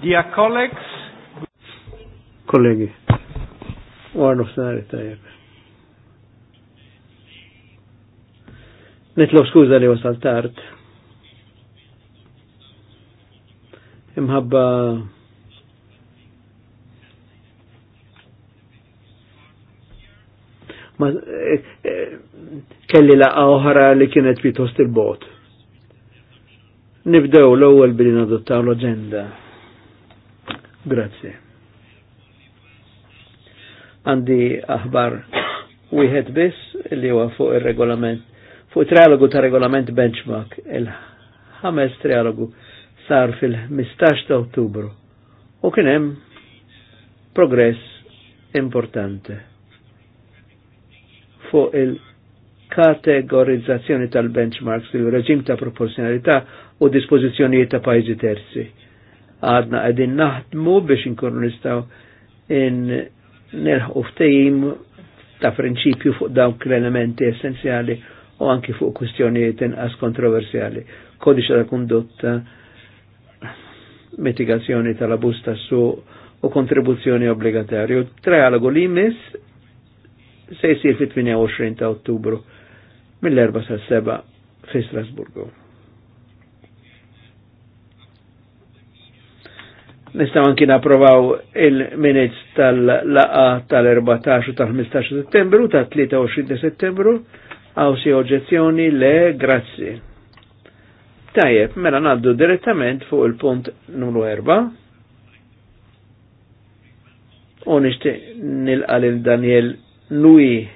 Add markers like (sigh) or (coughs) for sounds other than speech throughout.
Dear colleagues, colleghi, għarnu f-snari tajab. Nitlob skuza li wasal tard. Imħabba ma eh, eh, kelli laqa oħra li kienet pjuttost il-bot. Nibdew l-ewwel billi nadottaw l-aġenda. Grazie. Għandi aħbar wieħed biss li huwa fuq ir-regolament fuq trialogu ta' regolament benchmark il-ħames trialogu sar fil-15 ta' Ottubru u kien hemm progress importanti fuq il-kategorizzazzjoni tal-benchmarks, il-reġim ta' proporzjonalità u dispożizzjonijiet ta' pajjiżi terzi għadna għedin naħdmu biex inkunu nistaw in nerħu ftejim ta' prinċipju fuq dawk l-elementi essenzjali u anki fuq kwistjonijiet inqas kontroversjali. Kodiċa ta' kundotta mitigazzjoni tal-abus ta' su u kontribuzzjoni obbligatorju. Trialogu li jmiss se jsir fit-28 ta' Ottubru mill-4 sa' 7 fi Strasburgu. Nistaw anki naprovaw il-minutes tal-laqa tal-14 u tal-15 settembru, tal-23 settembru, għaw si oġezzjoni le grazzi. Tajjeb, mela naddu direttament fuq il-punt numru 4. U nil-għal il Daniel Nui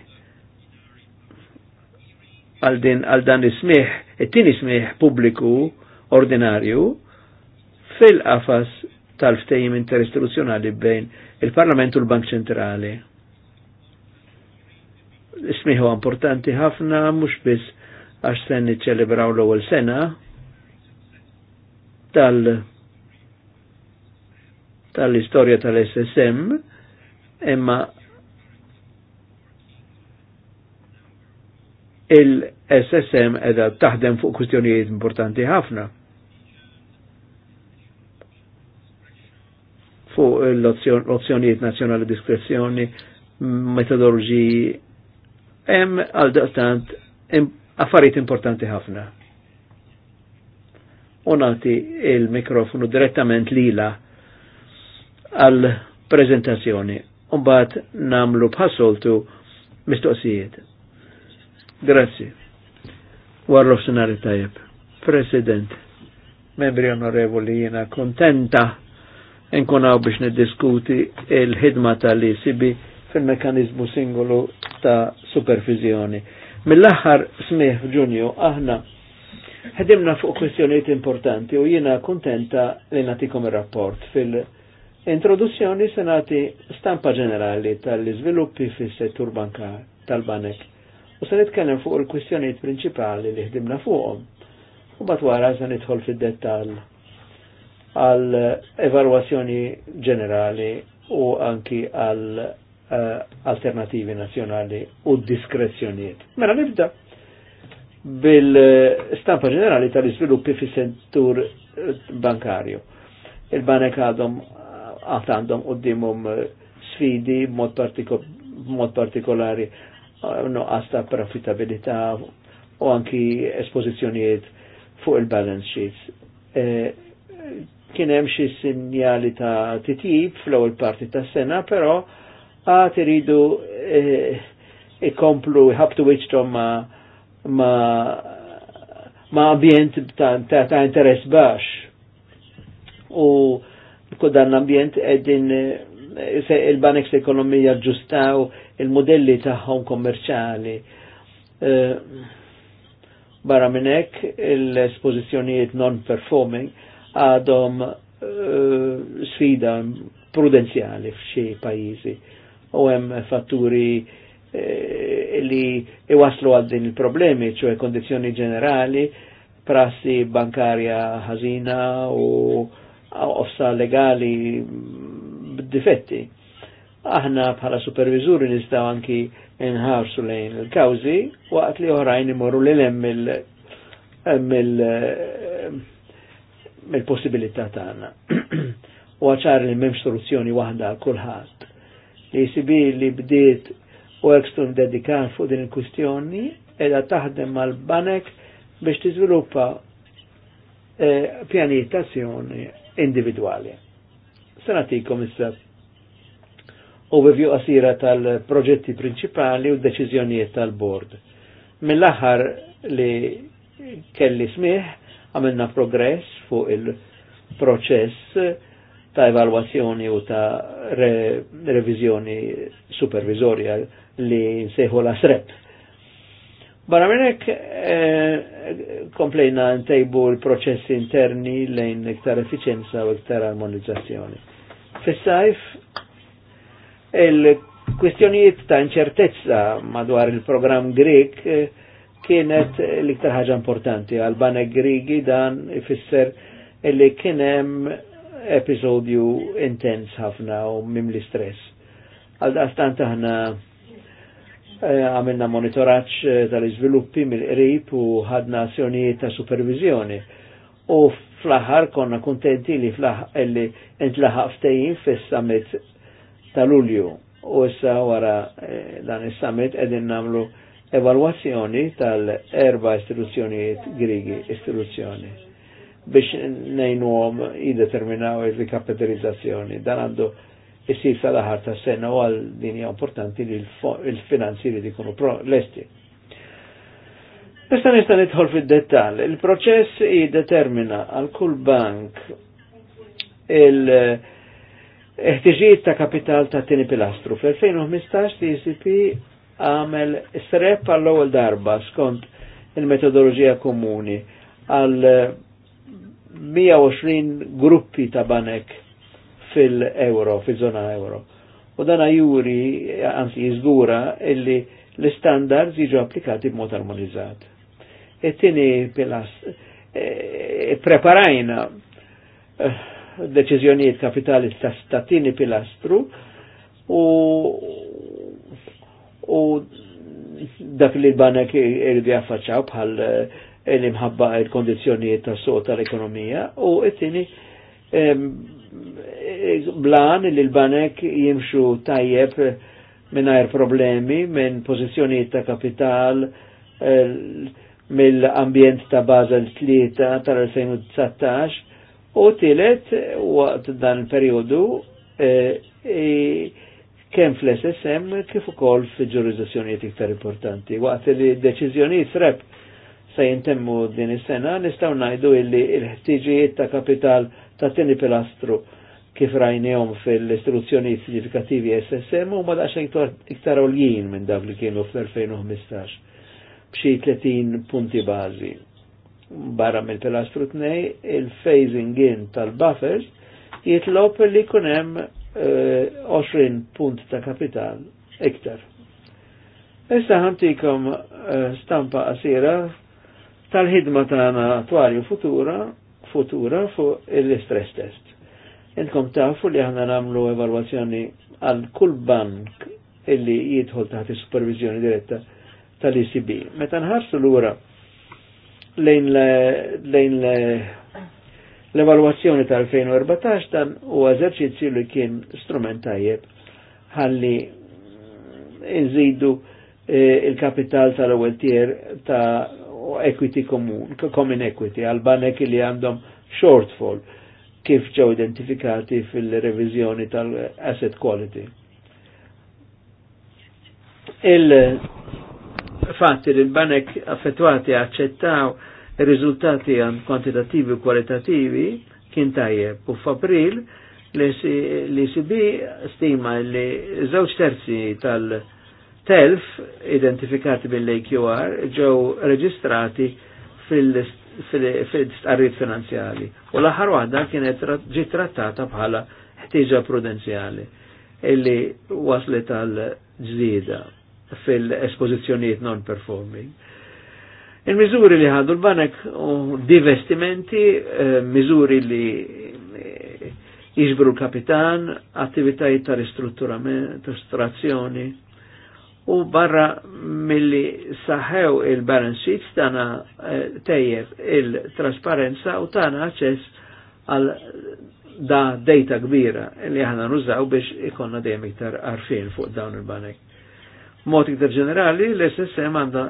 għal dan ismiħ, it-tini ismiħ pubbliku ordinarju fil-qafas tal-ftejim interistituzzjonali bejn il-Parlament u l-Bank Ċentrali. Ismiħu importanti ħafna, mux biss għax sen ċelebraw l-ewwel sena tal- tal-istorja tal-SSM, imma il-SSM edha taħdem fuq kustjonijiet importanti ħafna fuq l ozzjonijiet nazjonali diskrezzjoni, metodologiji hemm għal daqstant affarijiet importanti ħafna. Unati il-mikrofonu direttament lila għal prezentazzjoni. Umbat namlu bħassoltu mistoqsijiet. Grazzi. Warrof senari tajab. President, membri onorevoli, jena kontenta inkunaw biex niddiskuti il-ħidma tal-ECB fil-mekanizmu singolu ta' supervizjoni. Mill-aħħar smih ġunju aħna ħedimna fuq kwestjoniet importanti u jiena kontenta li natikom ir-rapport fil-introduzzjoni se nagħti stampa ġenerali tal-iżviluppi fis-settur banka tal-banek u se nitkellem fuq il kwestjoniet prinċipali li ħdimna fuqhom. U batwara wara se nidħol fid-dettall għal evalwazzjoni ġenerali u anki għal eh, alternativi nazjonali u diskrezzjoniet. Mela nibda bil-stampa ġenerali tal-izviluppi fi settur eh, bankarju. Il-banek għadhom għandhom dimum eh, sfidi mod partiko, partikolari no għasta profitabilità u anki espozizjoniet fuq il-balance sheets. E, kien hemm xi sinjali ta' titjib fl-ewwel parti tas-sena, però għad iridu eh, ikomplu jħabtu wiċċhom ma ma ambjent ta' interess baxx. U kod dan l-ambjent qegħdin eh, il-banek se ekonomija ġustaw il-modelli tagħhom kommerċali. Eh, barra minnek il-espożizzjonijiet non-performing għadhom eh, sfida prudenzjali f'xi pajjiżi u hemm fatturi eh, li iwaslu għal din il-problemi, ċoe kondizjoni ġenerali, prassi bankarja ħażina u ossa legali b'difetti. Aħna bħala supervizuri nistaw anki nħarsu lejn il-kawzi waqt li oħrajn imorru l-lem mill mill-possibilità tagħna. (clears throat) u għaċar li m'hemmx soluzzjoni waħda għal kulħadd. Li jisibi li bdiet u ekstrum dedikat fuq din il-kustjoni edha taħdem mal-banek biex tiżviluppa eh, pjanijiet pjanitazzjoni individuali. Sanatikom issa overview qasira tal-proġetti principali u deċiżjonijiet tal-bord. Mill-aħħar li kelli smih għamilna progress fuq il-proċess ta' evalwazzjoni u ta' re revizjoni supervizorja li seħu la srep. Barra minnek eh, komplejna ntejbu l-proċessi interni lejn iktar efficienza u iktar armonizzazzjoni. fis il-kwistjonijiet ta' inċertezza madwar il-programm Grek eh, kienet l-iktar ħaġa importanti. Għal-Bana Grigi dan ifisser illi kienem episodju intens ħafna u mim li stress. Għal-dastan ħana eh, għamilna monitoraċ eh, tal-izviluppi mill-qrib u ħadna azzjonijiet ta' supervizjoni. U fl-aħħar konna kontenti li fl-li intlaħaq fis-summit tal-Ulju. U issa wara eh, dan is-summit qegħdin namlu evalwazzjoni tal-erba istituzzjonijiet grigi istituzzjoni biex nejnu għom jideterminaw il-rikapitalizzazzjoni. Dan għandu jisir sal-ħar ta' sena u għal din importanti li il-finanzjiri dikunu l-esti. Pesta nista nidħol fil-dettal. Il-proċess jiddetermina għal kull bank il-ħtiġijiet ta' kapital ta' tini pilastru. fil 2015 TCP għamel srep għall ewwel darba skont il metodologija komuni għal 120 eh, gruppi ta' banek fil-euro, fil-zona euro. U dan juri, anzi jizgura, illi l-standards jiġu applikati b'mod armonizzat. Et-tini pilast, e, eh, preparajna eh, deċizjonijiet kapitali ta' statini pilastru u u dak li l-banek irridu għaffaċaw bħal eh, l-imħabba il kondizjoniet tas suq tal-ekonomija u it tini blan li l-banek jimxu tajjeb minnajr problemi minn pozizjonijiet ta' kapital eh, mill-ambjent ta' Basel tlieta tal-2019 u tilet waqt dan il-periodu eh, kemm fl-SSM kif ukoll fil-ġurizzazzjonijiet iktar importanti. Waqt li deċiżjonijiet rep se jintemmu din is-sena nistgħu ngħidu illi l-ħtiġijiet ta' kapital ta' tieni pilastru kif rajnejhom fil istruzzjoni signifikativi SSM huma daqsxejn iktar oljin minn dak li kienu fl-2015 b'xi 30 punti bażi. Barra mill-pilastru tnej il-phasing in tal-buffers jitlob li kunem hemm 20 eh, eh, punt ta' kapital iktar. Issa ħantikom eh, stampa qasira tal-ħidma tagħna attwali futura futura fuq il-stress test. Intkom tafu li aħna nagħmlu evalwazzjoni għal kull bank illi jidħol taħt is-supervizjoni diretta tal-ECB. Meta nħarsu lura lejn le, lejn L-evalwazzjoni tal-2014 dan u eżerċizzju li kien strument tajjeb ħalli eh, nżidu eh, il-kapital tal-ewwel ta' equity komun, common equity, għal banek li għandhom shortfall kif ġew identifikati fil-revizjoni tal-asset quality. Il-fatti li l-banek affettwati accettaw Il-rizultati għan kwantitativi u kwalitativi kien tajjeb u f'April li sibi stima li żewġ terzi tal-telf identifikati bil-AQR ġew reġistrati fil-istqarriet finanzjali u l-aħħar waħda kienet ġi trattata bħala ħtiġa prudenzjali illi waslet tal-ġdida fil-espożizzjonijiet non-performing Il-miżuri li ħadu l-banek u divestimenti, eh, miżuri li eh, iġbru l-kapitan, attivitajiet ta' ristrutturament, ristrutturazzjoni u barra milli saħew il-balance sheets tana eh, tejjeb il-trasparenza u tana aċċess għal da data kbira li ħana nużaw biex ikonna dejjem iktar arfin fuq dawn il-banek mod iktar ġenerali l-SSM għanda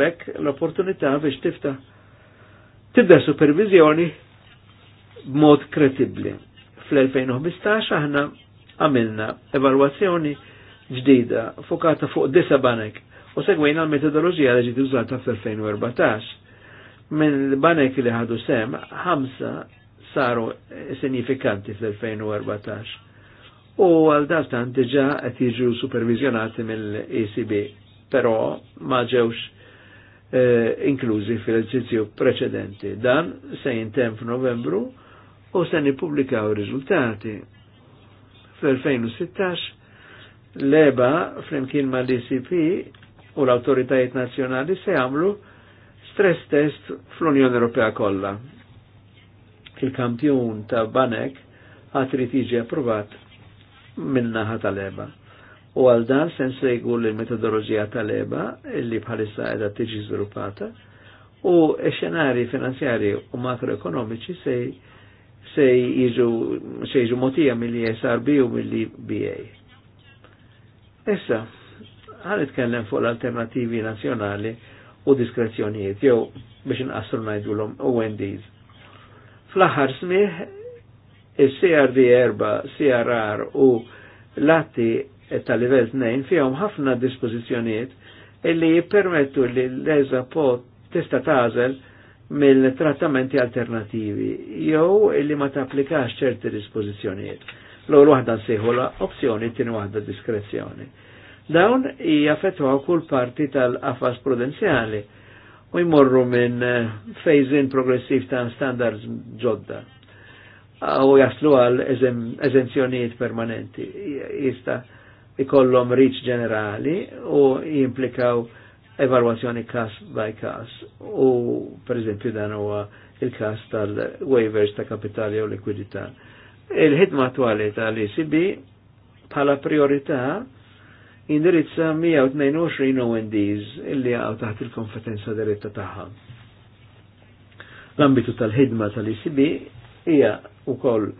bekk l-opportunità biex tifta tibda supervizjoni b'mod kredibli. Fl-2015 aħna għamilna evalwazzjoni ġdida fokata fuq disa banek u segwejna l-metodologija li ġiet użata fl-2014. l banek li ħadu sem, ħamsa saru sinifikanti fl-2014 u għal dastan diġa qed jiġu supervizjonati mill-ECB, però ma ġewx eh, inklużi fil-eżerċizzju preċedenti. Dan se jintem f'Novembru u se nippubblikaw riżultati Fl-2016 l-EBA flimkien ma l-ECP u l-autoritajiet nazzjonali se jagħmlu stress test fl-Unjoni Ewropea kollha. Il-kampjun ta' Banek għatri tiġi approvat minnaħa tal-eba. U għal dan sen sejgu l-metodologija tal-eba illi bħalissa edha tiġi sviluppata u xenari finanzjari u makroekonomiċi sej sej jiġu sej jiġu motija mill-li SRB u mill-li BA. Issa, għan itkellem fuq l-alternativi nazjonali u diskrezzjonijiet, jew biex nqassru ngħidulhom ONDs. Fl-aħħar smih il-CRD erba, CRR u lati tal-livell 2 fihom ħafna dispożizzjonijiet illi jippermettu li l-eża po tista' tażel mill-trattamenti alternativi jew illi ma tapplikax ċerti dispożizzjonijiet. L-ewwel waħda nsejħu la opzjoni tieni waħda diskrezzjoni. Dawn jaffettwaw kull parti tal-qafas prudenzjali u jmorru minn phase-in progressiv ta' standards ġodda u jaslu għal eżenzjonijiet permanenti. Jista ikollhom riċ ġenerali u jimplikaw evalwazzjoni kas by kas. U per eżempju dan huwa il-kas tal-waivers ta' kapitali u likwidità. Il-ħidma attwali tal-ECB pala priorità indirizza 122 ONDs illi għaw taħt il-kompetenza diretta tagħha. L-ambitu tal-ħidma tal-ECB hija u ukoll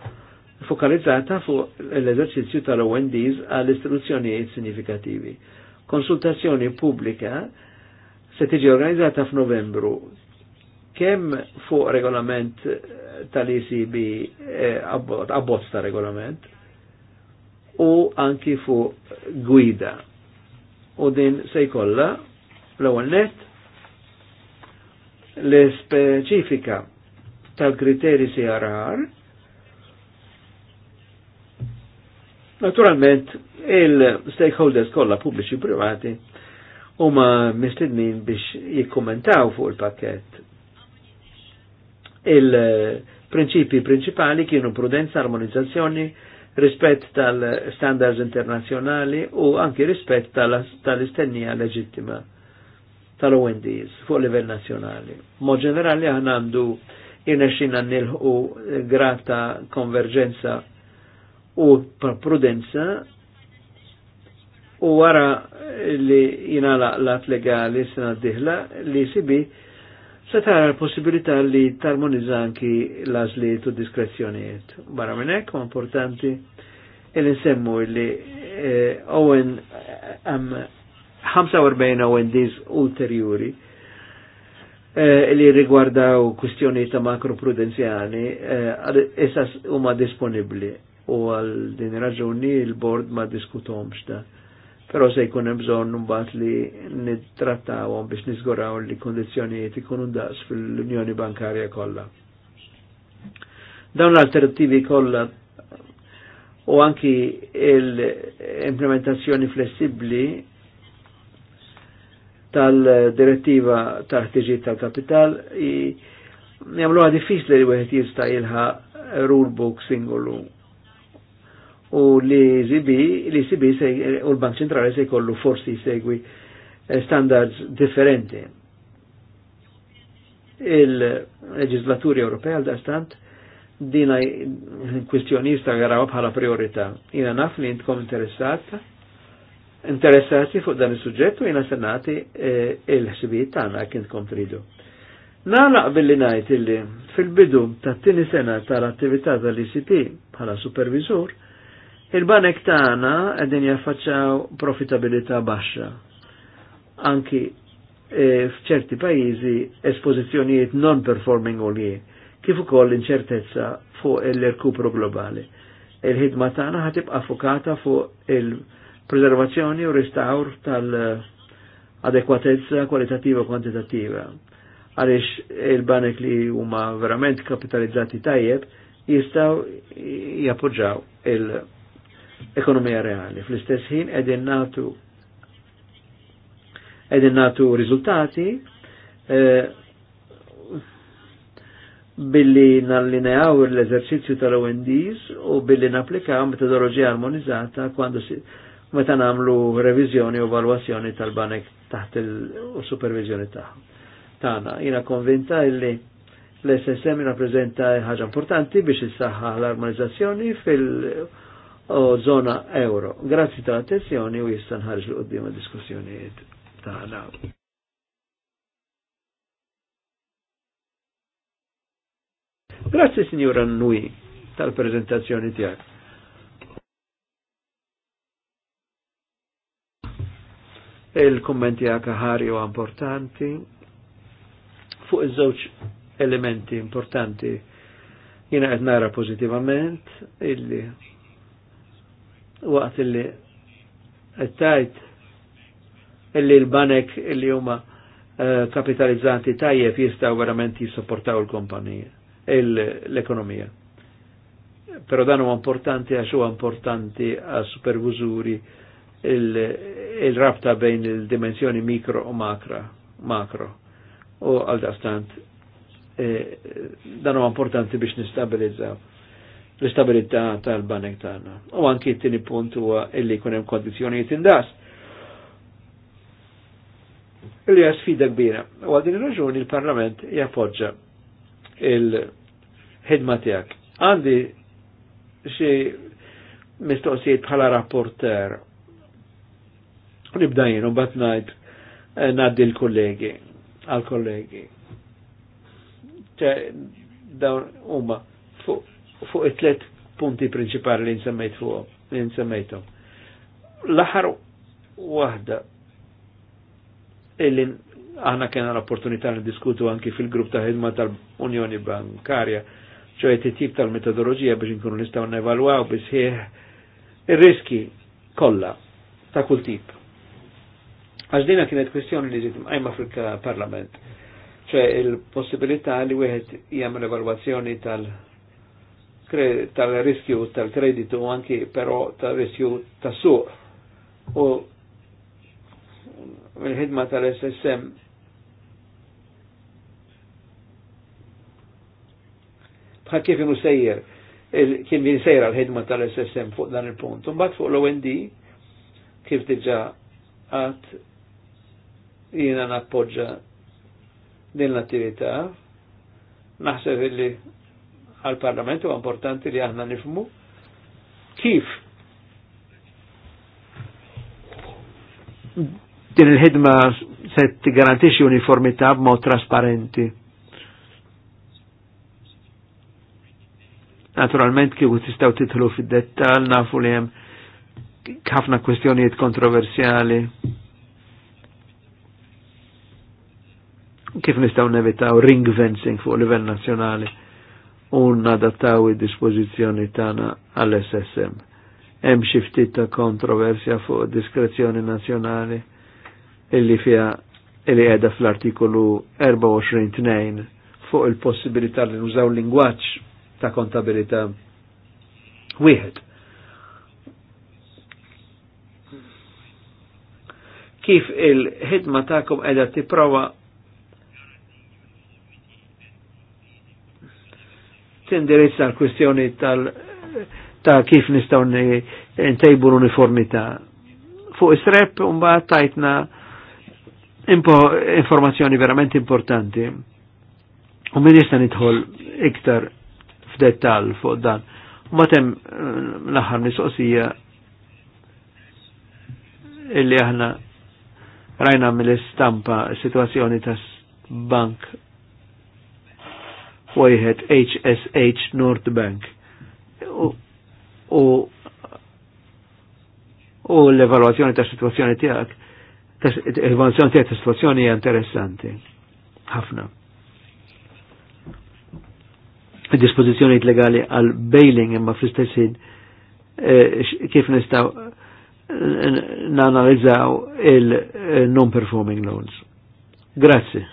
fokalizzata fu l-eżerċizzju tal-ONDs għall istituzzjonijiet signifikativi. Konsultazzjoni pubblika se tiġi organizzata f'Novembru Kem fu regolament tal-ECB eh, abbozz ta' regolament u anki fu guida. U din se jkollha l-ewwel net l-speċifika tal-kriteri CRR Naturalment, il-stakeholders kolla pubbliċi privati huma mistednin biex jikkommentaw fuq il-pakket. Il-prinċipi principali kienu prudenza, armonizzazzjoni, rispett tal-standards internazjonali u anki rispett tal-istennija tal leġittima tal-ONDs fuq livell nazjonali. Mo ġenerali għan għandu jirnexin għannilħu grata konverġenza u prudenza u wara li jinala lat legali sena diħla li sibi se tara l-possibilità li tarmonizza anki l u diskrezzjonijiet. Barra minnek, ma importanti il nsemmu li eh, Owen għam 45 Owen diz ulterjuri eh, li rigwardaw kustjoni ta' makroprudenzjali issa eh, huma disponibli u għal din raġuni il-bord ma diskutomx da. Pero se jkun hemm bżonn mbagħad li nittrattawhom biex niżguraw li kondizzjonijiet ikunu daqs fil-Unjoni Bankarja kollha. Dawn l-alternattivi kollha u anki l-implementazzjoni flessibbli tal-direttiva tal ħtiġi tal-kapital jagħmluha diffiċli li wieħed jista' jilħaq rulebook singolu u li ZB, li CB u l-Bank Centrali se jkollu forsi segwi eh, standards differenti. Il-leġislaturi Ewropea għal-dastant dina kwistjonista għaraw bħala priorità. Jina naf li intkom interessata, interessati fuq dan il-sujġettu jina senati eh, il-ħsibijiet tagħna kintkom tridu. Nala billi ngħid illi fil-bidu t tini sena tal-attività tal-ICP bħala supervisur, Il-banek tagħna qegħdin jaffaċċaw profitabilità baxxa. Anki e, f'ċerti pajjiżi espożizzjonijiet non-performing olje, kif ukoll inċertezza fuq il-rekupru globali. Il-ħidma tagħna ħatib affukata fuq il-preservazzjoni u restaur tal-adekwatezza kwalitativa u kwantitativa għalix il-banek li huma verament kapitalizzati tajjeb jistaw jappoġġaw il- ekonomija reali. Fl-istess ħin edin natu edin natu riżultati eh, billi nallineaw l-eżerċizzju tal-ONDs u billi naplikaw metodologija armonizzata kwando si, meta namlu revizjoni u valwazzjoni tal-banek taħt il-supervizjoni taħ. Tana, jina konvinta illi l-SSM prezenta ħaġa importanti biex issaħħa l-armonizzazzjoni fil- o zona euro. Grazie ta' attenzjoni u jistan nħarġ l qoddim diskussjonijiet tagħna. Grazzi Signora Nui tal-prezentazzjoni tiegħek. Il-kommenti għak ħari u importanti fuq iż-żewġ elementi importanti jina qed nara pożittivament illi waqt illi tajt illi l-banek illi huma eh, kapitalizzanti tajjeb jistaw verament jisopportaw il-kompanija, l-ekonomija. Pero dan huwa importanti għax huwa importanti għas supervużuri il-rabta bejn il-dimensjoni mikro u makra, makro. U għal dastant eh, dan huwa importanti biex nistabilizzaw l-istabilità tal-banek tagħna. U anki t-tieni punt huwa illi jkun hemm kondizzjonijiet indas. Illi hija sfida kbira. U għal din ir-raġuni il-Parlament jappoġġa il-ħidma tiegħek. Għandi xi mistoqsijiet bħala rapporter. Nibda jien u bat ngħid eh, ngħaddi l-kollegi għal kollegi. Dawn huma fuq fuq it-tlet punti prinċipali li nsemmejt fuq, li nsemmejtom. L-aħħar waħda illi aħna kena l-opportunità diskutu anki fil-grupp ta' ħidma tal-Unjoni Bankarja, ċoħi t-tip tal-metodologija biex nkunu nistaw nevalwaw biex il-riski kolla ta' kull tip. Għax dina kienet kwestjoni li zitim għajma fil-parlament, ċoħi il-possibilità li wieħed jgħamil evalwazzjoni tal- tal-riskju tal-kreditu anki però tal-riskju tas-suq. U il-ħidma tal-SSM bħal kif imu sejjer kien jien sejra l-ħidma tal-SSM fuq dan il-punt. Mbagħad fuq l-OND kif diġà għat jiena nappoġġa din l-attività naħseb illi għal-Parlament u importanti li aħna nifmu kif din il-ħidma se garantixi uniformità b'mod trasparenti. Naturalment kif tistgħu titlu fid dettal nafu li hemm ħafna kwestjonijiet kontroversjali. Kif nistgħu nevitaw ring fencing fuq livell nazzjonali u nadattaw id-dispożizzjoni tagħna għall-SSM. Hemm xi ftit ta' kontroversja fuq diskrezzjoni nazzjonali illi fiha illi qiegħda fl-artikolu 24-2 fuq il-possibilità li nużaw lingwaġġ ta' kontabilità wieħed. Kif il-ħidma ta'kom qiegħda tipprova tindirizza l-kwistjoni tal- ta' kif nistaw ntejbu l uniformita Fuq istrep unba tajtna informazzjoni verament importanti. U min jista' nidħol iktar f'dettall fuq dan. U matem eh, l-aħħar mistoqsija illi aħna rajna mill-istampa situazzjoni tas bank wieħed HSH North Bank. U l-evaluazzjoni ta' situazzjoni tiegħek, l-evaluazzjoni tiegħek ta' situazzjoni hija interessanti. Ħafna. Dispożizzjonijiet legali għal bailing imma fl-istess ħin kif nistgħu nanalizzaw il-non-performing loans. Grazie,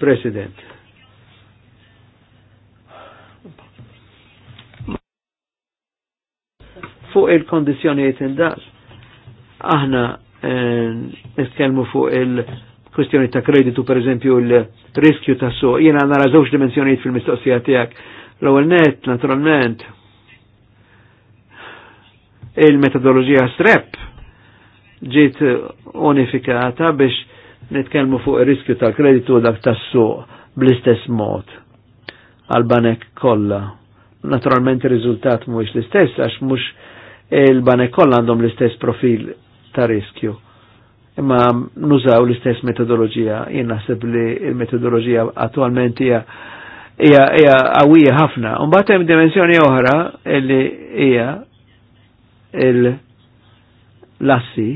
President. fuq il kondizjoniet il Aħna eh, nitkellmu fuq il-kwestjoni ta' kreditu, per eżempju, il-riskju ta' su. Jena nara żewġ dimensjonijiet fil-mistoqsija tiegħek. L-ewwel net, naturalment, il-metodoloġija strep ġiet unifikata biex nitkellmu fuq ir-riskju tal-kreditu dak tas-suq bl-istess mod għal-banek kollha. Naturalment ir-riżultat mhuwiex l-istess għax mhux il-banek kollha għandhom l-istess profil ta' riskju. Imma nużaw l-istess metodologija, jien naħseb li l metodologija attualment hija hija hija ħafna. Imbagħad hemm dimensjoni oħra li hija l-assi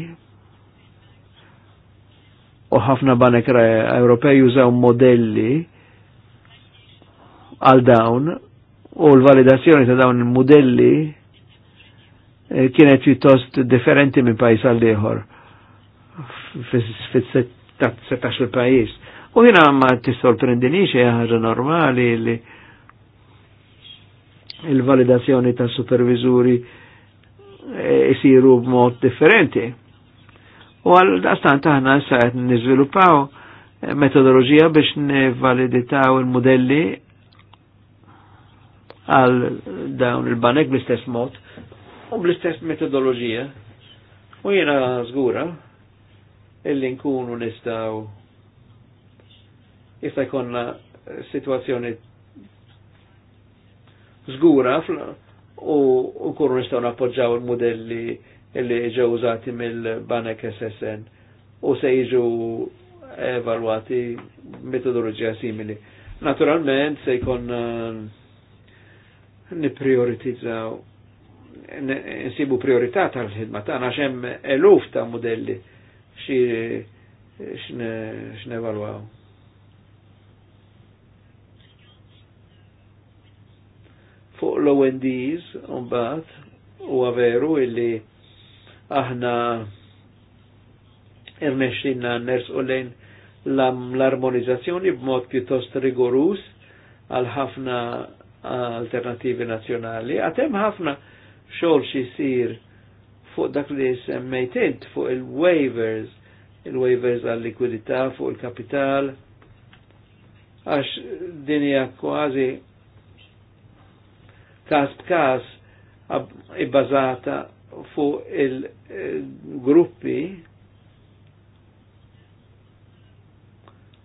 u ħafna banek Ewropej jużaw modelli għal dawn u l-validazzjoni ta' dawn il-modelli Eh, kienet pjuttost differenti minn pajis għal liħor fit 17 pajis U jina ma t-sorprendinix ħaġa normali li il-validazzjoni ta' supervizuri jisiru eh, e b'mod differenti. U għal dastan taħna sajt nizvilupaw eh, metodologija biex nivaliditaw il-modelli għal dawn il-banek bl-istess mod u bl-istess metodologija. U jena zgura illi nkunu nistaw jista' jkonna situazzjoni zgura u nkunu nistgħu nappoġġaw il-modelli illi ġew użati mill-Banek SSN u se jiġu evalwati metodologija simili. Naturalment se jkun niprioritizzaw nsibu priorità tal-ħidma tagħna għax hemm eluf ta' modelli xi x'nevalwaw. Fuq l-ONDs mbagħad huwa veru illi aħna irnexxinna nersqu lejn l-armonizzazzjoni b'mod pjuttost rigorus għal ħafna alternativi nazzjonali Għatem ħafna xogħol xi jsir fuq dak li semmejt int fuq il-waivers, il-waivers għal likwidità fuq il-kapital, għax din hija kważi kas b'każ ibbażata fuq il-gruppi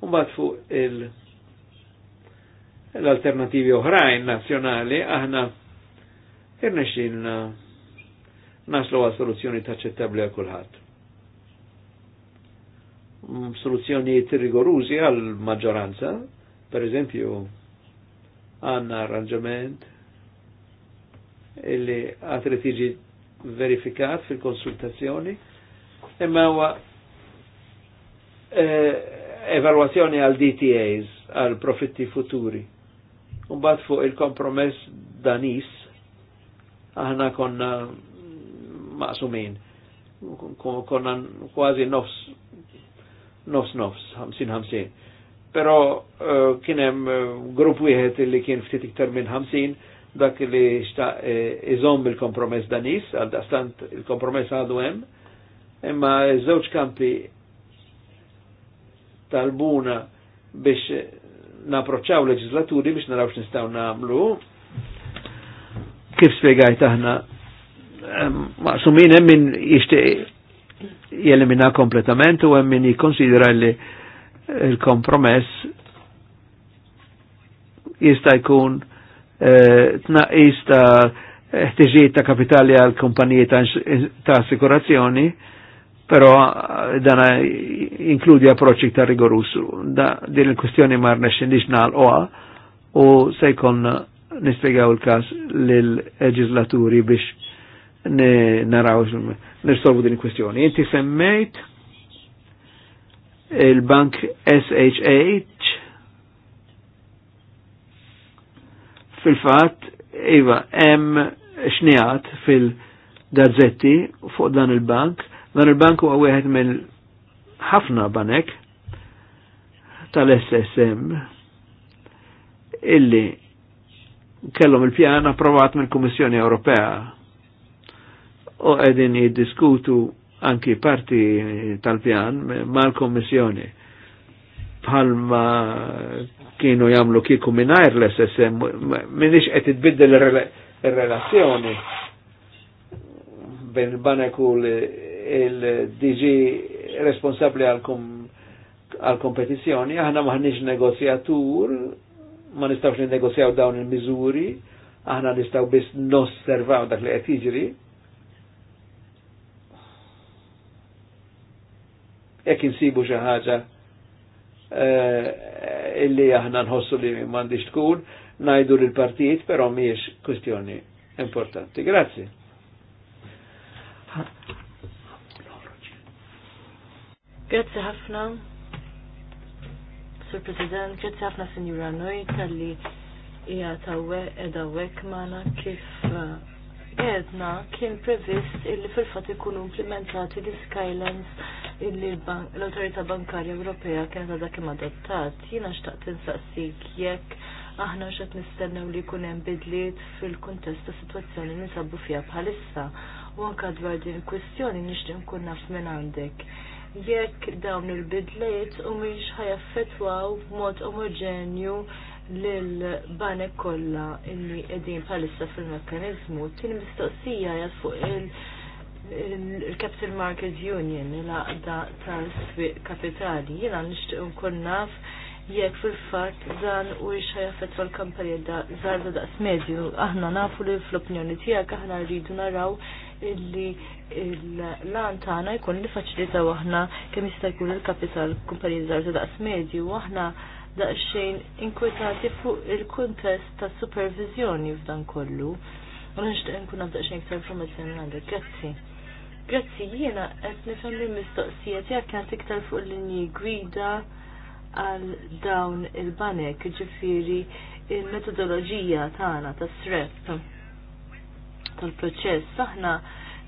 u fuq il-alternativi oħrajn nazjonali aħna irnexin eh, naslu għal soluzzjoni taċċettabli għal kulħadd. Mm, soluzzjonijiet rigorużi għal maġġoranza, per eżempju, għanna arranġament illi għatri tiġi verifikat fil-konsultazzjoni, imma huwa eh, evalwazzjoni għal DTAs, għal profitti futuri. Un fuq il-kompromess danis, aħna konna maqsumin. Konna kważi nofs, nofs nofs, 50-50. Pero eh, kienem eh, grupp wieħed li kien ftit iktar minn 50, dak li xta eh, iżom il-kompromess danis, għal-dastant il-kompromess għadu hemm, imma żewġ kampi talbuna biex naproċċaw leġislaturi biex narawx nistaw namlu, kif spiegajt aħna maqsumin hemm min jixtieq jelimina kompletament u hemm min jikkonsidra li l-kompromess jista' jkun eh, tnaqis ta' ħtiġijiet ta' kapitali għal kumpaniji ta' assikurazzjoni, però dan inkludi approċċi ta' rigorusu. Da, din il-kwestjoni ma rnexxin nix u se jkun nispiegaw il-kas l-leġislaturi biex naraw nirsolvu din il-kwestjoni. Inti semmejt il-bank SHH fil-fat iva hemm xnijat fil-gazzetti fuq dan il-bank. Dan il-bank huwa wieħed mill ħafna banek tal-SSM illi kellhom il-pjan approvat mill-Kummissjoni Ewropea u qegħdin jiddiskutu anki parti tal-pjan mal-Kommissjoni bħalma kienu jamlu kiku minnajr l-SSM, minix qed tbiddel il-relazzjoni bejn il-banek u l dg responsabli għal-kompetizjoni, aħna maħniġ negozjatur, ma nistawx ninnegozjaw dawn il-miżuri, aħna nistaw biss nosservaw dak li qed jiġri. Jekk insibu xi ħaġa eh, illi aħna nħossu li m'għandix tkun, najdu lil partit però mhijiex kwistjoni importanti. Grazzi. Grazie ħafna. Sur President, grazzi ħafna Sinjura Noj tal-li hija tawwek magħna kif eh, edna kien previst illi fil-fatt ikunu implementati l Skylands illi l-Autorità Bankarja Ewropea kienet għadha kemm adottat. Jiena xtaqt insaqsik jekk aħna x'għed nistennew li jkun hemm bidliet fil-kuntest ta' sitwazzjoni li nsabu fiha bħalissa u anke dwar din il-kwestjoni nixtieq nkun naf minn għandek jekk dawn il-bidliet u miex ħajaffetwaw b'mod omogenju lil banek kollha illi qegħdin bħalissa fil-mekkaniżmu. Tieni mistoqsija hija fuq il- capital Market Union il-għaqda tal-swiq kapitali jina nishtiq nkun naf jekk fil-fatt dan u xajaffet l-kampanija da zarda daqs medju aħna nafu li fl-opinjoni tiegħek aħna rridu naraw illi l-lan tagħna jkun li faċilita waħna kemm jista' jkun il-kapital kumpanija żgħar ta' daqs medju waħna daqsxejn inkwetati fuq il-kuntest ta' supervizjoni f'dan kollu. U nixtieq nkun għandha xejn iktar informazzjoni għandek. Grazzi. Grazzi, jiena qed nifhem li mistoqsijiet jekk kienet iktar fuq linji gwida għal dawn il-banek, ġifieri il-metodoloġija tagħna tas-srep tal-proċess. Aħna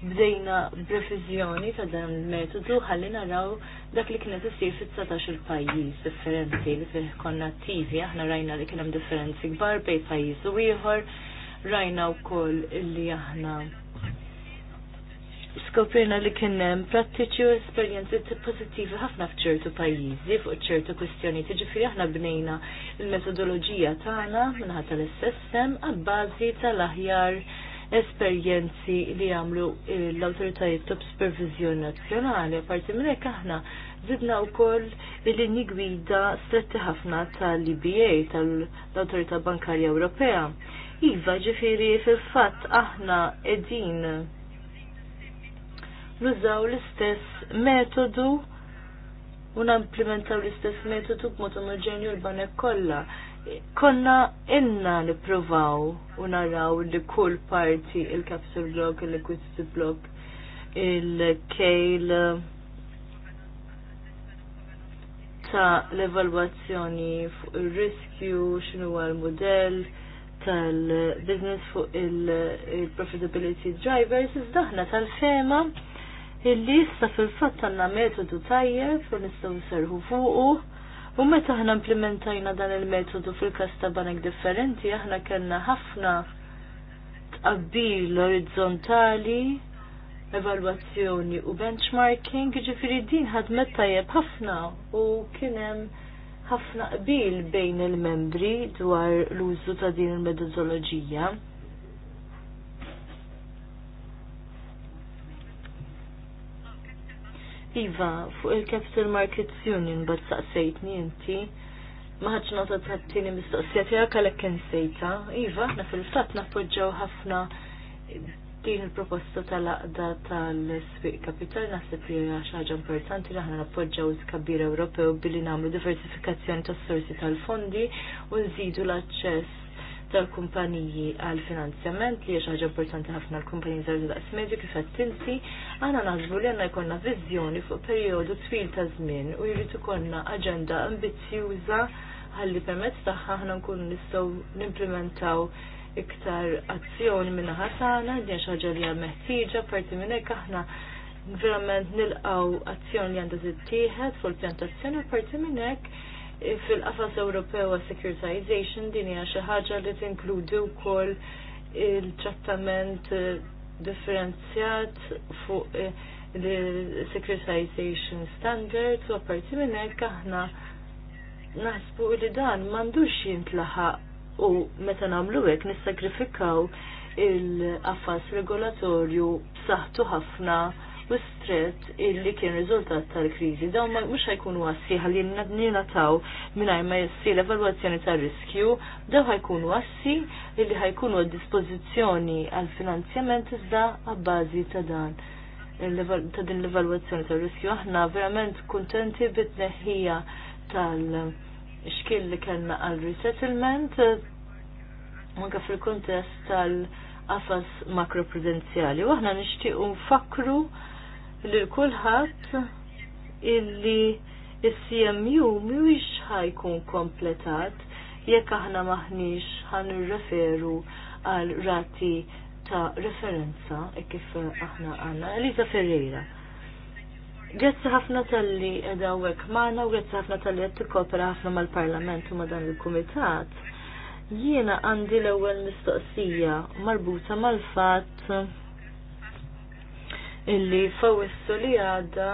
bdejna b'reviżjoni ta' dan il-metodu ħalli naraw dak li kienet isir fit-19 il-pajjiż differenti li fih konna attivi, aħna rajna li kien hemm differenzi kbar bejn pajjiż u ieħor, rajna wkoll li aħna skoprina li kien hemm prattiċi u esperjenzi pożittivi ħafna f'ċertu pajjiżi fuq ċertu kwistjoni. Tiġifieri aħna bnejna l-metodoloġija tagħna minħata l-SSM għabbażi tal-aħjar esperjenzi li għamlu eh, l-autoritajiet top supervizjon nazzjonali. Parti minn hekk aħna zidna wkoll il-linji gwida stretti ħafna tal-IBA tal-Awtorità Bankarja Ewropea. Iva ġifiri fil-fatt aħna edin nużaw l-istess metodu u implementaw l-istess metodu b'mod omogenju l-banek kollha konna inna li provaw u naraw li kull parti il-capsule block, il-liquidity block, il-kejl ta' l-evalwazzjoni fuq il-riskju, xinu għal-modell, tal-business fuq il-profitability drivers, iżdaħna tal-fema illi sta fil-fat għanna metodu tajjeb u nistaw serħu fuqu U meta aħna implementajna dan il-metodu fil-kas ta' banek differenti, aħna kellna ħafna tqabbil orizzontali, evalwazzjoni u benchmarking, ġifiri din ħadmet tajjeb ħafna u kienem ħafna qbil bejn il-membri dwar l-użu ta' din il-metodoloġija. Iva, fuq il-Capital Markets Union bat saqsejtni inti. maħħġ nota tħattini mistoqsija tijak għalek kien sejta. Iva, aħna fil-fat nappoġġaw ħafna din il-proposta tal-aqda tal-sfiq kapital naħseb li ħaġa importanti li aħna nappoġġaw il-kabir Ewropew billi nagħmlu diversifikazzjoni tas-sorsi tal-fondi u nżidu l-aċċess tal-kumpaniji għal finanzjament li ħaġa importanti ħafna l-kumpaniji zaħġa daqs medju kif għattinti, għana nazbu li għanna jkonna vizjoni fuq periodu twil ta' żmien u jrid ikonna aġenda ambizzjuża ħalli permezz tagħha aħna nkunu nistgħu nimplementaw iktar azzjoni minna ħatana, di ħaġa li għal meħtieġa parti minn hekk aħna verament nilqaw azzjoni li għandha tittieħed fuq il-pjantazzjoni parti minn hekk fil-qafas Ewropew għas securitization din hija xi ħaġa li tinkludi wkoll il-trattament eh, differenzjat fuq eh, il-securitization standards u apparti minn hekk aħna naħsbu li dan m'għandux jintlaħaq u meta nagħmlu hekk nissagrifikaw il-qafas regolatorju b'saħħtu ħafna u stret illi kien riżultat tal-kriżi. Daw ma mhux ħajkunu għassi ħalli nataw mingħajr ma l evalwazzjoni tar-riskju, daw ħajkunu għassi illi ħajkunu għad-dispożizzjoni għal-finanzjament iżda għabbażi ta' dan ta' din l-evalwazzjoni tar-riskju. Aħna verament kuntenti bit-tneħħija tal xkiel li kellna għal-resettlement eh, anke fil-kontest tal- afas makroprudenzjali. U aħna nixtiequ nfakru li kulħadd illi is-CMU miwix ħajkun kompletat jekk aħna maħniex ħan referu għal rati ta' referenza e kif aħna għanna. Eliza Ferreira. Grazzi ħafna tal-li edawek maħna u grazzi ħafna tal-li għed tikkopera ħafna mal-parlament u ma' dan il-komitat. Jiena għandi l-ewwel mistoqsija marbuta mal-fatt illi fawessu li għadda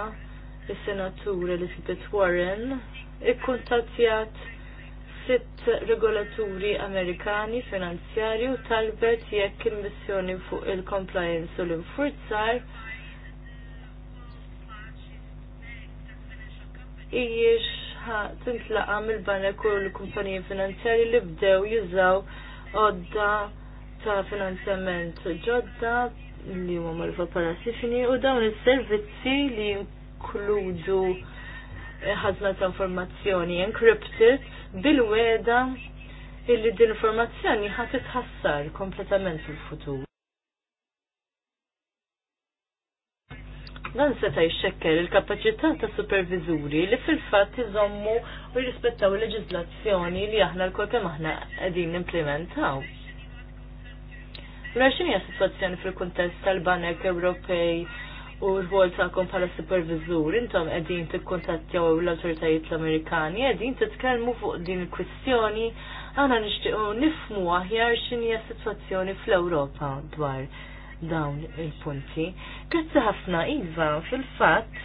il-senatur Elizabeth Warren ikkuntatjat sitt regolaturi Amerikani u talbet jekk il-missjoni fuq il-compliance u l-infurzar ijiex tintlaqa mill-banek u l-kumpaniji finanzjari li bdew jużaw għodda ta' finanzjament ġodda li huma mal bħala sifini u dawn is-servizzi li jinkludu eh, ħazna ta' informazzjoni encrypted bil-weda illi din informazzjoni ħat titħassar kompletament fil-futur. Dan se ta' jxekker il-kapacità ta' supervizuri li fil-fat iżommu u jirrispettaw il-leġizlazzjoni li aħna l-kol aħna qegħdin implementaw. Ra mela, xini situazzjoni fil-kontest tal-Banek Ewropej u l vol ta'kom pala supervizur, intom qegħdin t l-autoritajiet l-Amerikani, qegħdin t-tkelmu fuq din il-kwistjoni, għana nixtiequ nifmu aħjar xini situazzjoni fl-Europa dwar dawn il-punti. Grazzi ħafna, Iva, fil-fat,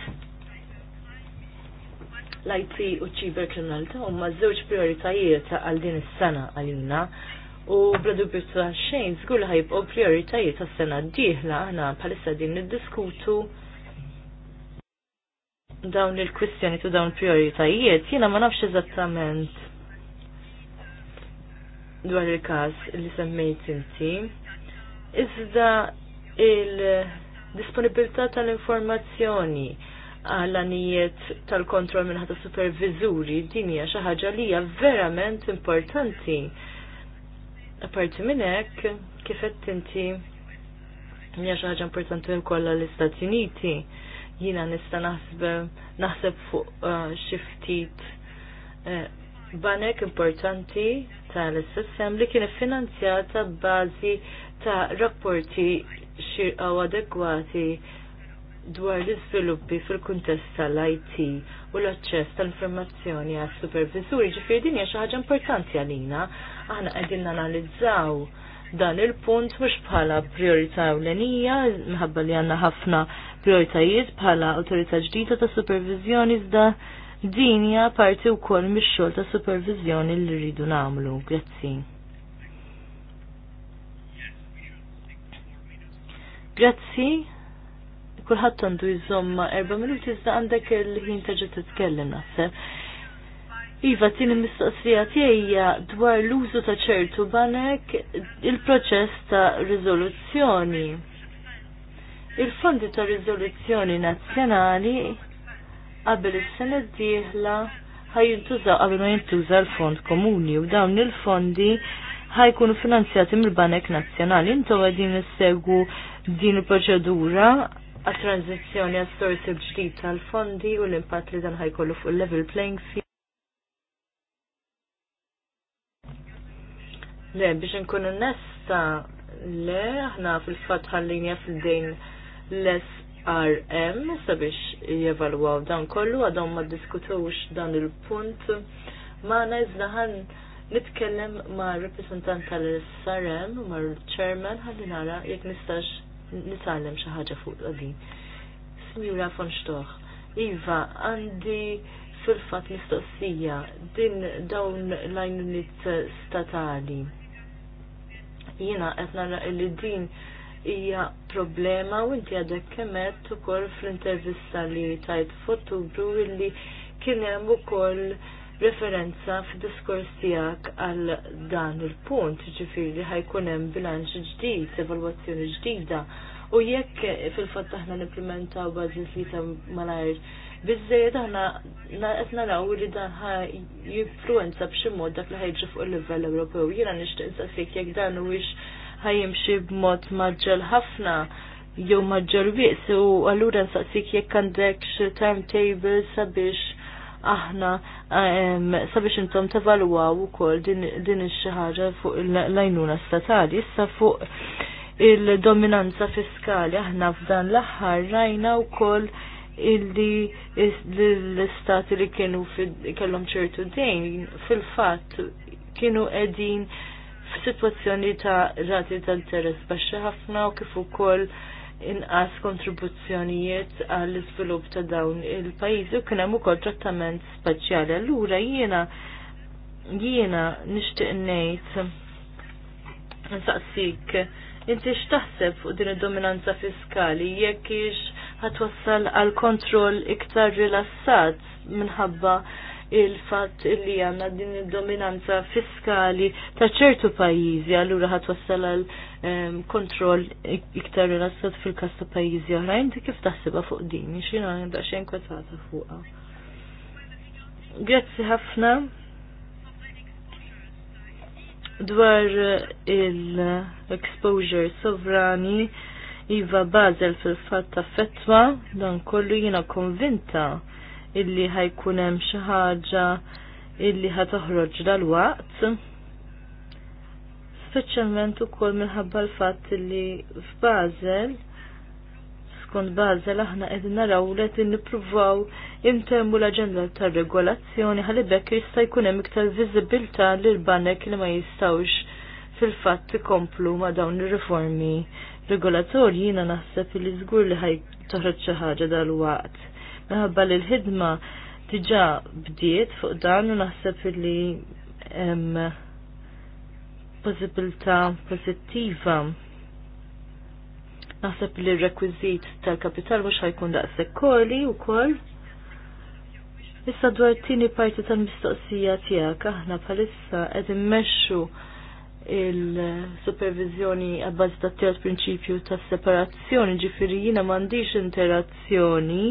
l-IT u ċiberkriminalità huma żewġ prioritajiet għal din is-sena għalina u bla bittu ta' xejn żgur u prioritajiet għas sena d-dieħla aħna bħalissa din niddiskutu dawn il-kwistjoni tu dawn prioritajiet jiena ma nafx eżattament dwar il-każ li semmejt inti. Iżda il-disponibilità tal-informazzjoni għal-anijiet tal-kontrol minnħata supervizuri din hija xi ħaġa li hija verament importanti Apparti minn hekk, kif qed inti hija xi ħaġa importanti wkoll l-Istati Uniti, jiena nista' naħseb naħseb fuq eh, xi ftit eh, banek importanti tal-SSM li kien iffinanzjata b'bażi ta' rapporti xirqaw adegwati dwar l-iżviluppi fil-kuntest tal-IT u l-aċċess tal-informazzjoni għas supervisuri ġifieri din hija xi ħaġa importanti għalina. Aħna qegħdin nanalizzaw dan il-punt mhux bħala priorità ewlenija, minħabba li għandna ħafna prioritajiet bħala awtorità ġdida ta' supervizjoni iżda din hija parti wkoll mix-xogħol ta' supervizjoni li rridu nagħmlu. Grazzi. Grazzi kulħadd għandu jżomm' erba' minuti iżda għandek il-ħin terġa' titkellem naħseb. Iva, tini mistoqsija tiegħi dwar l-użu ta' ċertu banek il-proċess ta' riżoluzzjoni. Il-fondi ta' riżoluzzjoni nazzjonali qabel is-sena d-dieħla ħajjintużaw qabel ma jintuża l-fond komuni u dawn il-fondi ħajkunu finanzjati mill-Banek Nazzjonali. Intom qegħdin nissegwu din il-proċedura għat-tranzizjoni għas-sorsi ġdid tal-fondi u l-impatt li dan ħajkollu fuq level playing field. Le, biex nkunu nesta, le, aħna fil-fat ħallinja fil-dejn l-SRM sabiex jevalwaw dan kollu, għadhom ma diskutux dan il-punt. Ma najzna ħan nitkellem ma' reprezentant tal-SRM, ma' l-chairman, ħalli nara jek nistax nitgħallem xi ħaġa fuq din. Sinjura von Stoch, Iva, għandi fil-fatt mistoqsija din dawn l-għajnuniet statali. Jiena qed nara li din hija problema u inti għadek kemet ukoll fl-intervista li tajt f'Ottubru illi kien hemm ukoll referenza f'diskors tiegħek għal dan il-punt, ġifieri ħajkun hemm bilanċ ġdid, evalwazzjoni ġdida. U jekk fil-fatt aħna nimplementaw bażis li ta' malajr Bizzejed aħna qed naraw li dan jinfluenza b'xi mod dak li ħajġi fuq il-livell Ewropew. Jiena nixtieq insaqsik jekk dan huwiex ħajimxi b'mod maġġel ħafna jew maġġel wieqs u allura nsaqsik jekk għandek timetable sabiex aħna sabiex intom tevalwaw ukoll din ix-xi fuq l-għajnuna statali issa fuq il-dominanza fiskali aħna f'dan l-aħħar rajna wkoll illi l-istati li kienu kellhom ċertu dejn fil-fatt kienu qegħdin f'sitwazzjoni ta' rati tal interess baxxa ħafna u kif ukoll inqas kontribuzzjonijiet għall iżvilupp ta' dawn il-pajjiżi u kien hemm ukoll trattament speċjali. Allura jiena jiena nixtieq ngħid nsaqsik inti x'taħseb fuq din id-dominanza fiskali jekk ix ħatwassal għal kontroll iktar rilassat minħabba il-fatt li għanna din il-dominanza fiskali ta' ċertu pajjiżi allura ħat wassal għal ehm, kontroll iktar rassat fil-kas ta' pajjiżi oħrajn, kif taħsiba fuq din, xina għandha xejn kwetata fuqha. Grazzi ħafna dwar il-exposure sovrani Iva Bazel fil-fat ta' fetwa dan kollu jina konvinta illi ħajkun hemm xi ħaġa illi ħa toħroġ dal-waqt. Speċjalment ukoll minħabba l-fatt illi f'Bażel skont Bażel aħna qed naraw li qed nippruvaw intemmu l-aġenda tar-regolazzjoni ħalli bekk jista' jkun hemm iktar viżibilità lil banek li ma jistgħux fil-fatt ikomplu ma' dawn ir-riformi regolatorji jiena naħseb li żgur li ħaj toħroġ xi ħaġa dal-waqt naħba li l-ħidma tiġa bdiet fuq dan u naħseb li hemm possibilità pożittiva. Naħseb li r-rekwiżit tal-kapital mhux ħajkun daqshekk koli wkoll. Issa dwar tini parti tal-mistoqsija tiegħek aħna bħalissa qed immexxu il-supervizjoni għabbażi tat tiegħek prinċipju tas separazzjoni, ġifieri jiena m'għandix interazzjoni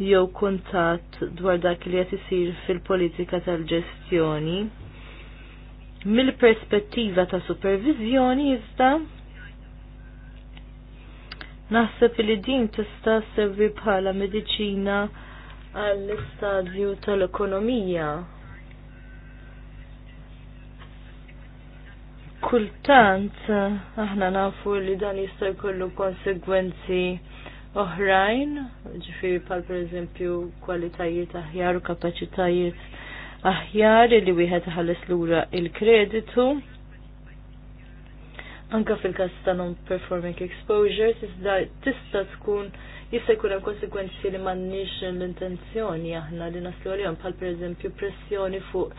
jew kuntat dwar dak li qed isir fil-politika tal-ġestjoni. Mill-perspettiva ta' supervizjoni iżda naħseb li din tista' servi bħala mediċina għall-istadju tal-ekonomija. Kultant aħna nafu li dan jista' jkollu konsegwenzi oħrajn, ġifiri pal per eżempju kwalitajiet aħjar u kapacitajiet aħjar li wieħed ħalles lura il-kreditu. Anka fil-kas ta' non-performing exposure tista' tkun jista' jkun hemm konsekwenzi li m'għandniex l-intenzjoni aħna li naslu għalihom bħal pereżempju pressjoni fuq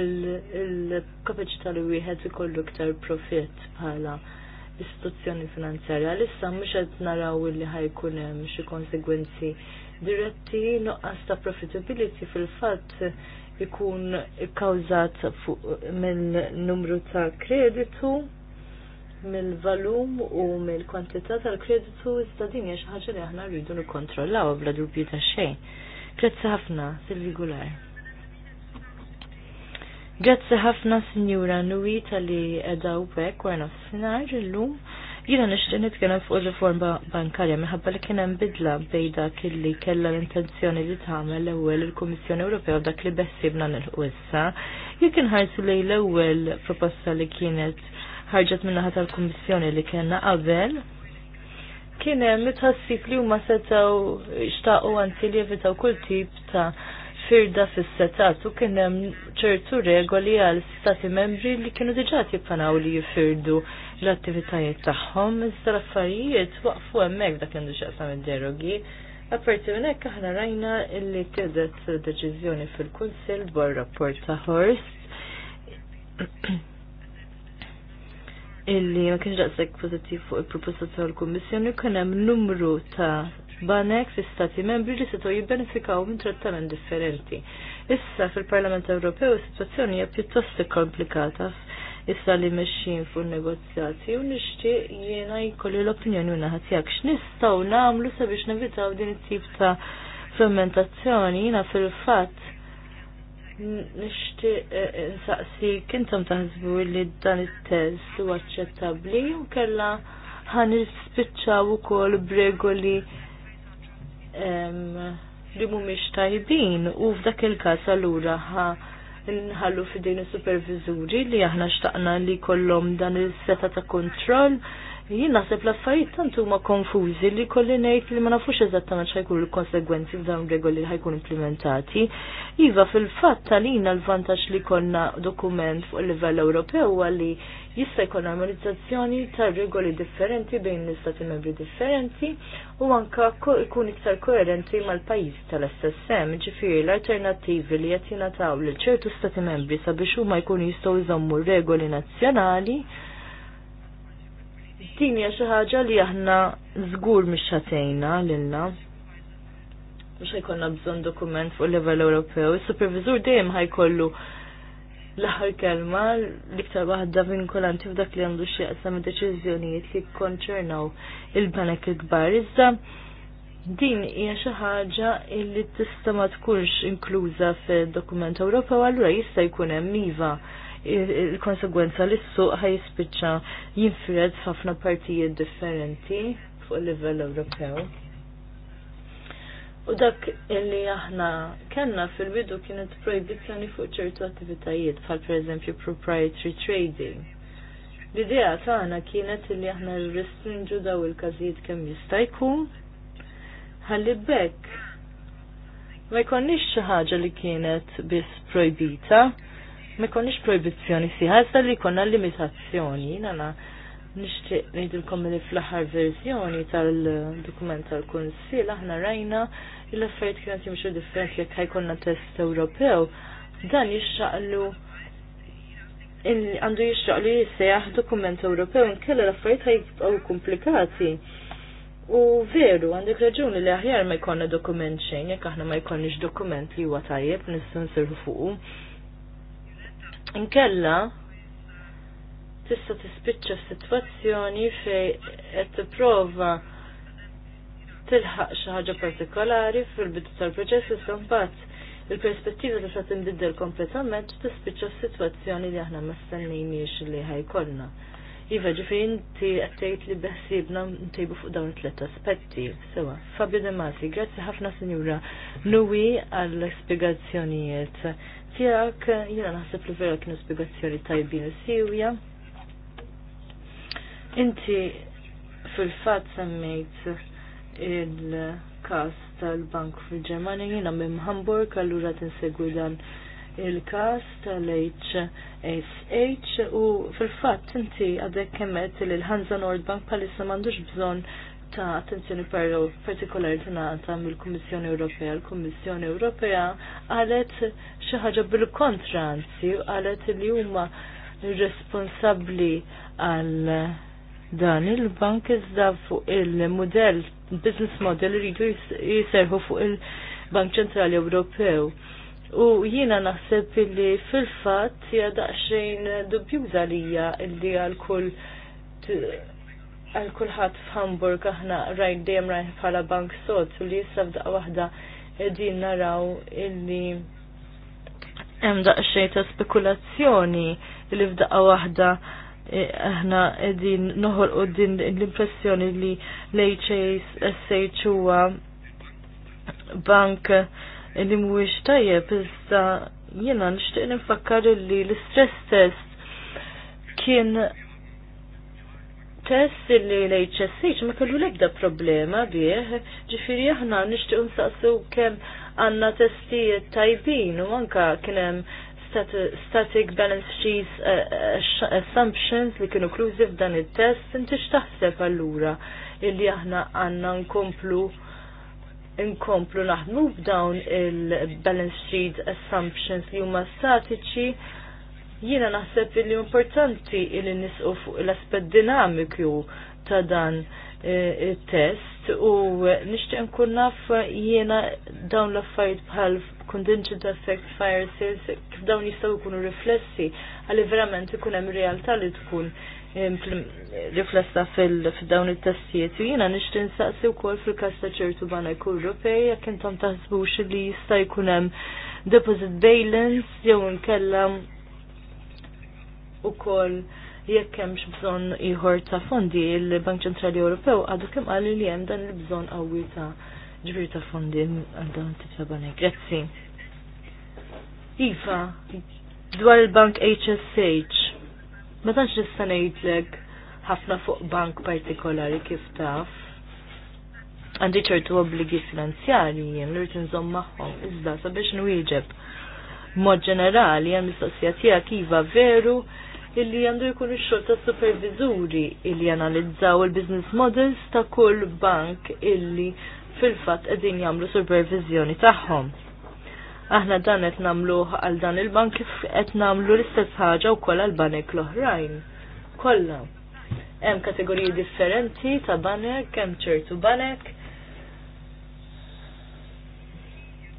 il-kapaċità li wieħed ikollu iktar profitt bħala istituzzjoni finanzjarja. issa mhux qed naraw li ħajkun hemm xi konsegwenzi diretti nuqqas ta' profitability fil-fatt ikun kkawżat minn numru ta' kreditu mill-valum u mill-kwantità tal-kreditu iżda din hija xi ħaġa li aħna rridu nikkontrollawha bla dubju ta' xejn. Grazzi ħafna, Silvi Gular. Grazzi ħafna Sinjura Nui tal-li edha u bekk għana s-sinar l-lum. Jina nishtin nitkellem fuq il-riforma bankarja minħabba li kien hemm bidla bejda kelli kellha l-intenzjoni li tagħmel l-ewwel il-Kummissjoni Ewropea dak li bessibna nil-USA. Jekin ħarsu lejn l-ewwel proposta li kienet ħarġet ħata tal-Kummissjoni li kellna qabel, kien hemm li li huma setaw xtaqgħu anzi li jevitaw kull tip ta' firda fis-setat u kien hemm ċertu regoli għal stati membri li kienu diġà jippanaw li jifirdu l-attivitajiet tagħhom iżda l-affarijiet waqfu hemmhekk dak kien diġà sam id-derogi. Apparti minn hekk aħna rajna li tiedet deċiżjoni fil-Kunsill dwar rapport ta' Horst illi ma kienx daqshekk pożittiv fuq il-proposta tal-Kummissjoni kien hemm numru ta' banek fi stati membri li setgħu jibbenefikaw minn trattament differenti. Issa fil-Parlament Ewropew is-sitwazzjoni hija pjuttost komplikata issa li mexxin fuq negozjati u nixtieq jiena jkolli l-opinjoni u naħat jekk x'nistgħu nagħmlu sabiex nevitaw din it-tip ta' fermentazzjoni jiena fil-fatt nishti eh, eh, nsaqsi kintom taħsbu li dan il-test u għacċettabli u kella ħan il-spicċaw u kol bregoli li mhumiex tajbin u f'dak il-każ allura ha nħallu f'din is-supervizuri li aħna xtaqna li kollom dan is-seta ta' kontroll Jien naħseb l-affarijiet tant huma konfużi li kolli ngħid li ma nafux eżattament x'ħajkunu l-konsegwenzi f'dawn regoli li ħajkun implementati. Iva fil-fatt talina l-vantaġġ li konna dokument fuq il livell Ewropew huwa li jista' jkun armonizzazzjoni ta' regoli differenti bejn l-istati membri differenti u anka jkun iktar koerenti mal-pajjiż tal-SSM, ġifieri l-alternattivi li qed jingħataw lil ċertu stati membri sabiex huma jkunu jistgħu jżommu regoli nazzjonali Din hija xi ħaġa li aħna żgur mhix l lilna. Mhux ħajkollna bżonn dokument fuq il-level Ewropew, is supervizur dejjem ħajkollu l-aħħar kelma l-iktar waħda vinkolanti f'dak li għandu xi id deċiżjonijiet li konċernaw il-banek il-kbar. Iżda din hija xi ħaġa li tista' ma tkunx inkluża f'dokument dokument Ewropew allura jista' jkun hemm iva il-konsegwenza li s-suq ħajspiċċa jinfred ħafna partijiet differenti fuq livell Ewropew. U dak illi aħna kellna fil-bidu kienet proibizzjoni fuq ċertu attivitajiet bħal pereżempju proprietary trading. L-idea tagħna kienet illi aħna rrestrinġu daw il-każijiet kemm jista' jkun ħalli bekk ma jkollniex xi ħaġa li kienet biss projbita, ma proibizjoni si, siħa, li konna limitazzjoni, nana nishtiq nejdilkom li fl-aħħar verżjoni tal-dokument tal konsil aħna rajna l-affarijiet kienet jimxu differenti jekk ħajkonna test Ewropew, dan jixxaqlu għandu jixxaqlu jissejjaħ dokument Ewropew nkella l-affarijiet ħajbqgħu komplikati. U veru, għandek raġuni li aħjar ma jkollna dokument xejn, jekk aħna ma jkollniex dokument li huwa tajjeb nistgħu nsirħu fuqu Inkella tista' tispiċċa f-situazzjoni fejn qed tipprova tilħaq xi ħaġa partikolari fil-bidu tal-proċess iżda mbagħad il-perspettiva tista' tinbidel kompletament tispiċċa f-situazzjoni li aħna ma stennejniex li ħajkollna. Iva ġifieri inti qed tgħid li beħsiebna ntejbu fuq dawn it tlet aspetti. Sewa, Fabio De Masi, grazzi ħafna Sinjura Nui għall-spjegazzjonijiet tijak, jena naħseb li vera kienu spiegazzjoni tajbin u siwja. Inti fil-fat semmejt il-kas tal-bank fil-Ġermani, jena minn Hamburg, allura tinsegwi dan il-kas tal-HSH u fil-fat inti għadek kemmet il l-Hanza Nordbank palissa mandux bżon ta' attenzjoni partikolari tingħata mill-Kummissjoni Ewropea. L-Kummissjoni Ewropea qalet xi ħaġa bil-kontra anzi qalet li huma responsabbli għal dan il-bank iżda fuq il-modell, business model rridu jiserħu fuq il-Bank Ċentrali Ewropew. U jiena naħseb li fil-fatt hija daqsxejn dubjuża lija illi għal kull għal kulħadd f'Hamburg aħna rajt dejjem rajt bħala bank sod u li issa f'daqqa waħda qegħdin naraw illi hemm daqsxejn ta' spekulazzjoni li f'daqqa waħda e, aħna qegħdin noħolqu din l-impressjoni li l-HSH huwa bank li mhuwiex tajjeb iżda jiena nixtieq nifakkar illi l-istress test kien test li l-HSH ma kellu lebda problema bieħ, ġifiri aħna nishtiq nsaqsu kem għanna testijiet tajbin u anka kienem static balance sheets eh, eh, assumptions li kienu klużi f'dan il-test, inti xtaħseb allura illi aħna għanna nkomplu nkomplu naħdmu b'dawn il-balance sheet assumptions li huma statiċi Jiena naħseb li importanti li nisqu fuq l-aspett dinamiku ta' dan il-test e, e, u nishtiq nkun naf jiena dawn l-affarijiet bħal contingent effect fire sales kif dawn jistgħu jkunu riflessi għalli verament ikun hemm realtà li tkun riflessa fil-dawn it testijiet u Jiena nixtieq nsaqsi wkoll fil-każ ta' ċertu banek Ewropej jekk intom taħsbux li jista' jkun hemm deposit balance jew nkellem ukoll jekk hemmx bżonn ieħor ta' fondi il-Bank Ċentrali Ewropew għadu kemm qal li hemm dan il-bżonn qawwi ta' ġbir ta' fondi għal dawn tip ta' Grazzi. Iva, dwar il-Bank HSH, ma tantx nista' ngħidlek ħafna fuq bank partikolari kif taf. Għandi ċertu obbligi finanzjarji jien li rrid nżomm magħhom, iżda sabiex nwieġeb. Mod ġenerali hemm mistoqsija tiegħek iva veru illi għandu jkun ix-xogħol tas supervizuri illi analizzaw il-business models ta' kull bank illi fil-fatt qegħdin jagħmlu supervizjoni tagħhom. Aħna dan qed nagħmluh għal dan il-bank kif qed nagħmlu l-istess ħaġa wkoll għal banek l-oħrajn. Kollha. Hemm kategoriji differenti ta' banek, hemm ċertu banek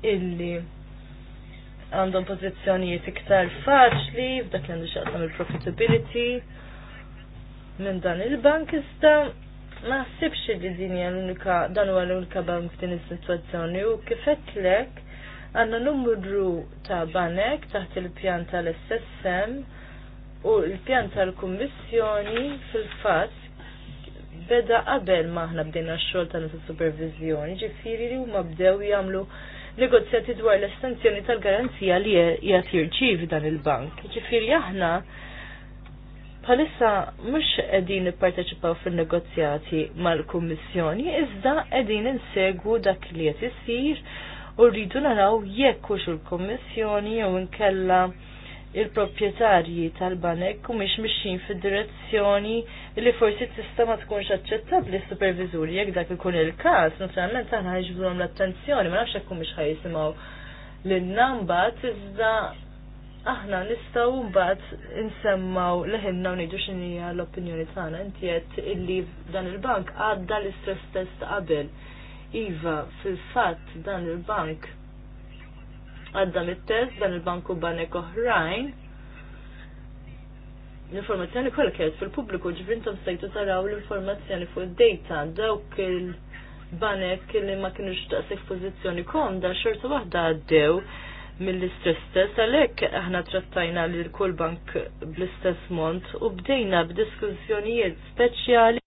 illi għandhom pozizjonijiet iktar faċli f'dak li għandu xaqsam il-profitability minn dan il-bank iżda ma ħsibx li din hija l-unika dan huwa l-unika bank f'din is-sitwazzjoni u kif għedtlek għandna numru ta' banek taħt il-pjan tal-SSM u l-pjan tal-Kummissjoni fil-fatt beda qabel maħna bdejna x-xogħol tagħna supervizjoni, ġifieri li huma bdew jagħmlu negozjati dwar l-estensjoni tal-garanzija li jgħat jirċiv dan il-bank. Ġifiri aħna bħalissa mux edin nipparteċipaw fil-negozjati mal-Kommissjoni, iżda edin insegwu dak li jgħat jisir u rridu naraw jekk u l-Kommissjoni jew nkella il-proprjetarji tal-banek u miex mixin fil-direzzjoni li forsi t-sistema tkunx aċċettabli s-supervizuri jek dak ikun il-kas, naturalment aħna bżonom l-attenzjoni, ma nafx jekk miex ħajisimaw l-nambat, iżda aħna nistaw mbagħad insemmaw leħinna u ngħidu hija l-opinjoni tagħna inti qed illi dan il-bank għadda l-istress test qabel. Iva, fil-fatt dan il-bank għadda mit-test dan il-banku banek oħrajn. L-informazzjoni kollha kienet fil-pubbliku ġifintom sejtu taraw l-informazzjoni fuq id-data dawk il-banek li ma kienux taqsik kom komda xorta waħda għaddew mill-istress test għalhekk aħna trattajna lil kull bank bl-istess mont u bdejna b'diskussjonijiet speċjali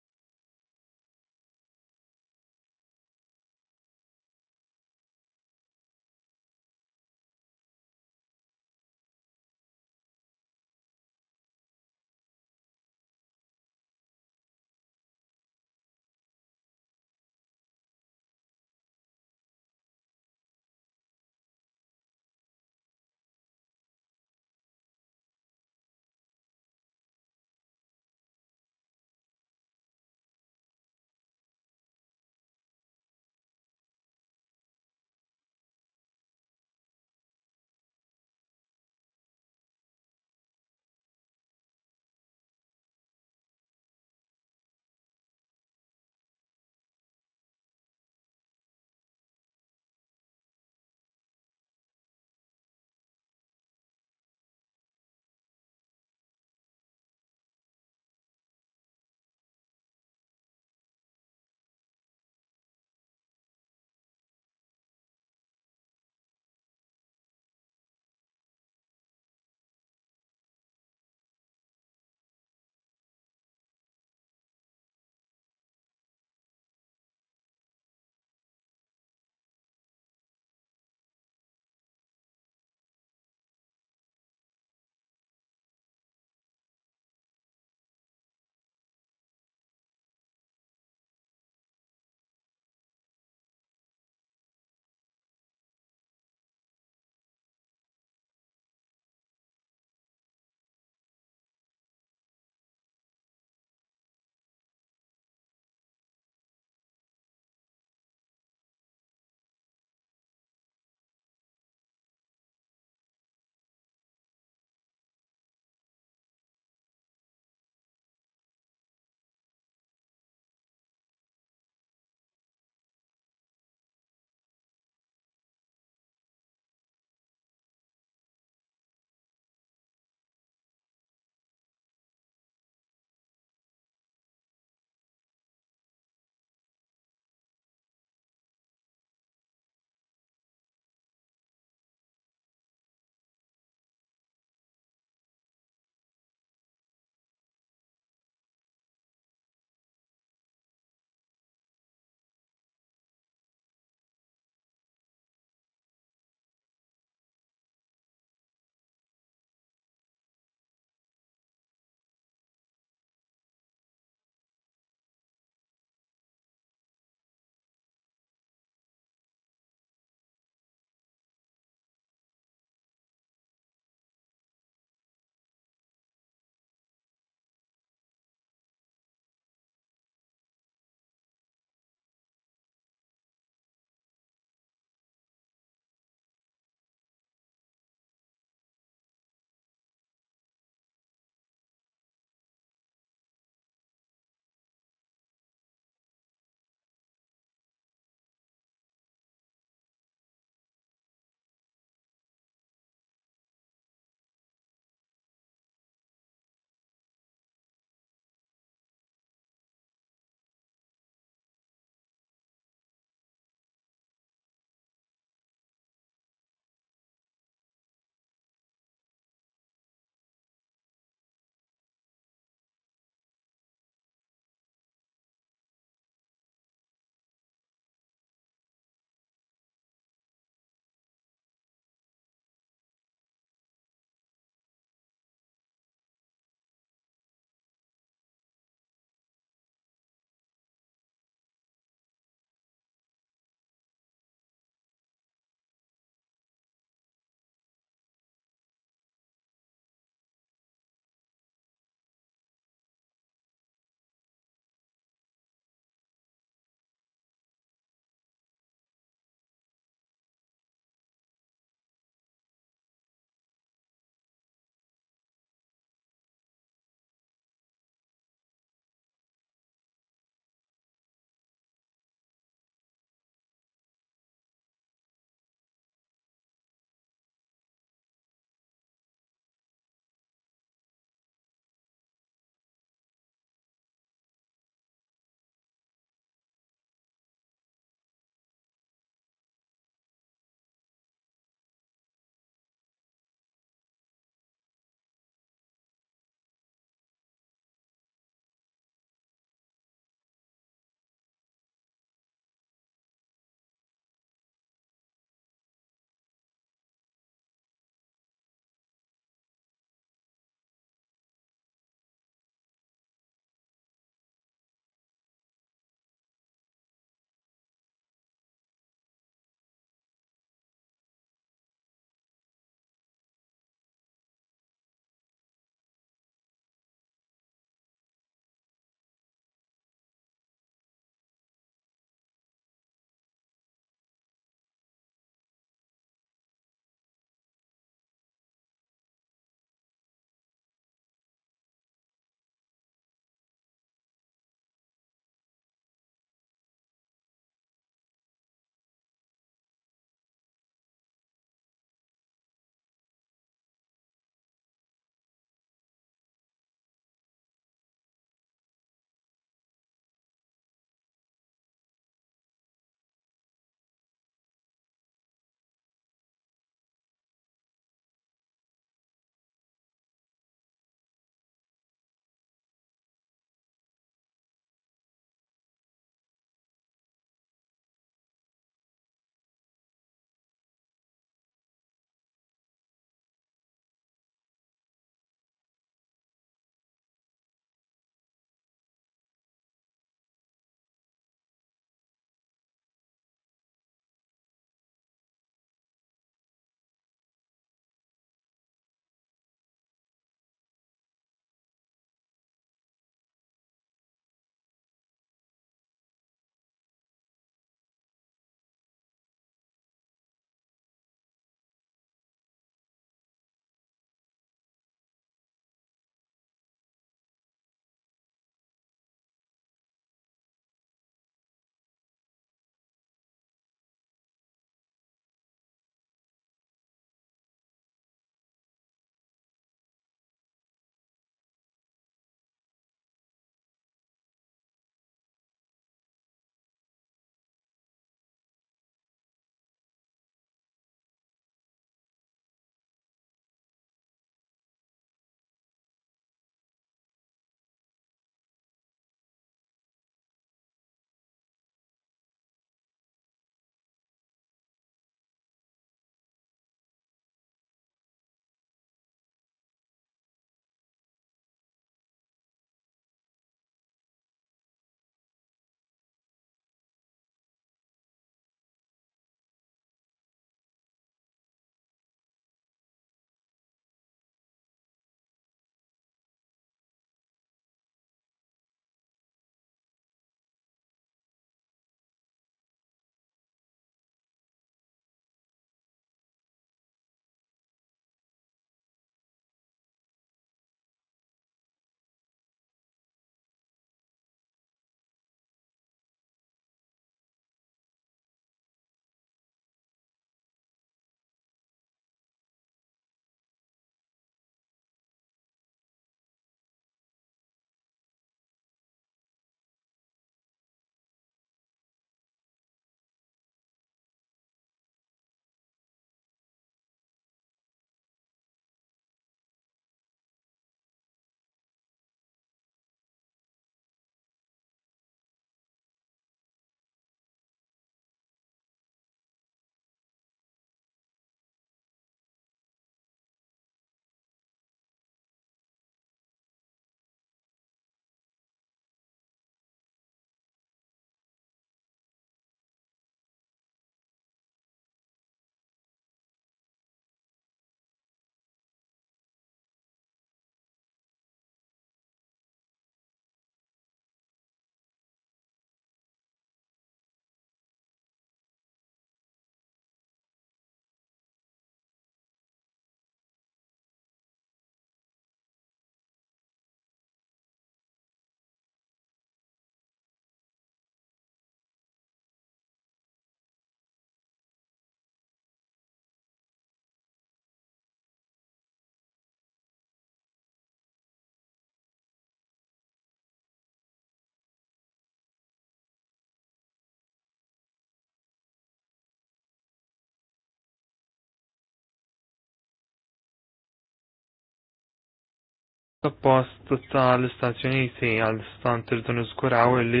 suppost tal-Istati Uniti għal stant irdu niżguraw illi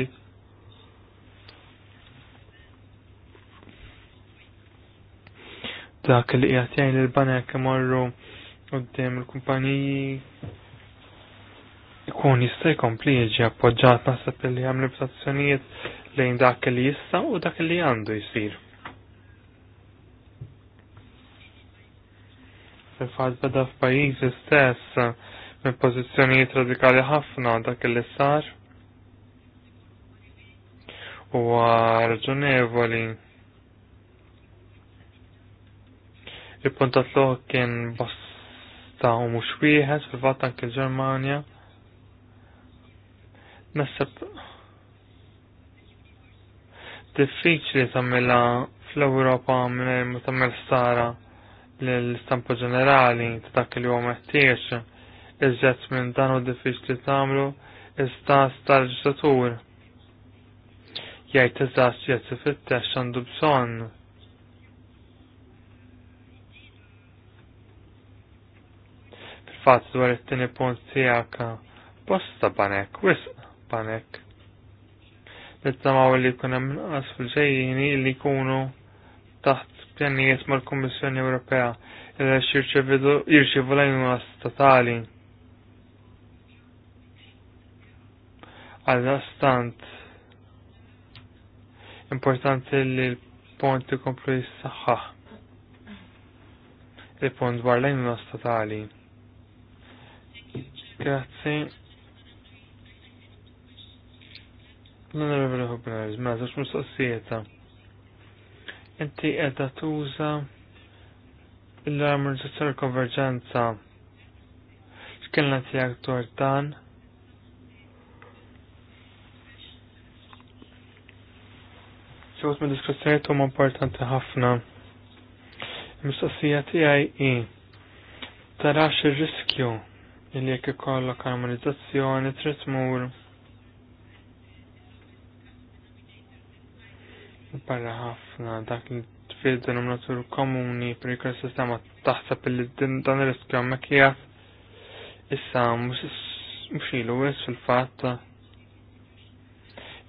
dak li qiegħed jgħin il-banek imorru qudiem il-kumpaniji ikun jista' jkompli jiġi appoġġat naħseb li hemm limitazzjonijiet lejn dak li jista' u dak li għandu jsir. Fil-fatt beda f'pajjiż stess minn pożizzjonijiet radikali ħafna dak li sar huwa raġunevoli. Il-puntat loħ kien bosta u mhux wieħed fil fat anke l-Ġermanja. Naħseb diffiċli tagħmilha fl-Ewropa minn ma tagħmel sara l-istampa ġenerali ta' dak li huwa meħtieġ iżjed minn dan u diffiċli tagħmlu istans tal-ġisatur. Jgħid eżatt jgħid ifittex għandu bżonn. Fil-fatt dwar it-tieni punt tiegħek bosta banek, wisq banek. Nittamaw li kuna minqas fil-ġejjini li kunu taħt pjanijiet mal kummissjoni Ewropea il-għax jirċivu l-għajnuna statali. għal stant importanti li l-pont ikomplu jissaxħa. Il-pont dwar lejn statali. Grazie. L-Onorevole Hubner, ma zax mistoqsijeta. Inti edha tuża l-armonizzazzjoni konverġenza. X'kellna tiegħek dwar dan? Ġewż minn diskussjonijiet huma importanti ħafna. mistoqsija tiegħi hi tarax ir-riskju li jekk ikollok armonizzazzjoni trid tmur barra ħafna dak li tfid natur komuni per jkun sistema taħseb li dan ir-riskju hemmhekk issa mhux ilu fil-fatt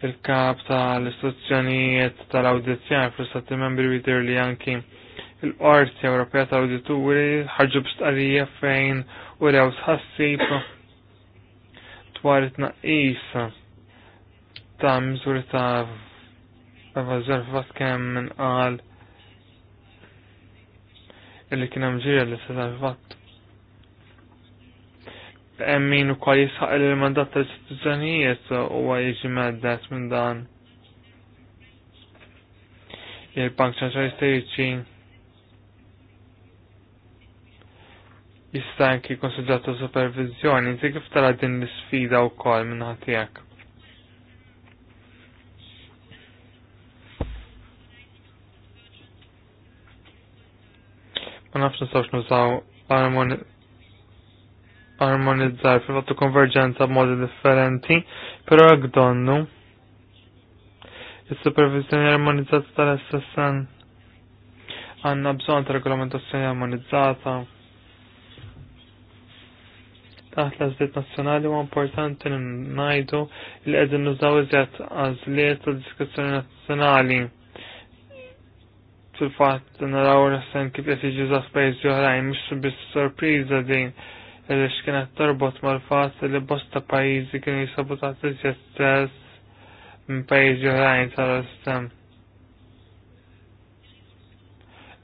il-kap tal istruzzjonijiet tal-awdizzjoni fl-istati membri vidir li anki il-Qorti Ewropea tal-Awdituri ħarġu b'stqarrija fejn u rew sħassib dwar it-tnaqqis ta' miżuri ta' evażjoni f'fatt kemm minqal illi kien hemm ġiri li se fatt emmin u kwa jisħaq il-mandat tal ċittizzanijiet u għajġi meddet minn dan il-Bank ċentrali Steriċi jista' anki supervizjoni, inti kif tara din l-sfida u kol minn ħatijak? Ma nafx nistawx nużaw armonizzar fil-fattu konverġenza b'modi differenti, pero għak donnu. Il-supervizjoni armonizzata tal-SSN għanna bżon ta' regolamentazzjoni armonizzata. Taħt l azliet nazjonali u importanti n-najdu li qegħdin nużaw iżjat għazliet ta' diskussjoni nazjonali. Fil-fat naraw l-sen kif qed zaħt pajzi oħrajn, mux biss sorpriza din li kienet torbot mal-fatt li bosta pajjiżi kienu ta' t istess minn pajjiżi oħrajn tal-istem.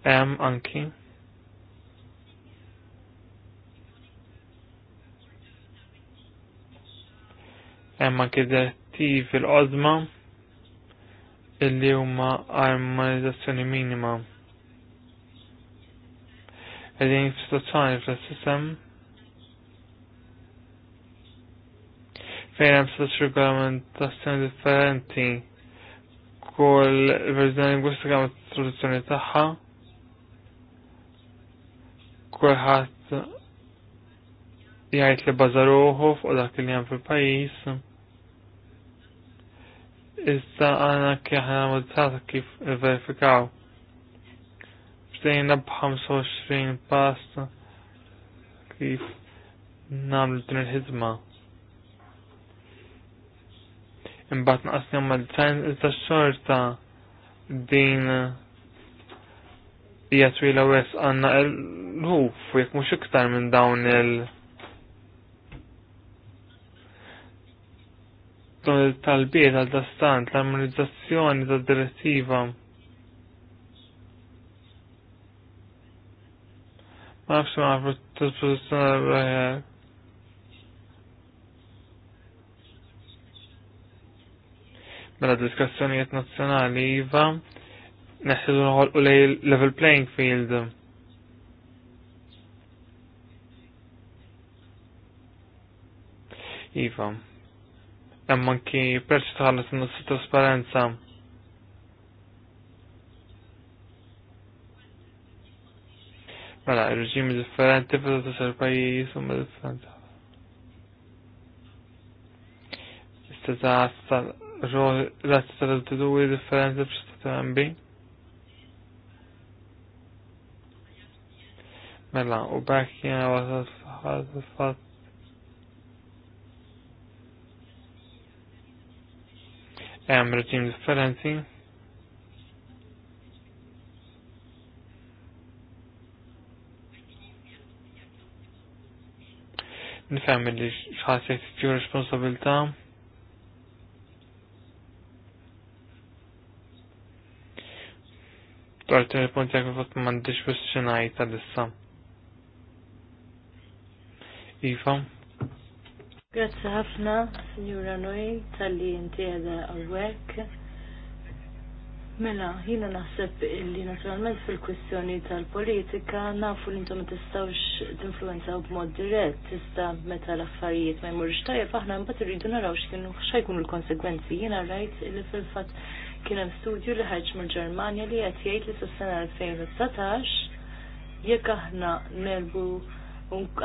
Hemm anki. Hemm anki direttivi l ozma illi huma armonizzazzjoni minima. f-situazzjoni f sistema fejn hemm sitt regolamentazzjoni differenti kull verżjoni lingwistika ma' traduzzjoni tagħha. Kulħadd jgħid li bażaruħu fuq dak li hemm fil-pajjiż. Issa għana kieħna modizzata kif verifikaw. Bdejna b'25 pass kif namlu din il-ħidma imbat naqasni għamma l-tajn xorta din hija twila wes għanna l-ħuf u jekk mhux iktar minn dawn il- il-talbiet għal dastant l-armonizzazzjoni tad direttiva ma nafx ma nafx t-pozizjoni eh, mela diskussjonijiet nazzjonali iva neħsidu u lej level playing field. Iva, hemm ki perċi tħallas in-nofs trasparenza. Mela, reġimi differenti t-sar pajis u differenti. Istata razzi tal-altitudi differenti f'xi tembi. Mela, u bħak jena wasal fatt hemm reġim differenti. Nifhem li t-tju responsabilta' dwar il-punt jekk vot m'għandix biex xinajt għal-issa. Iva. Grazzi ħafna, Signora Noi tal-li jinti għada għawek. Mela, jina naħseb illi naturalment fil-kwistjoni tal-politika nafu li intom tistawx t b b'mod dirett, tista meta l-affarijiet ma jmurx tajjeb, aħna mbatt rridu naraw x'kienu x'ajkunu l-konsegwenzi. Jiena rajt illi fil fat Kien hemm studju li ħarġ mill-Ġermanja li qed jgħid li sas-sena 2019 jekk aħna nelbu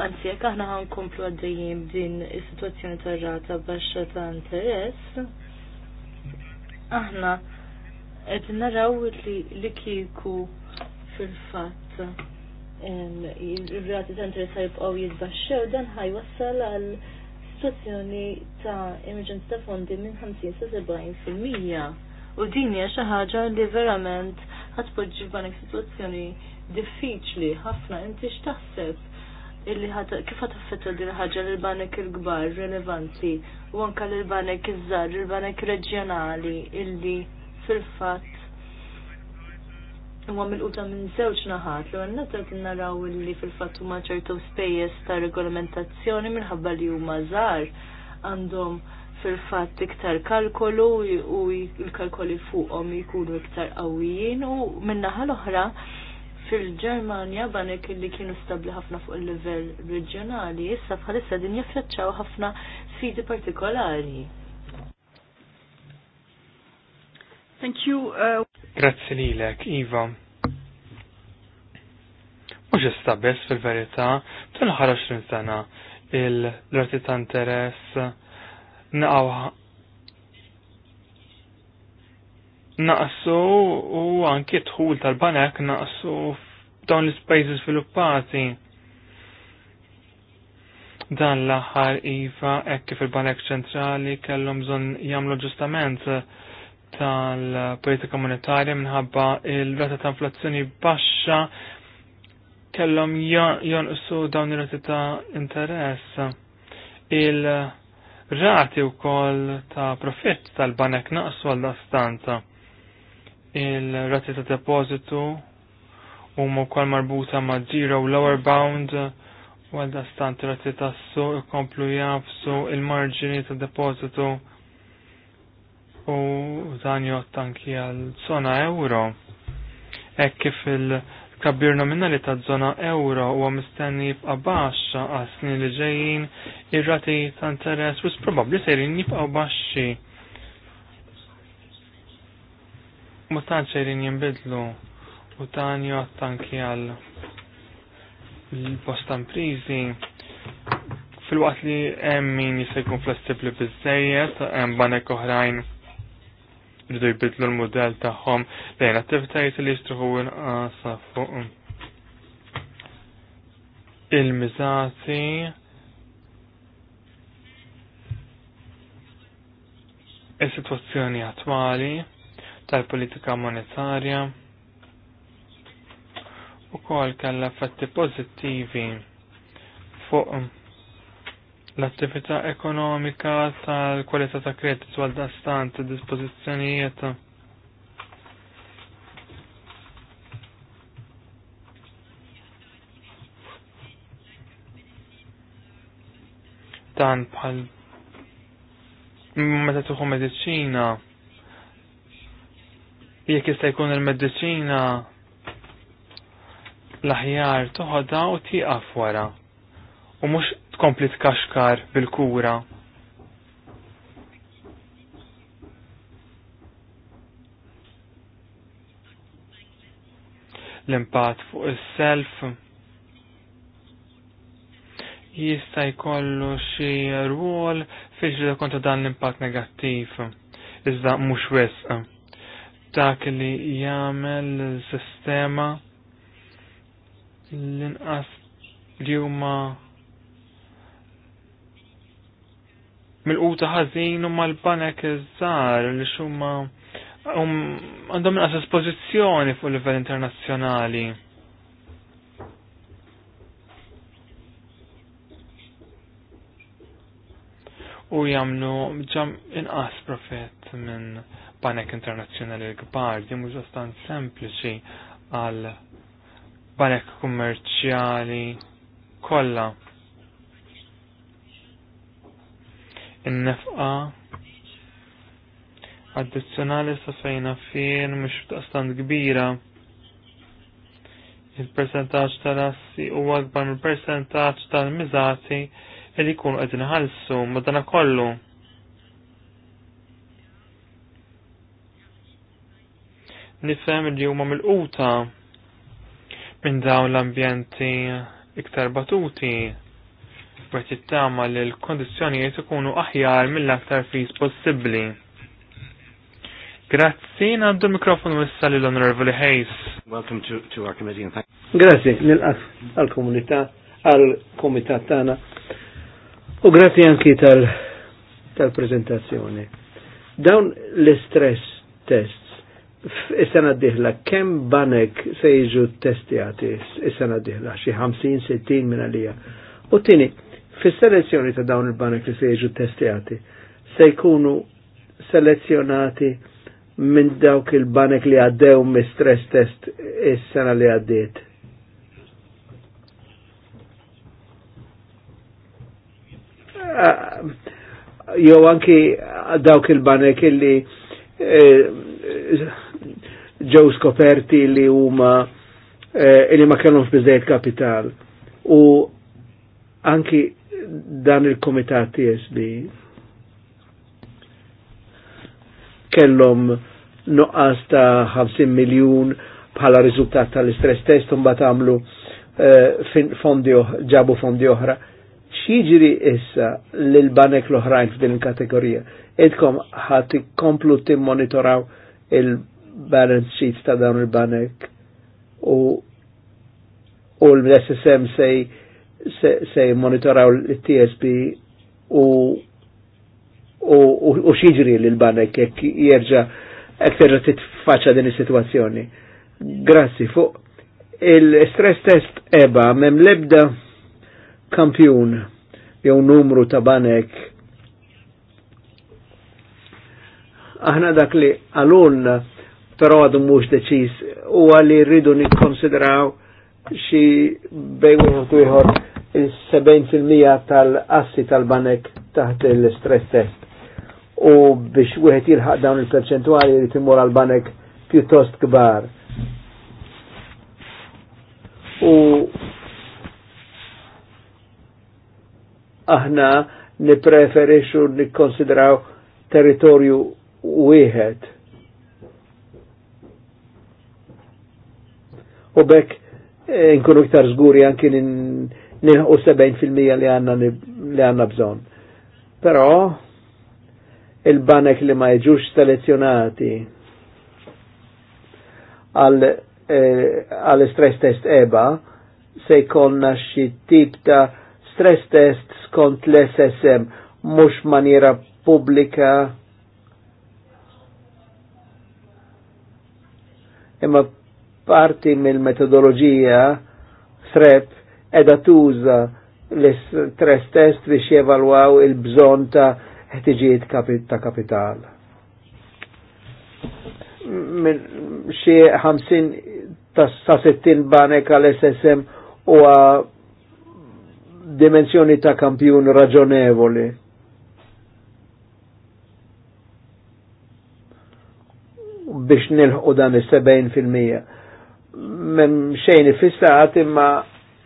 anzi jekk aħna ħankomplu għaddejjin din is-sitwazzjoni tar-rata baxxa ta' interess, aħna qed naraw li kieku fil-fatt il-rati ta' interess ħajbqgħu jitbaxxew dan ħajwassal għal situazzjoni ta' emerġenza ta' fondi minn 50 sa' 70 fil-mija u din hija xi ħaġa li verament ħadd poġġi f'banek sitwazzjoni diffiċli ħafna inti x'taħseb illi kif ħataffetta din ħaġa lil banek il-kbar rilevanti u anke lil banek iż-żgħar, lil banek reġjonali illi fil-fatt Huwa mill-quta minn żewġ naħat li għandna qed naraw li fil-fatt huma ċertu spejjeż ta' regolamentazzjoni minħabba li huma żgħar għandhom fil-fatt iktar kalkolu u l-kalkoli fuqhom jkunu iktar qawwijin u minnaħa l-oħra fil-Ġermanja banek li kienu stabli ħafna fuq il-livell reġjonali, issa bħalissa din jaffeċċaw ħafna sfidi partikolari. Thank you. Uh... Grazzi lilek, Iva. Mux istabess fil-verità, tal ħara 20 sena il-rati ta' interess naqaw Naqassu u anki tħul tal-banek naqsu f'dawn l spajzi sviluppati. Dan l-aħħar iva hekk kif il-Banek Ċentrali kellhom bżonn jagħmlu ġustament tal-politika monetarja minħabba il-rata ta' inflazzjoni baxxa kellhom jonqsu dawn ir-rati ta' interess. Il- rati u koll ta' profitt tal-banek naqsu għalla stanta. Il-rati ta' depositu u mu kol marbuta ma' zero u lower bound u għalla stant rati ta' su komplu jafsu il-marġini ta' depositu u dan jottanki għal zona euro. Ek kif il- tkabbir nominali ta' zona euro u mistenni jibqa' baxxa għal snin li ġejjin ir-rati ta' interess u probabbli sejrin jibqgħu baxxi. Ma tant sejrin jinbidlu u tan jottan kjall l postan prizi fil-waqt li hemm min fl jkun flessibbli biżejjed hemm banek oħrajn bidu jbidlu l model tagħhom lejn attivitajiet li jistruħu inqasa fuq il-miżati is-sitwazzjoni attwali tal-politika monetarja u kol kalla fatti pozittivi fuq l-attività ekonomika tal-kwalità ta' kredit għal dastant dispożizzjonijiet. Dan bħal meta tuħu medicina jekk jista' jkun il-medicina l-aħjar toħodha u tieqaf wara u mhux tkompli tkaxkar bil-kura. L-impat fuq is-self jista' jkollu xi rwol fiex li kontra dan l-impatt negattiv. Iżda mhux wisq. Dak li jagħmel sistema l-inqas li huma mil quta ħażin u mal-banek iż-żgħar li xumma um, għandhom inqas espożizzjoni fuq livell internazzjonali. U jagħmlu ġam inqas profett minn banek internazzjonali kbar, di mhux stan sempliċi għal banek kummerċjali kollha. in-nefqa addizzjonali sa fejna fien mhux daqstant kbira. Il-percentaġġ tal-assi huwa akbar mill-percentaġġ tal-miżati li jkunu qed inħallsu kollu. Nifhem li huma mill-quta minn dawn l-ambjenti iktar batuti l-esperti tama li l-kondizjonijiet ikunu aħjar mill-aktar fis possibli. Grazzi, għaddu mikrofonu issa l onorevoli Hayes. Welcome to, to our committee and thank Grazzi, nil-qas għal-komunità, għal-komitat tana. U grazzi anki tal-prezentazzjoni. Tal Dawn l-stress test Is-sena diħla, kem banek se jiġu testijati is-sena diħla, xie 50-60 minna lija. U tini, fil selezzjoni ta' dawn il-banek li se jieġu testijati, se jkunu selezzjonati minn dawk il-banek li għaddew mis stress test is-sena li għaddiet. Ah, jo anki dawk il-banek li eh, ġew skoperti li huma eh, li ma kellhomx biżejjed kapital. U anki dan il-komitat TSB Kellom noqqas ta' 50 miljun bħala riżultat tal-istress test un bat għamlu eh, fondi ġabu fondi oħra. ċiġri issa lil banek l-oħrajn f'din il-kategorija? Edkom ħadd komplu monitoraw il-balance sheets ta' dawn il-banek u l-SSM sej se monitoraw l tsp u u xieġri l-banek jek jirġa terġa' titfaċa din is-situazzjoni. Grazzi, fuq il-stress test eba mem lebda kampjun jew numru ta' banek. Aħna dak li għalun però għadu mux deċis u għalli rridu nikkonsidraw xi bejn u ieħor il-70% tal-assi tal-banek taħt il-stress test. U biex wieħed jilħaq dawn il-perċentwali li timur għal-banek pjuttost kbar. U aħna nipreferixu nikkonsidraw territorju wieħed. U bekk eh, nkunu iktar żguri anki nilħu 70% li għanna li għanna bżon. Però il-banek li ma jġux selezzjonati eh, għal stress test eba se jkonna xi tip ta' stress test skont l-SSM mhux maniera pubblika imma parti mill metodologija SREP edha tuża l-stress test biex jevalwaw il-bżon ta' ħtiġijiet ta' kapital. Min xie 50 ta' 60 banek għal SSM u dimensjoni ta' kampjun raġonevoli. biex nilħu dan il-70%. Mem xejn ifissat imma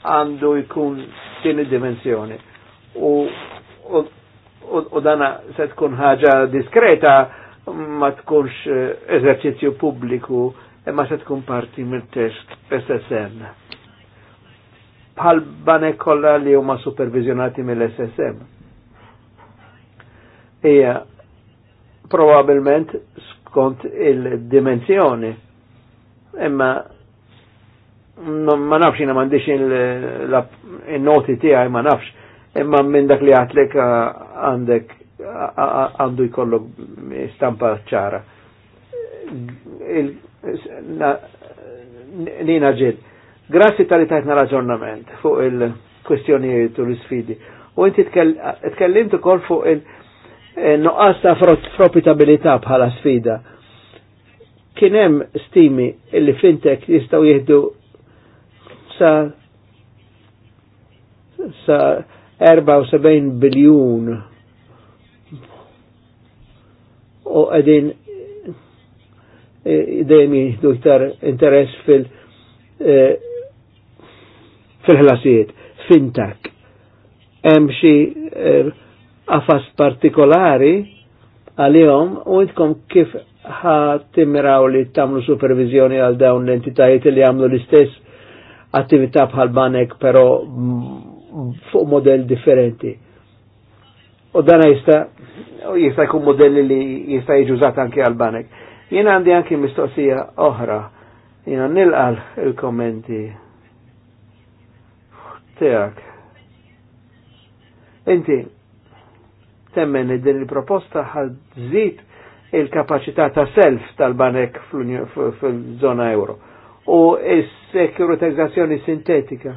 għandu jkun tini dimensjoni. U, u, u, u dana se tkun ħaġa diskreta ma tkunx eh, eżerċizzju pubbliku imma se tkun parti mill-test SSM. Bħal bane kolla li huma supervizjonati mill-SSM. Ija, probabilment skont il-dimensjoni imma ma nafx jina mandiċ il-noti tiegħi ma nafx, imma minn dak li għatlek għandek għandu jkollu stampa ċara. Nina ġed grassi tal-li tajtna raġornament fuq il kwestjoni u l-sfidi. U inti tkellimt ukoll fuq il-noqqas eh, ta' profitabilità bħala sfida. Kienem stimi illi fintech jistaw jihdu sa sa 74 biljun u għedin e, dejjem jihdu iktar interess fil e, fil-ħlasijiet, fintak. Emxi xi e, partikolari għal-jom u intkom kif ħatimraw li Tamlu supervizjoni għal dawn l-entitajiet li għamlu l-istess attività bħal banek pero fuq model differenti. U dana jista jista jkun modelli li jista jiġużat anki għal banek. Jien għandi anki mistoqsija oħra. jena nilqal il-kommenti Tijak. Inti temmen din il-proposta ħad żid il-kapacità ta' self tal-banek fil zona euro. U is sekuritizzazzjoni sintetika.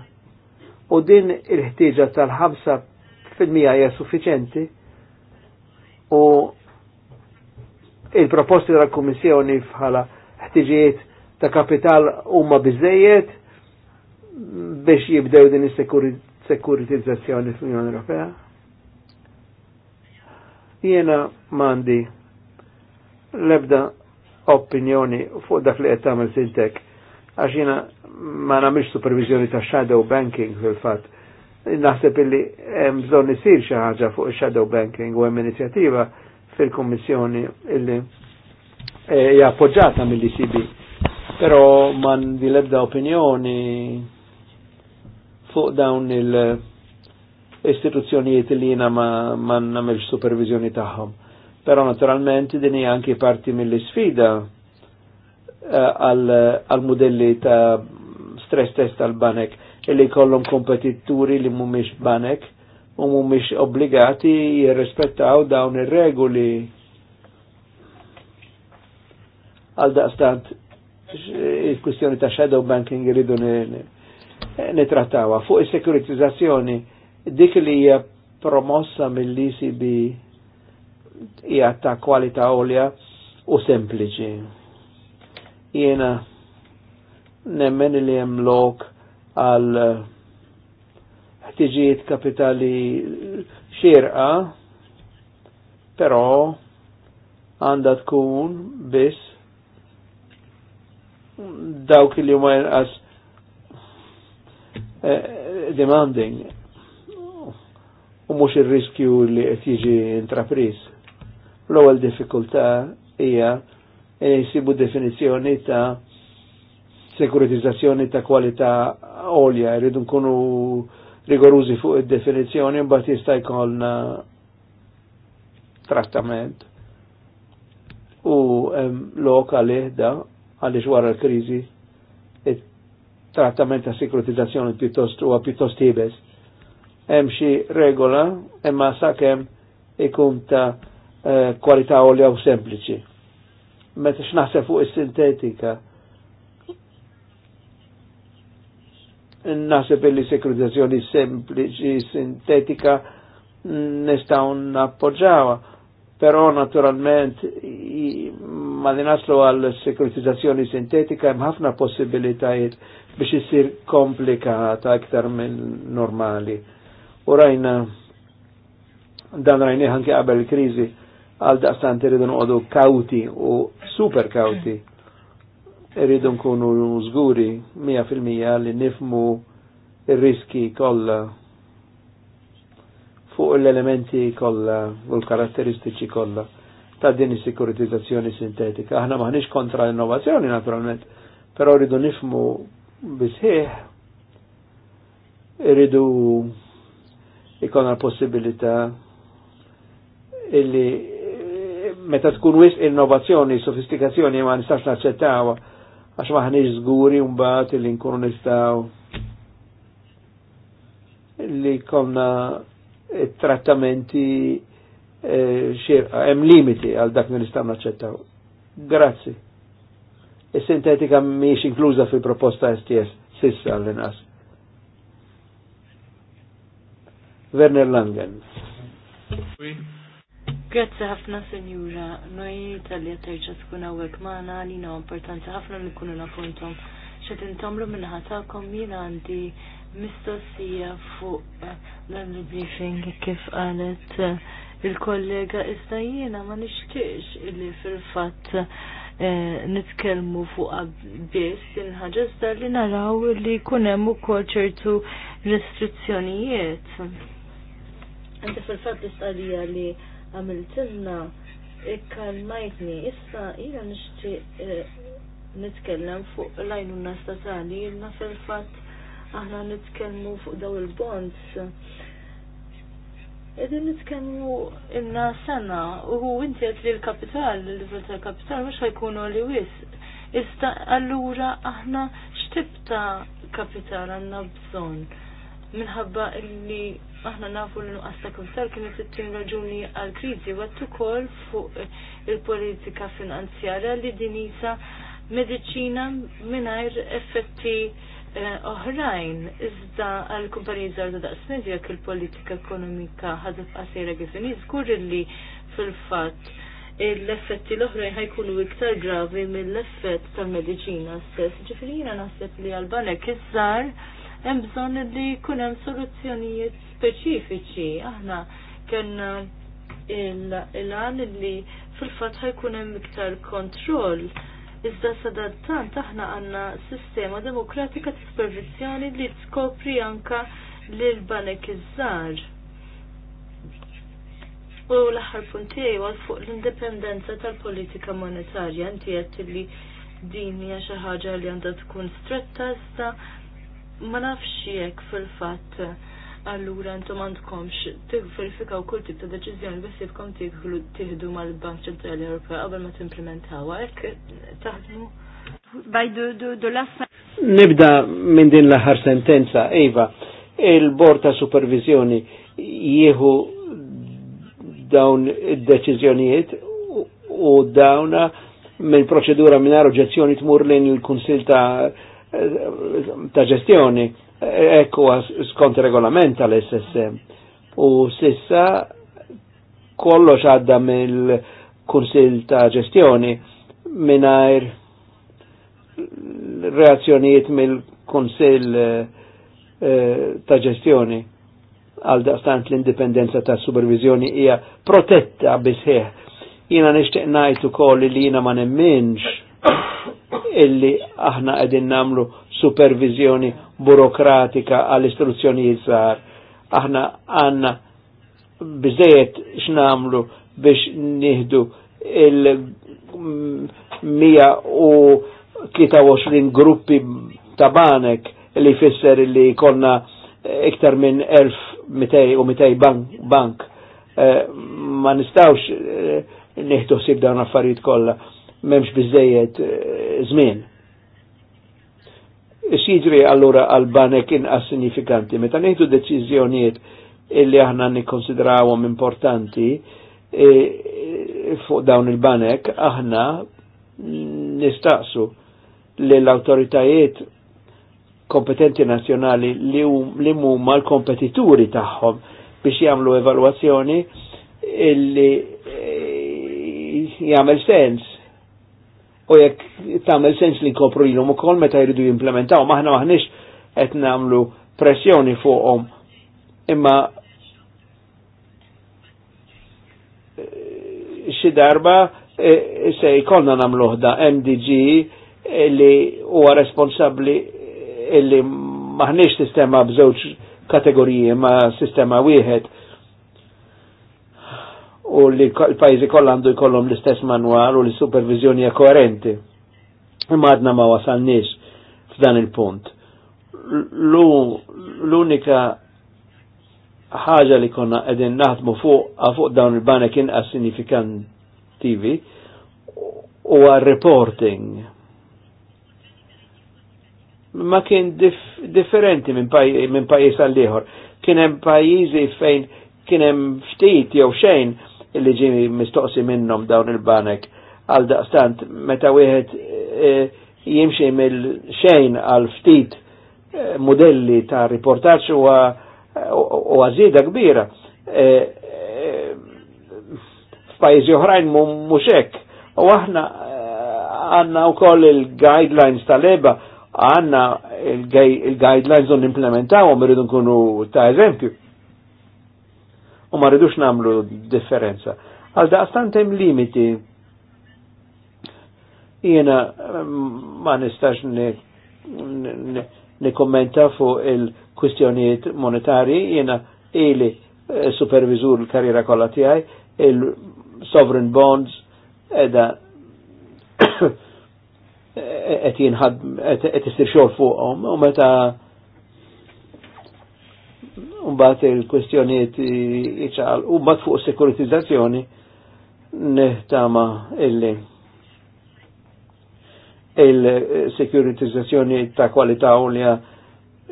U din il-ħtieġa tal-5 hija suffiċenti u il-proposti tal-Kummissjoni bħala ħtiġijiet ta' kapital huma biżejjed biex jibdew din is-sekuritizzazzjoni fl-Unjoni Ewropea? Jiena mandi l-ebda opinjoni fuq dak li qed tagħmel sintek għaxina ma namiex supervizjoni ta' shadow banking fil-fat. Naħseb illi hemm bżonn isir xi ħaġa fuq shadow banking u hemm inizjattiva fil-Kummissjoni illi eh, hija appoġġata mill-ICB. Però man di lebda opinjoni fuq dawn il-istituzzjonijiet li jina ma, ma namilx supervizjoni tagħhom. Però naturalment din hija anki parti mill-isfida Eh, għal modelli ta' stress test għal banek illi kollum kompetitturi li mumiex banek u mumiex obbligati jirrespettaw dawn ir-regoli għal daqstant il-kwistjoni ta' shadow banking rridu nitrattawa. Fuq il-sekuritizzazzjoni, dik li hija promossa mill-ECB hija ta' kwalità olja u sempliċi Jena nemmen li hemm lok għal eh, ħtiġijiet kapitali xirqa, però għandha tkun biss dawk li huma inqas eh, demanding u mhux ir-riskju li qed jiġi intrapriż. L-ewwel diffikultà hija jisibu e definizjoni ta' sekuritizzazzjoni ta' kualità olja, jridu nkunu rigorużi fuq il definizjoni mbagħad jista' jkollna trattament. U lok għal-ehda għaliex wara l-kriżi trattament ta' sekuritizzazzjoni pjuttost huwa pjuttost ibes. Hemm xi regola imma sakemm ikun ta' eh, kwalità olja u sempliċi meta x'naħseb fuq is-sintetika. Naħseb li sekretazzjoni sempliċi sintetika nistgħu nappoġġawha, però naturalment ma li naslu għal sekretizzazzjoni sintetika hemm ħafna possibilitajiet biex isir komplikata aktar minn normali. U rajna dan rajni ħanki qabel il-kriżi għal daqstant irridu nqodu kauti u super kauti. Irridu nkunu zguri 100% li nifmu il riski kollha fuq l-elementi kollha u l-karatteristiċi kollha ta' din is-sikuritizzazzjoni sintetika. Aħna maħniex kontra l-innovazzjoni naturalment, però rridu nifmu bisħieħ rridu ikon possibilità illi meta tkun wis innovazzjoni, sofistikazzjoni ma nistax naċċettaw għax maħniex żguri mbagħad li nkunu nistgħu li konna trattamenti eh, xirqa, eh, hemm limiti għal dak li nistgħu naċċettaw. Grazzi. Is-sintetika e mhijiex inkluża fil-proposta STS sissa l-inqas. Werner Langen. Oui. Grazzi ħafna senjura, noi tal-li tkun għawek maħna li na importanti ħafna li kunu nafuntom. ċed intomlu minnħatakom jina għandi mistoqsija fuq eh, dan il-briefing kif għalet eh, il-kollega iżda jina ma nixtieqx illi fil-fatt eh, nitkellmu fuq biss il li naraw li jkun hemm ukoll ċertu restrizzjonijiet. fil fat tistqalija li għamiltilna ikkalmajtni. Issa jiena nixtieq eh, nitkellem fuq l-għajnuna statali, jilna fil-fatt aħna nitkellmu fuq daw il-bonds. Edin nitkellmu imna sena u inti għet li l-kapital, l-livell tal-kapital, mux ħajkunu li wis. Ista allura aħna xtibta kapital għanna bżon minħabba illi aħna nafu li nuqqas ta' kumsar kienet it-tin raġuni għal-krizi, għattu kol fuq il-politika finanzjara li dinisa medicina minajr effetti eh, oħrajn. Iżda għal-kumpaniji zarda daqs medja il-politika ekonomika ħadet qasira għifin, jizgur li fil-fat l-effetti l-oħrajn ħajkunu iktar gravi mill-effett tal-medicina stess. Ġifirina naħseb li għal-banek iż hemm bżonn li jkun hemm soluzzjonijiet speċifiċi. Aħna kena il-għan li fil-fat ħajkun hemm iktar kontroll. Iżda sadattant aħna għanna sistema demokratika ta' supervizjoni li tskopri anka l-banek iż-żar. U l-aħħar puntiegħi għal fuq l-indipendenza tal-politika monetarja inti li din hija xi ħaġa li għandha tkun stretta iżda ma nafx jekk fil-fatt allura intom għandkomx tivverifikaw kull tip ta' deċiżjoni biss jibkom tieħdu mal-Bank Ċentrali Ewropea qabel ma timplementawha hekk taħdmu. By do the, Nibda minn din l-aħħar sentenza, Eva, il-Bord ta' Supervizjoni jieħu dawn id-deċiżjonijiet u dawna minn proċedura minn oġġezzjoni tmur lejn il-Kunsil ta' ta' ġestjoni ekku skont regolament tal-SSM. U sissa kollox xadda mill kursil ta' ġestjoni minnajr reazzjonijiet mill-Kunsil eh, ta' ġestjoni għal daqstant l-indipendenza ta' supervizjoni hija protetta bisħeħ. Jina nishtiq najtu koll li jina ma nemminx illi aħna qegħdin namlu supervizjoni burokratika għall istruzzjonijiet jizzar. Aħna għandna biżejjed x'namlu biex nieħdu il-123 gruppi ta' banek li fisser li konna iktar minn 1200 u 200 bank, bank. Eh, ma nistawx eh, nihdu sib dawn affarijiet kollha memx bizzejed eh, zmin. Xieġri allura għal-banek inqas signifikanti, meta nejtu deċizjoniet illi aħna nikonsidrawhom importanti eh, eh, fuq dawn il-banek, aħna nistaqsu li l-autoritajiet kompetenti nazjonali li, li mumma l-kompetituri tagħhom biex jagħmlu evalwazzjoni illi jagħmel sens u jekk tagħmel sens li kopru ilhom ukoll meta jridu jimplementaw maħna maħnix qed nagħmlu pressjoni fuqhom imma eh, xi darba eh, se jkollna nagħmlu ħda MDG eh, li huwa responsabbli li maħniex sistema b'żewġ kategoriji ma sistema wieħed u li l-pajzi kollha għandu jkollhom l-istess manual u li supervizjoni koerenti. Imma għadna ma wasalniex f'dan il-punt. L-unika ħaġa li konna qegħdin naħdmu fuq fuq dawn il-banek inqas sinifikantivi u reporting ma kien dif differenti minn pajis għal għall ieħor. Kien hemm pajjiżi fejn kien hemm ftit jew xejn illi ġimi mistoqsi minnom dawn il-banek għal daqstant meta wieħed e, jimxi mill-xejn għal ftit e, modelli ta' riportaċ u għazida kbira. E, e, f'pajjiżi oħrajn mhux hekk. U aħna e, għandna wkoll il-guidelines tal-eba għandna il-guidelines il non implementawhom irridu nkunu ta' eżempju u ma rridux namlu differenza. Għal da' hemm limiti jena ehm, ma nistax nikommenta fuq il-kwistjonijiet monetari, jena ili eh, supervizur l-karriera kolla tijaj, il-sovereign bonds edha (coughs) e-, e-, et jinħad qed isir xogħol u meta Umbat il-kwestjoniet iċal, umbat fuq sekuritizzazzjoni neħtama illi il-sekuritizzazzjoni ta' kwalità unja li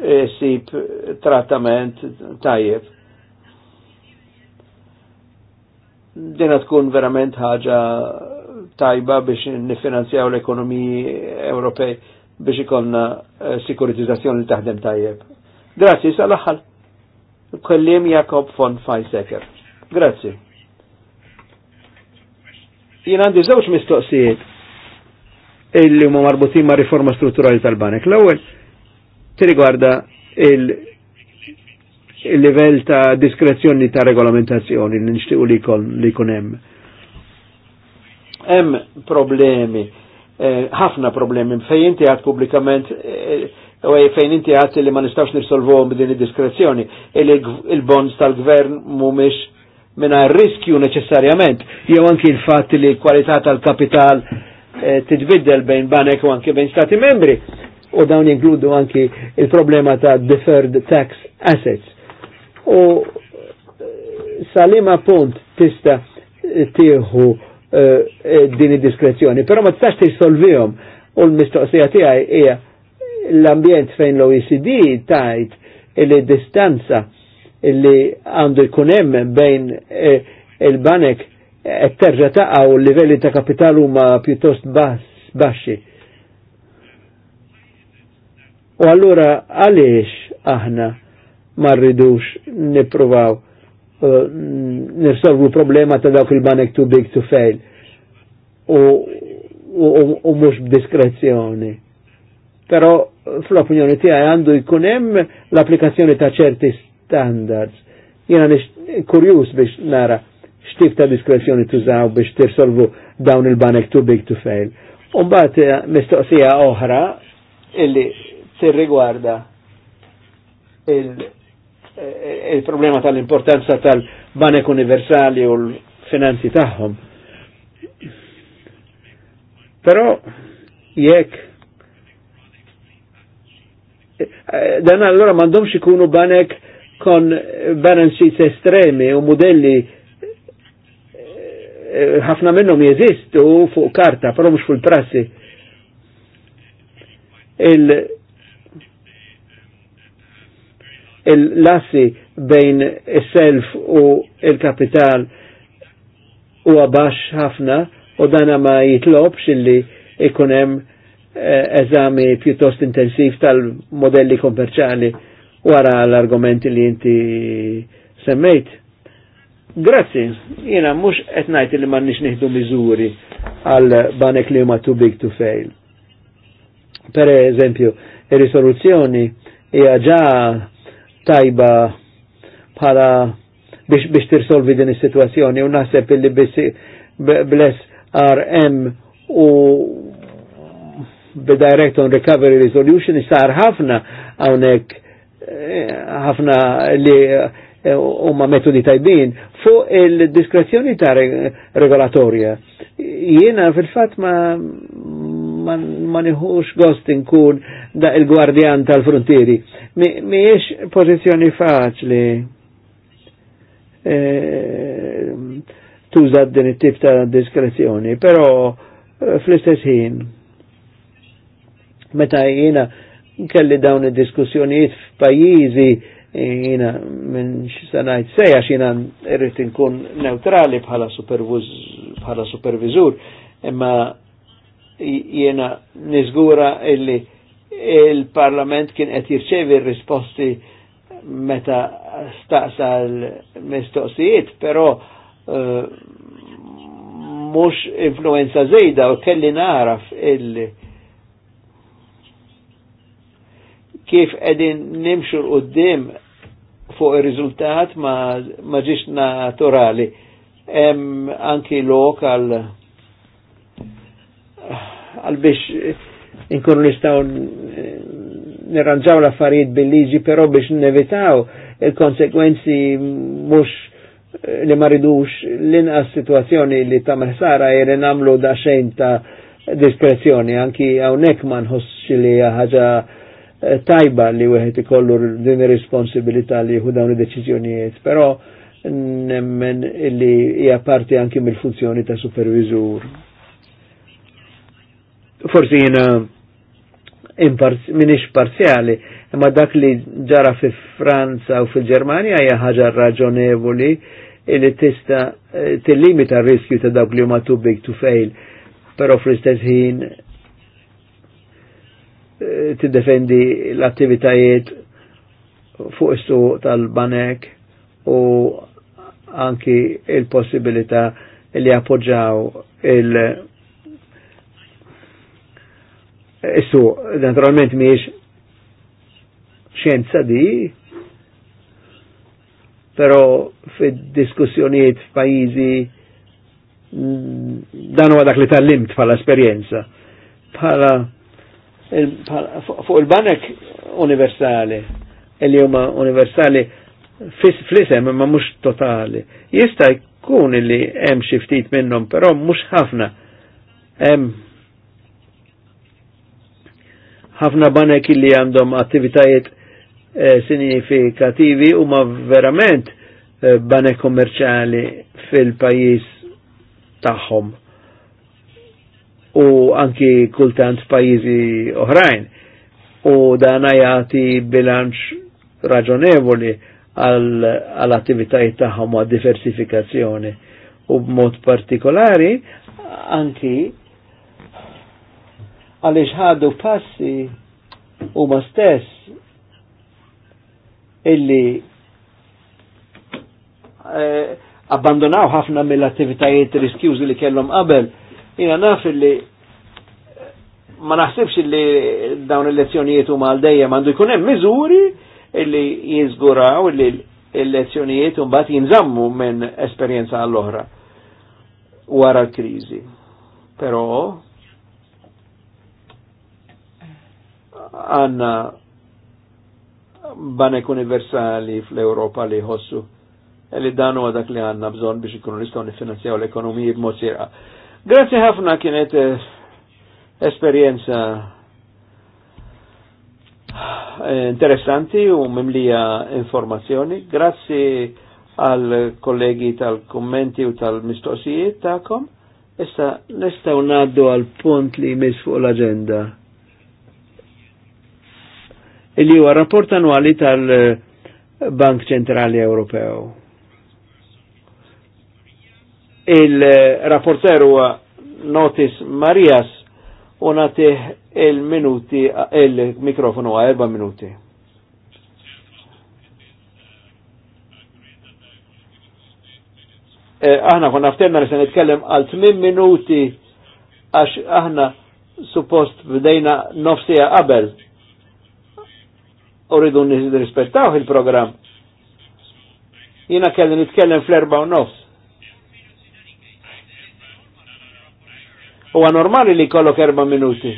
e, sib trattament tajjeb. Dina tkun verament ħaġa tajba biex nifinanzjaw l-ekonomiji Ewropej biex ikonna e, sekuritizzazzjoni taħdem tajjeb. Grazie, sal-axħal. Kellim Jakob von Feisecker. Grazzi. Jien għandi żewġ mistoqsijiet illi huma marbutin ma' riforma strutturali tal-banek. L-ewwel tirigwarda il- il-livell ta' diskrezzjoni ta' regolamentazzjoni li nixtiequ li jkun hemm. Hemm problemi, eh, ħafna problemi fejn inti għad pubblikament eh, u fejn inti għat li ma nistawx nirsolvuhom din id-diskrezzjoni, il-bonds tal-gvern mhumiex minna riskju neċessarjament, jew anki l-fatt li l-kwalità tal-kapital eh, titbiddel bejn banek u anki bejn stati membri, u dawn jinkludu anki il-problema ta' deferred tax assets. U eh, salima punt tista tieħu eh, din id-diskrezzjoni, però ma tistax tissolvihom u l-mistoqsija tiegħi hija l-ambjent fejn l-OECD tajt il distanza illi għandu jkun hemm bejn eh, il-banek qed terġa' taqa' u l livelli ta' kapital huma pjuttost baxxi. U allura għaliex aħna ma rridux nippruvaw eh, nirsolvu problema ta' dawk il-banek too big to fail u, u mhux b'diskrezzjoni Però fl-opinjoni tiegħi għandu jkun hemm l-applikazzjoni ta' ċerti standards. Jiena kurjuż biex nara x'tip ta' diskrezzjoni tużaw biex tirsolvu dawn il-banek too big to fail. Umbat eh, mistoqsija oħra illi tirrigwarda eh, il-problema il tal-importanza tal-banek universali u l-finanzi tagħhom. Però jekk Eh, dan allora mandomx ikunu banek kon balances estremi u modelli eh, ħafna minnhom jeżistu fuq karta, però mhux fil-prassi. Il il-lassi bejn is-self u il-kapital u għabax ħafna u dana ma jitlobx illi ikun hemm Eh, eżami pjuttost intensiv tal-modelli kommerċali wara l-argumenti li inti semmejt. Grazzi, jena mux etnajt li man nix nihdu mizuri għal banek li ma too big to fail. Per eżempju, il-risoluzzjoni hija ġa tajba bħala biex, biex tirsolvi din is-sitwazzjoni u naħseb illi bless RM u b'Direct on Recovery Resolution sar ħafna hawnhekk eh, ħafna li eh, huma metodi tajbin fuq il-diskrezzjoni ta' regolatorja. Jiena fil-fatt ma ma nieħux gost inkun da il-gwardjan tal-frontieri. Miex pożizzjoni faċli eh, tuża din it-tip ta' diskrezzjoni, però fl-istess ħin meta jina kelli dawn id-diskussjonijiet f'pajjiżi jina minn x'sanajt sejja x'jiena irrid inkun neutrali bħala bħala supervizur, imma jiena niżgura illi il-Parlament kien qed jirċevi risposti meta staqsa l-mistoqsijiet, però uh, eh, mux influenza zejda u kelli naraf illi kif edin nimxu l-qoddim fuq il-rizultat ma, ma naturali. Em anki lok għal għal biex inkunu nistaw nirranġaw l-affarijiet bil-liġi, pero biex nevitaw il-konsekwenzi mux li maridux l-inqas situazzjoni li ta' meħsara jere namlu da' xejn ta' diskrezzjoni, anki għawnek ma nħoss li ħaġa Eh, tajba li wieħed ikollu din ir li jieħu dawn id-deċiżjonijiet, però nemmen li hija parti anki mill-funzjoni ta' supervizur. Forsi jiena minix parzjali, imma dak li ġara fi Franza u fil-Ġermanja hija ħaġa raġonevoli li tista eh, tillimita r-riskju ta' dawk li huma too big to fail, però fl-istess ħin Eh, tiddefendi l-attivitajiet fuq istu tal-banek u anki il-possibilità li appoġġaw il- Issu, naturalment miex xienza di, pero fid-diskussjonijiet f'pajjiżi mm, dan huwa dak li tal-limt bħala esperjenza. Bħala fuq il-banek universali, il huma universali fl-isem ma mhux totali. Jista' jkun li hemm xi ftit minnhom, però mhux ħafna. Hemm ħafna banek li għandhom attivitajiet eh, u huma verament eh, banek kommerċali fil-pajjiż tagħhom u anki kultant pajizi oħrajn. U dan jati bilanċ raġonevoli għall-attivitajiet tagħhom għad diversifikazzjoni u b'mod partikolari anki għaliex ħadu passi u ma stess illi eh, abbandonaw ħafna mill-attivitajiet riskjużi li kellhom qabel Jina naf li ma naħsibx li dawn il-lezzjonijiet u Maldeja mandu jkun hemm miżuri illi jiżguraw li l-lezzjonijiet mbagħad jinżammu minn esperjenza għall oħra wara l-kriżi. Però għanna banek universali fl-Europa li jħossu li dan huwa dak li għanna bżonn biex ikunu nistgħu nifinanzjaw l-ekonomiji b'mod sirqa Grazie ħafna kienet eh, esperienza eh, interessanti u mimlija informazzjoni. Grazzi għal kollegi tal-kommenti u tal-mistoqsijiet ta'kom. Issa nistgħu ngħaddu għal punt li jmiss fuq l-agenda. Il-li huwa rapport annwali tal-Bank Ċentrali Ewropew. Il-rapporter huwa Notis Marias u il-minuti, il-mikrofonu għal erba minuti. Eh, aħna kon ftemna li se nitkellem għal 8 minuti għax aħna suppost bdejna nofsija qabel u rridu nirrispettaw il-programm. Jina kelli nitkellem fl-erba u nofs. U normali li kollok erba minuti.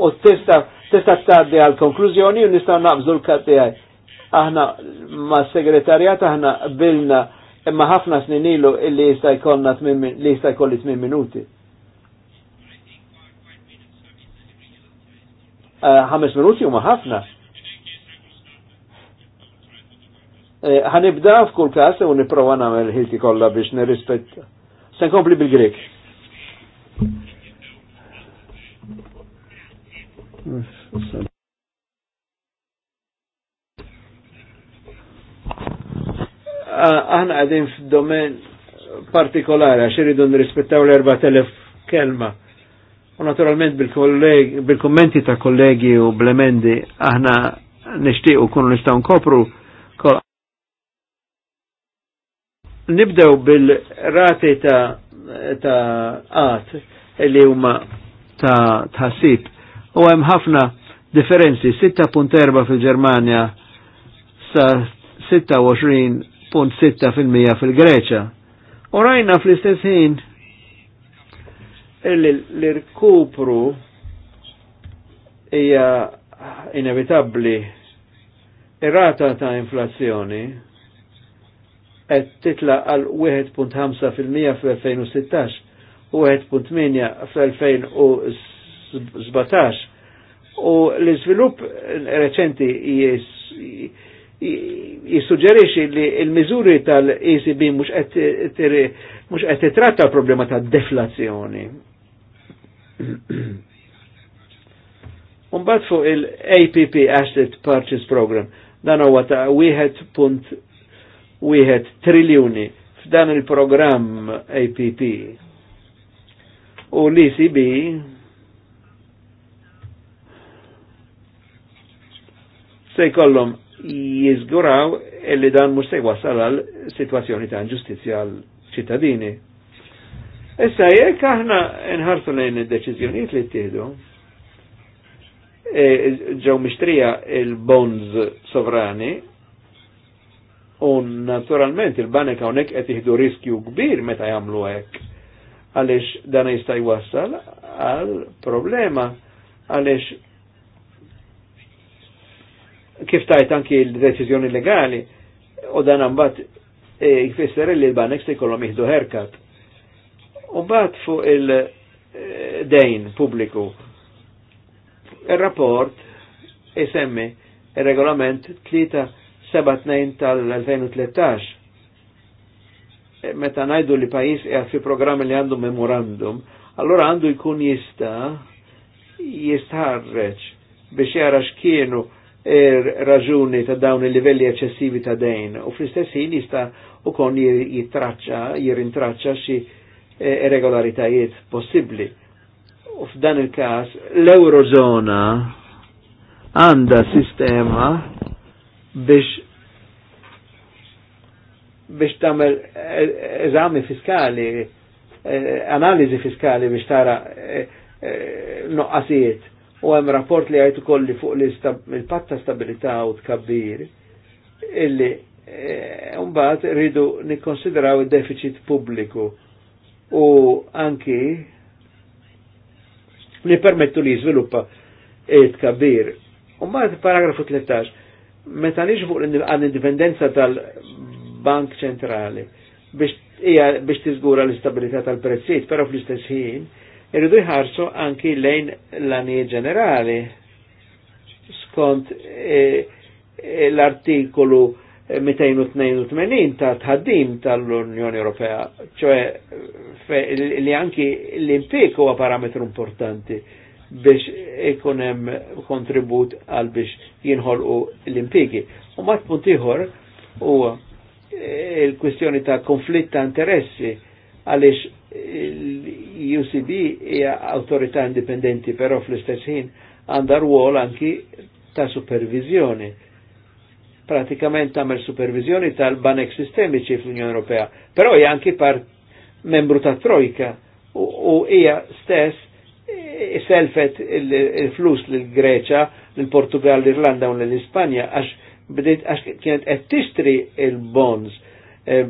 U tista tista taddi għal konklużjoni u nistaw naqbżu l-kattijaj. Aħna ma segretarjat aħna bilna imma ħafna snin ilu illi jista' jkollna li jista' jkolli 8 minuti. Eh, ħames minuti huma ħafna. Eh, ħanibda f'kull każ u nipprova nagħmel ħilti kollha biex nirrispetta. Se nkompli bil-Grek. Aħna għadin f'domen partikolari għax iridu nirrispettaw l-4000 kelma. U naturalment bil-kommenti bil ta' kollegi u blemendi aħna nishtiqu kunu nistaw nkopru Nibdew bil-rati ta' ta' għat li huma ta' tħassib. U hemm ħafna differenzi 6.4 fil-Ġermanja sa 26.6% fil-Greċa. U rajna fl-istess ħin l-irkupru hija inevitabbli ir-rata ta' inflazzjoni qed titla għal 1.5% fl-2016 u 1.8 fl-2017 u l-iżvilupp reċenti jissuġġerixi li l-miżuri tal-ECB mhux qed titratta l-problema tad-deflazzjoni. (clears throat) Umbat fuq il-APP Asset Purchase Program dan huwa ta' wieħed triljuni f'dan il-programm APP. U l-ECB se jkollhom jiżguraw illi dan mhux se jwassal għal sitwazzjoni ta' ġustizzja għal ċittadini. Issa jekk aħna nħarsu lejn id-deċiżjonijiet li ttieħdu, e, ġew mixtrija il-bonds sovrani U naturalment il-banek hawnhekk qed jieħdu riskju kbir meta jagħmlu hekk. Għaliex dan jista' jwassal għal problema għaliex kif tajt anki l-deċiżjoni legali u dan mbagħad e, jfisser li l-banek se jkollhom jieħdu herkat. U bat fuq il-dejn e, pubbliku. Ir-rapport jisemmi ir-regolament 3 7-2 tal-2013. E, meta najdu li pajis e fi programmi li għandu memorandum, allora għandu jkun jista jistħarreċ biex jara xkienu er raġuni ta' dawn il-livelli eccessivi ta' dejn u fl-istess ħin jista' ukoll jittraċċa, jirintraċċa xi e, irregolaritajiet possibbli. U f'dan il-każ l-Eurozona għanda sistema biex biex tamel eżami fiskali, eh, analizi fiskali biex tara eh, eh, noqqasijiet. U għem rapport li għajtu kolli fuq il-patta stabilità u tkabbir, illi Umbat rridu nikkonsidraw il-deficit publiku u anki li permettu li jizviluppa it-kabir. Unbat paragrafu 13 Meta nixbuq l-indipendenza tal-Bank Ċentrali biex tizgura l-istabilità tal-prezzijiet, però fl-istess ħin irridu jħarsu anki lejn l-għani ġenerali skont e, e, l-artikolu 282 ta' tħaddim tal-Unjoni Ewropea, ċoħe li anki l-impik huwa parametru importanti biex ikunem kontribut għal biex jinħolqu l-impiegi. U mat punt u eh, il-kwistjoni ta' konflitt ta' interessi għaliex l-UCB hija autorità indipendenti però fl-istess ħin għandha rwol anki ta' supervizjoni. Pratikament tagħmel supervizjoni tal-banek sistemiċi fl-Unjoni Ewropea, però hija anki par membru ta' Trojka u hija stess selfet il-flus il l-Greċa, l-Portugal, l-Irlanda u l-Ispanja, għax kienet qed tixtri il-bonds eh,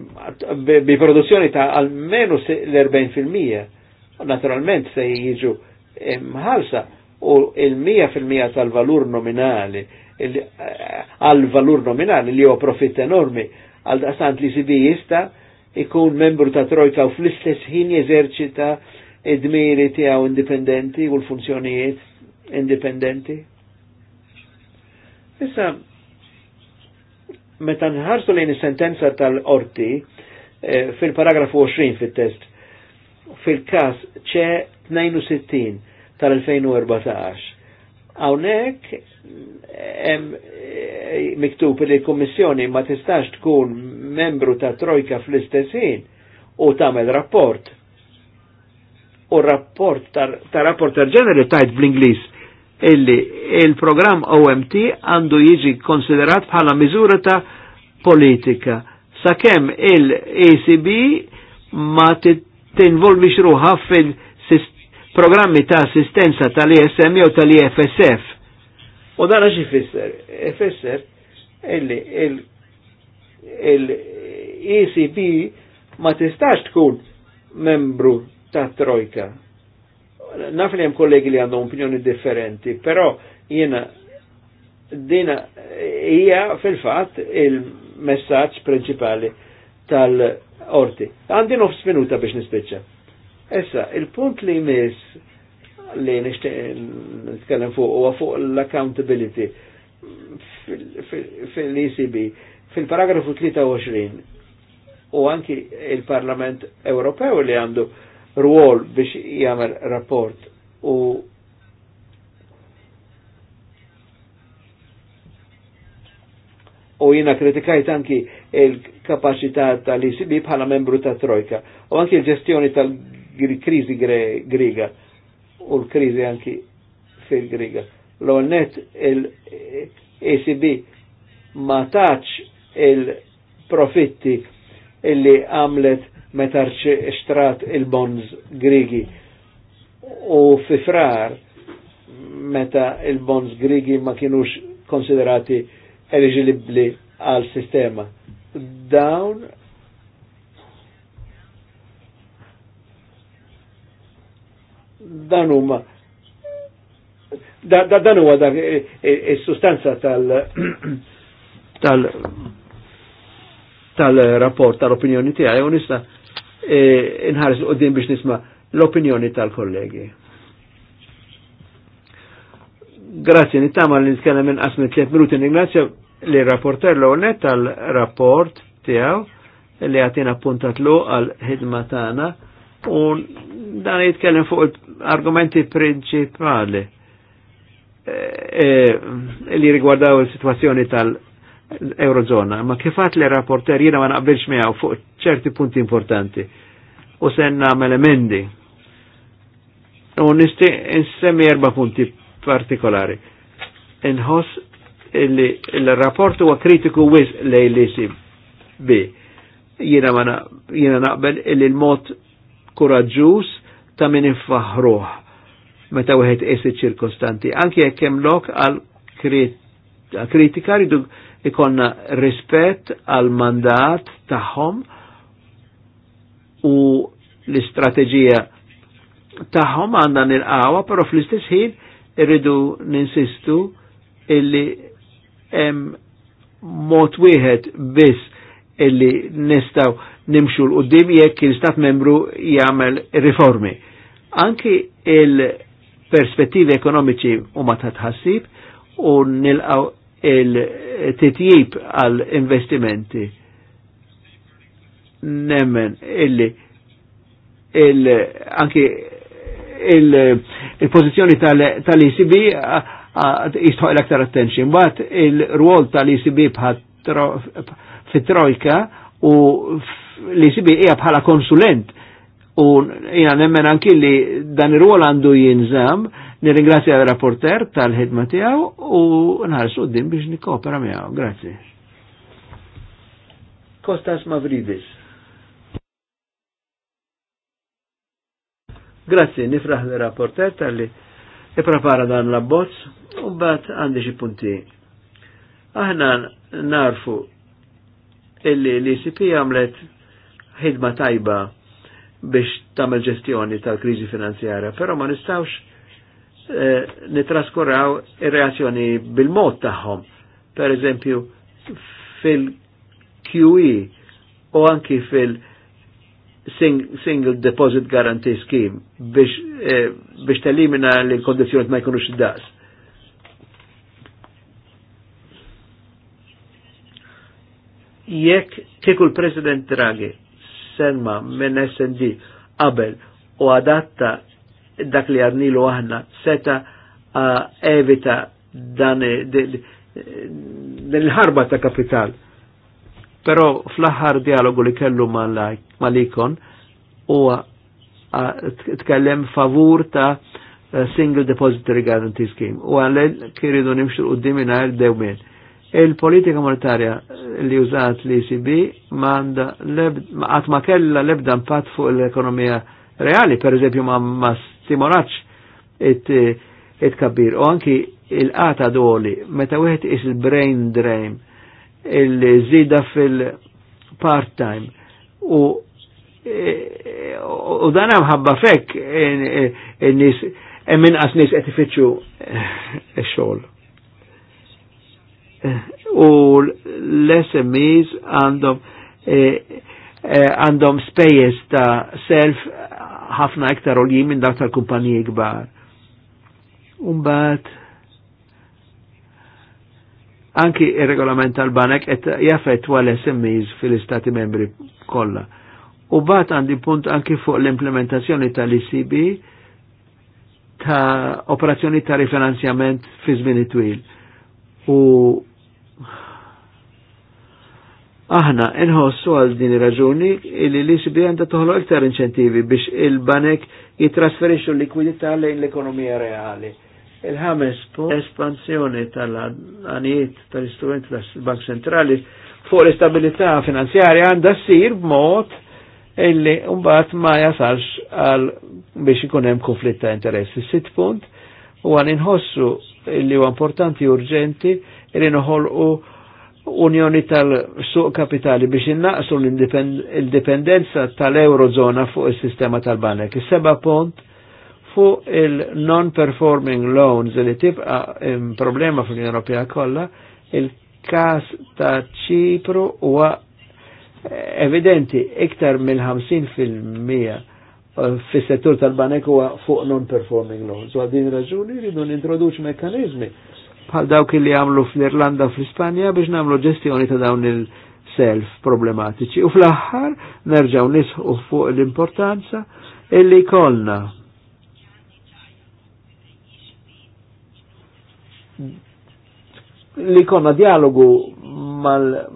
bi produzzjoni ta' almenu l-40%. Naturalment se jiġu eh, mħalsa u il-100% tal-valur nominali, eh, għal-valur nominali li huwa profitt enormi għal-dastant li sibi jista' ikun membru ta' trojka u fl-istess ħin jeżerċita id-dmiri tiegħu indipendenti u l-funzjonijiet indipendenti. Issa, meta nħarsu lejn is-sentenza tal-qorti eh, fil-paragrafu 20 fit-test, fil-kas ċe 62 tal-2014. Hawnhekk hemm eh, miktub li l-Kummissjoni ma tistax tkun membru ta' Trojka fl-istess u tagħmel rapport u rapport ta' rapporter ġeneri tajt bl-Inglis illi il-programm OMT għandu jiġi konsiderat bħala miżura ta' politika sakemm il-ACB ma tinvolvix ruħa fil-programmi ta' assistenza tal-ISM jew tal-IFSF. U dan għax ifisser? Ifisser illi il-ECB ma tistax tkun membru ta' trojka. Naf li hemm kollegi li għandhom opinjoni differenti, però jiena dina hija fil-fatt il-messaġġ prinċipali tal-orti. Għandi nofs minuta biex nispiċċa. Essa, il-punt li jmiss li nitkellem fuq huwa fuq l-accountability fil-ECB fil-paragrafu 23 u anki il-Parlament Ewropew li għandu ruol biex jgħamil rapport u u jina kritikajt anki il-kapacità tal-ICB bħala membru ta' Trojka u anki il-ġestjoni tal-krizi griga u l-krizi anki fil-griga. l net il-ECB ma taċ il-profitti illi għamlet meta xtrat il-bonds grigi u fi frar meta il-bonds grigi ma kienux konsiderati eligibli għal sistema. Dawn dan huma da, da, dan huwa dak is-sustanza e, tal (clears throat) tal tal-rapport tal-opinjoni tiegħi u nista' Eh, inħarż u din biex nisma l-opinjoni tal-kollegi. Grazie, nittama li nitkellem minn qasmi 3 minuti ningrazzja li rapporter l tal-rapport tiegħu li għatina appuntat lu għal-ħidma tagħna u dan jitkellem fuq argumenti prinċipali eh, eh, li rigwardaw il-situazzjoni tal- l-Eurozona, ma kifat li rapporter jina ma naqbilx miegħu fuq ċerti punti importanti u sen nagħmel emendi. U nisti nsemmi erba' punti partikolari. Inħoss li l-rapport huwa kritiku wis lej li bi. Jina ma jina naqbel li l-mod kuraġġuż ta' min infaħruh meta wieħed isi ċirkostanti, anke jekk hemm lok għal kritika ridu ikonna rispett għal mandat tagħhom u l-istrateġija tagħhom għandna nilqawa, però fl-istess ħin irridu ninsistu illi hemm mod wieħed biss illi nistaw nimxu l qudiem jekk il-stat membru jagħmel riformi. Anki il-perspettivi ekonomiċi huma ta' tħassib u nilqaw il-titjib għal-investimenti. Nemmen illi il anki il-pozizjoni il tal-ECB tal jistħoq l-aktar attention, bat il-rwol tal-ECB fit-trojka u l-ECB hija bħala konsulent u jina nemmen anki li dan il rwol għandu jinżam Nirringrazzja l-rapporter tal-ħidma tiegħu u nħarsu din biex nikkopera miegħu. Grazzi. Kostas Mavridis. Grazzi, nifraħ l-rapporter tal-li iprapara dan l-abbozz u bat għandi xi punti. Aħna narfu illi l-ICP għamlet ħidma tajba biex tamel ġestjoni tal-kriżi finanzjarja, però ma nistawx Eh, nitraskuraw il reazzjoni bil-mod taħħom. Per eżempju, fil-QE u anki fil- single deposit guarantee scheme biex, eh, biex telimina l-kondizjoni ma jkunux id das Jekk kieku l-President Draghi selma minn SND qabel u adatta dak li għadnilu aħna seta evita dan il-ħarba ta' kapital. Pero fl-aħħar dialogu li kellu mal-ikon u tkellem favur ta' Single Depository Guarantee Scheme u għalle kiridu nimxu dimina għal dewmin. Il-politika monetarja li użat l-ECB manda ma' kella lebda impatt fuq l-ekonomija reali, per eżempju ma' marax it kabir U anki il-qata doli, meta wieħed is il-brain drain, il-żida fil-part-time u u dan hemm ħabba fekk in-nies hemm inqas nies qed ifittxu x-xogħol. Eh, eh, u l-SMEs għandhom eh, għandhom spejjeż ta' self ħafna iktar u li minn dawk tal-kumpaniji kbar. Umbat, anki il-regolament tal-banek et jaffetwa l-SMEs fil-istati membri kolla. U bat għandi punt anki fuq l-implementazzjoni tal-ICB ta' operazzjoni ta' rifinanzjament fi żmien twil. U Aħna inħossu għal din raġuni illi li xbi għanda toħlo iktar inċentivi biex il-banek jitrasferixxu l-likwidità lejn l-ekonomija reali. Il-ħames espansjoni tal-għanijiet tal-istrument tal-Bank Centrali fuq l-istabilità finanzjarja għanda ssir b'mod illi mbagħad ma jasalx għal biex ikun hemm konflitt ta' interessi. Sitt punt u għan inħossu illi huwa importanti urġenti illi noħolqu unjoni tal-suq kapitali biex innaqsu l-indipendenza tal-eurozona fuq il-sistema tal-banek. Is-seba punt fuq il-non-performing loans li tibqa problema fl-Unjoni Ewropea kollha, il-kas ta' Ċipru huwa evidenti iktar mill-50% eh, fis-settur tal-banek huwa fuq non-performing loans. U għal din raġuni rridu nintroduċ mekkanizmi bħal dawk li għamlu fl-Irlanda u fl-Ispanja biex namlu ġestjoni ta' dawn il-self problematiċi. U fl-aħħar nerġaw nisħu fuq l-importanza illi kolna li konna dialogu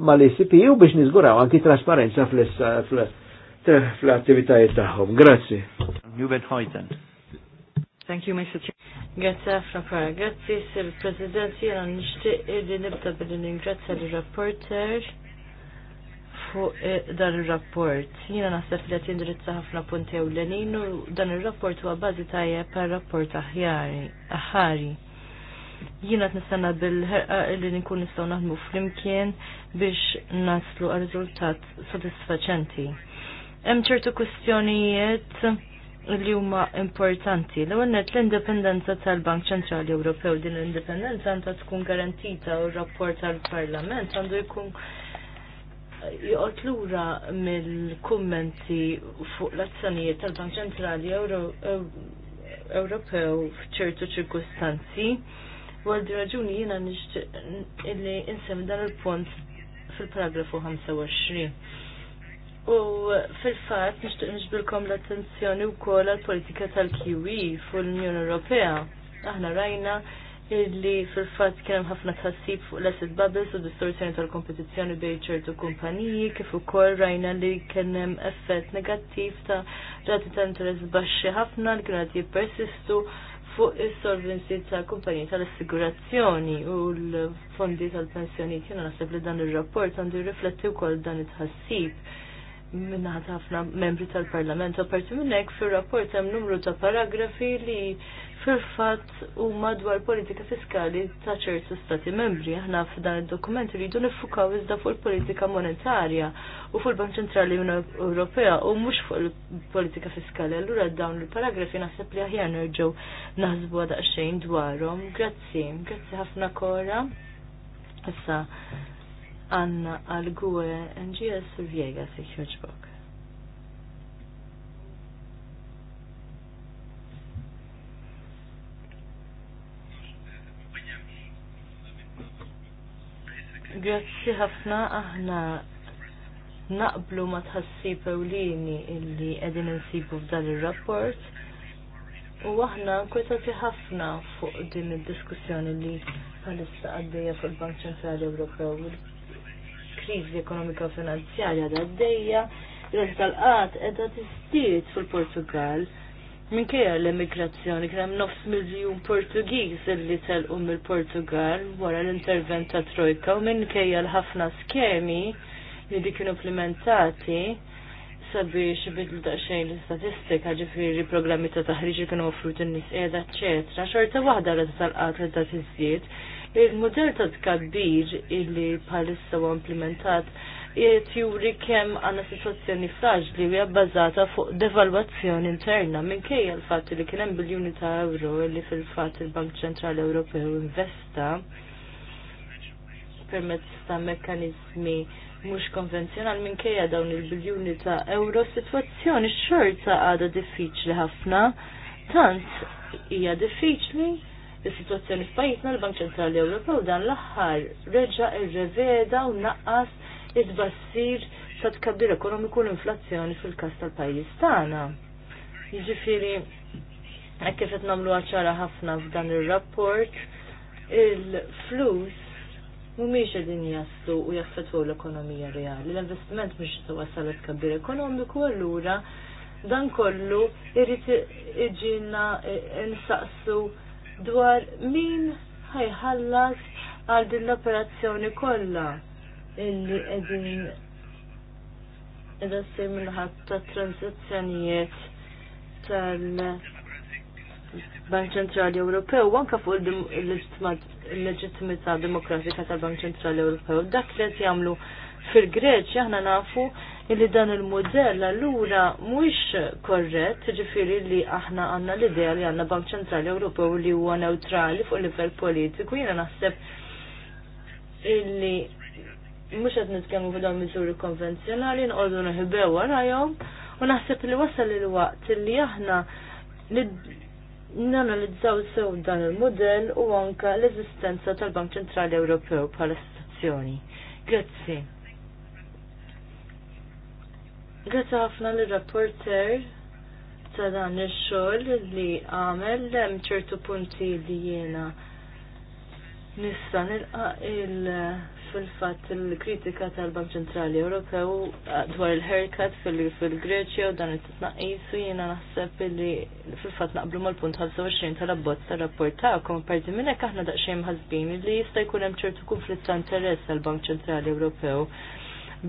mal-ICP u biex nizguraw anki trasparenza fl-attivitajiet taħħom. Grazie. Thank you, Mr. Chair. Grazie, Afra Grazie, Sir President. Jena nishtiq li nibda billi ningrazzja l-rapporter fuq e dan il-rapport. Jena naħseb li għat jindrizza ħafna punti u l-lenin u dan il-rapport huwa bazi tajja per rapport aħari. Jena t-nistanna bil-ħerqa li nkun nistaw naħdmu flimkien biex naslu għal-rizultat sodisfaċenti. Hemm ċertu kwistjonijiet li huma importanti. l għannet l-indipendenza tal-Bank Ċentrali Ewropew din l-indipendenza għandha tkun garantita u rapport tal-Parlament għandu jkun eh, joqgħod lura mill-kummenti fuq l-azzjonijiet tal-Bank Ċentrali Ewropew f'ċertu ċirkustanzi. U għal raġuni jiena nixtieq illi insem dan il-punt fil-paragrafu 25 U fil-fat nixtieq nixbilkom l-attenzjoni wkoll għall-politika tal-Kiwi e fuq l-Unjoni Ewropea. Aħna rajna illi fil-fatt kien hemm ħafna tħassib fuq l-asset bubbles u distorsjoni tal-kompetizzjoni bejn ċertu kumpaniji kif ukoll rajna li kien hemm effett negattiv ta' rati ta' interess baxxi ħafna li kienu qed jippersistu fuq is-solvenzi ta' kumpaniji tal-assigurazzjoni u l-fondi tal-pensjonijiet jiena naħseb li dan ir-rapport għandu jirrifletti wkoll dan it-tħassib minna ħafna membri tal-parlament. Aparti minnek fil-rapport hemm numru ta' paragrafi li fil-fatt u madwar politika fiskali ta' ċertu stati membri. Aħna f'dan il-dokument rridu nifukaw iżda fuq il-politika monetarja u fuq il-Bank Ċentrali Ewropea u mhux fuq il-politika fiskali. Allura dawn il-paragrafi naħseb li aħjar nerġgħu naħsbu daqsxejn dwarhom. Grazzi, grazzi ħafna Kora. Issa, Anna għal-gwe NGS Surviega si Book. Grazzi ħafna aħna naqblu ma tħassib pewlini illi qegħdin insibu f'dan ir-rapport. U aħna nkweta ħafna fuq din id-diskussjoni li bħalissa għaddejja fuq il-Bank Ċentrali Ewropew kriżi ekonomika finanzjarja da d-dejja, il tal-qat edha fil-Portugal. Minkejja l-immigrazzjoni kien hemm nofs miljun Portugiż li telqu mill-Portugal wara l-intervent ta' Trojka u kjer l-ħafna skemi li dik implementati sabiex da' xejn l-istatistika ġifieri programmi ta' taħriġ kienu offrut n nies qiegħda ċetra, xorta waħda l tal-qat li ta' tiżdied il model ta' tkabbir illi bħalissa u implementat jiet juri kem għanna situazzjoni fraġli u jabbazata fuq devalwazzjoni interna minkejja l-fat li kienem biljoni ta' euro illi fil-fat il-Bank Ċentrali Ewropew investa permezz ta' mekkanizmi mux konvenzjonal minkejja dawn il-biljuni ta' euro situazzjoni xorta għada diffiċli ħafna, tant hija diffiċli is-sitwazzjoni f'pajjiżna l-Bank Ċentrali Ewropew dan l-aħħar reġa' irreveda u naqqas it tbassir ta' tkabbir ekonomiku l-inflazzjoni fil-każ tal-pajjiż tagħna. Jiġifieri hekk kif qed nagħmlu ċara ħafna f'dan ir-rapport il-flus mhumiex qegħdin jaslu u jaffettwaw l-ekonomija reali. L-investiment mhux se wasal tkabbir ekonomiku allura dan kollu irid iġina insaqsu dwar min ħajħallas għal din l-operazzjoni kollha illi qegħdin qiegħda ssir ħadd ta' tranzizzjonijiet tal-Bank Ċentrali Ewropew u anke fuq il-leġittimità demokratika tal-Bank Ċentrali Ewropew dak li qed jagħmlu fil-Greċja aħna nafu illi dan il-modell allura mhuwiex korrett, ġifieri li aħna għandna l-idea li għandna Bank Ċentrali Ewropew li huwa neutrali fuq livell politiku, jiena naħseb illi mhux qed nitkellmu fuq dawn miżuri konvenzjonali nqogħdu neħbew warajhom u naħseb li wasal il-waqt li aħna nanalizzaw sew dan il-modell u anka l-eżistenza tal-Bank Ċentrali Ewropew bħala istituzzjoni. Grazie. Grazie ħafna l-rapporter ta' dan il-xogħol li għamel hemm ċertu punti li jiena nista' nilqa' il fil-fatt il-kritika tal-Bank Ċentrali Ewropew dwar il-haircut fil-Greċja u dan it-tnaqqis u jiena naħseb li fil-fatt naqblu mal-punt 25 tal-abbozz tal rapport tagħkom parti minn hekk aħna daqsxejn ħażbin li jista' jkun hemm ċertu konflitt ta' interess tal-Bank Ċentrali Ewropew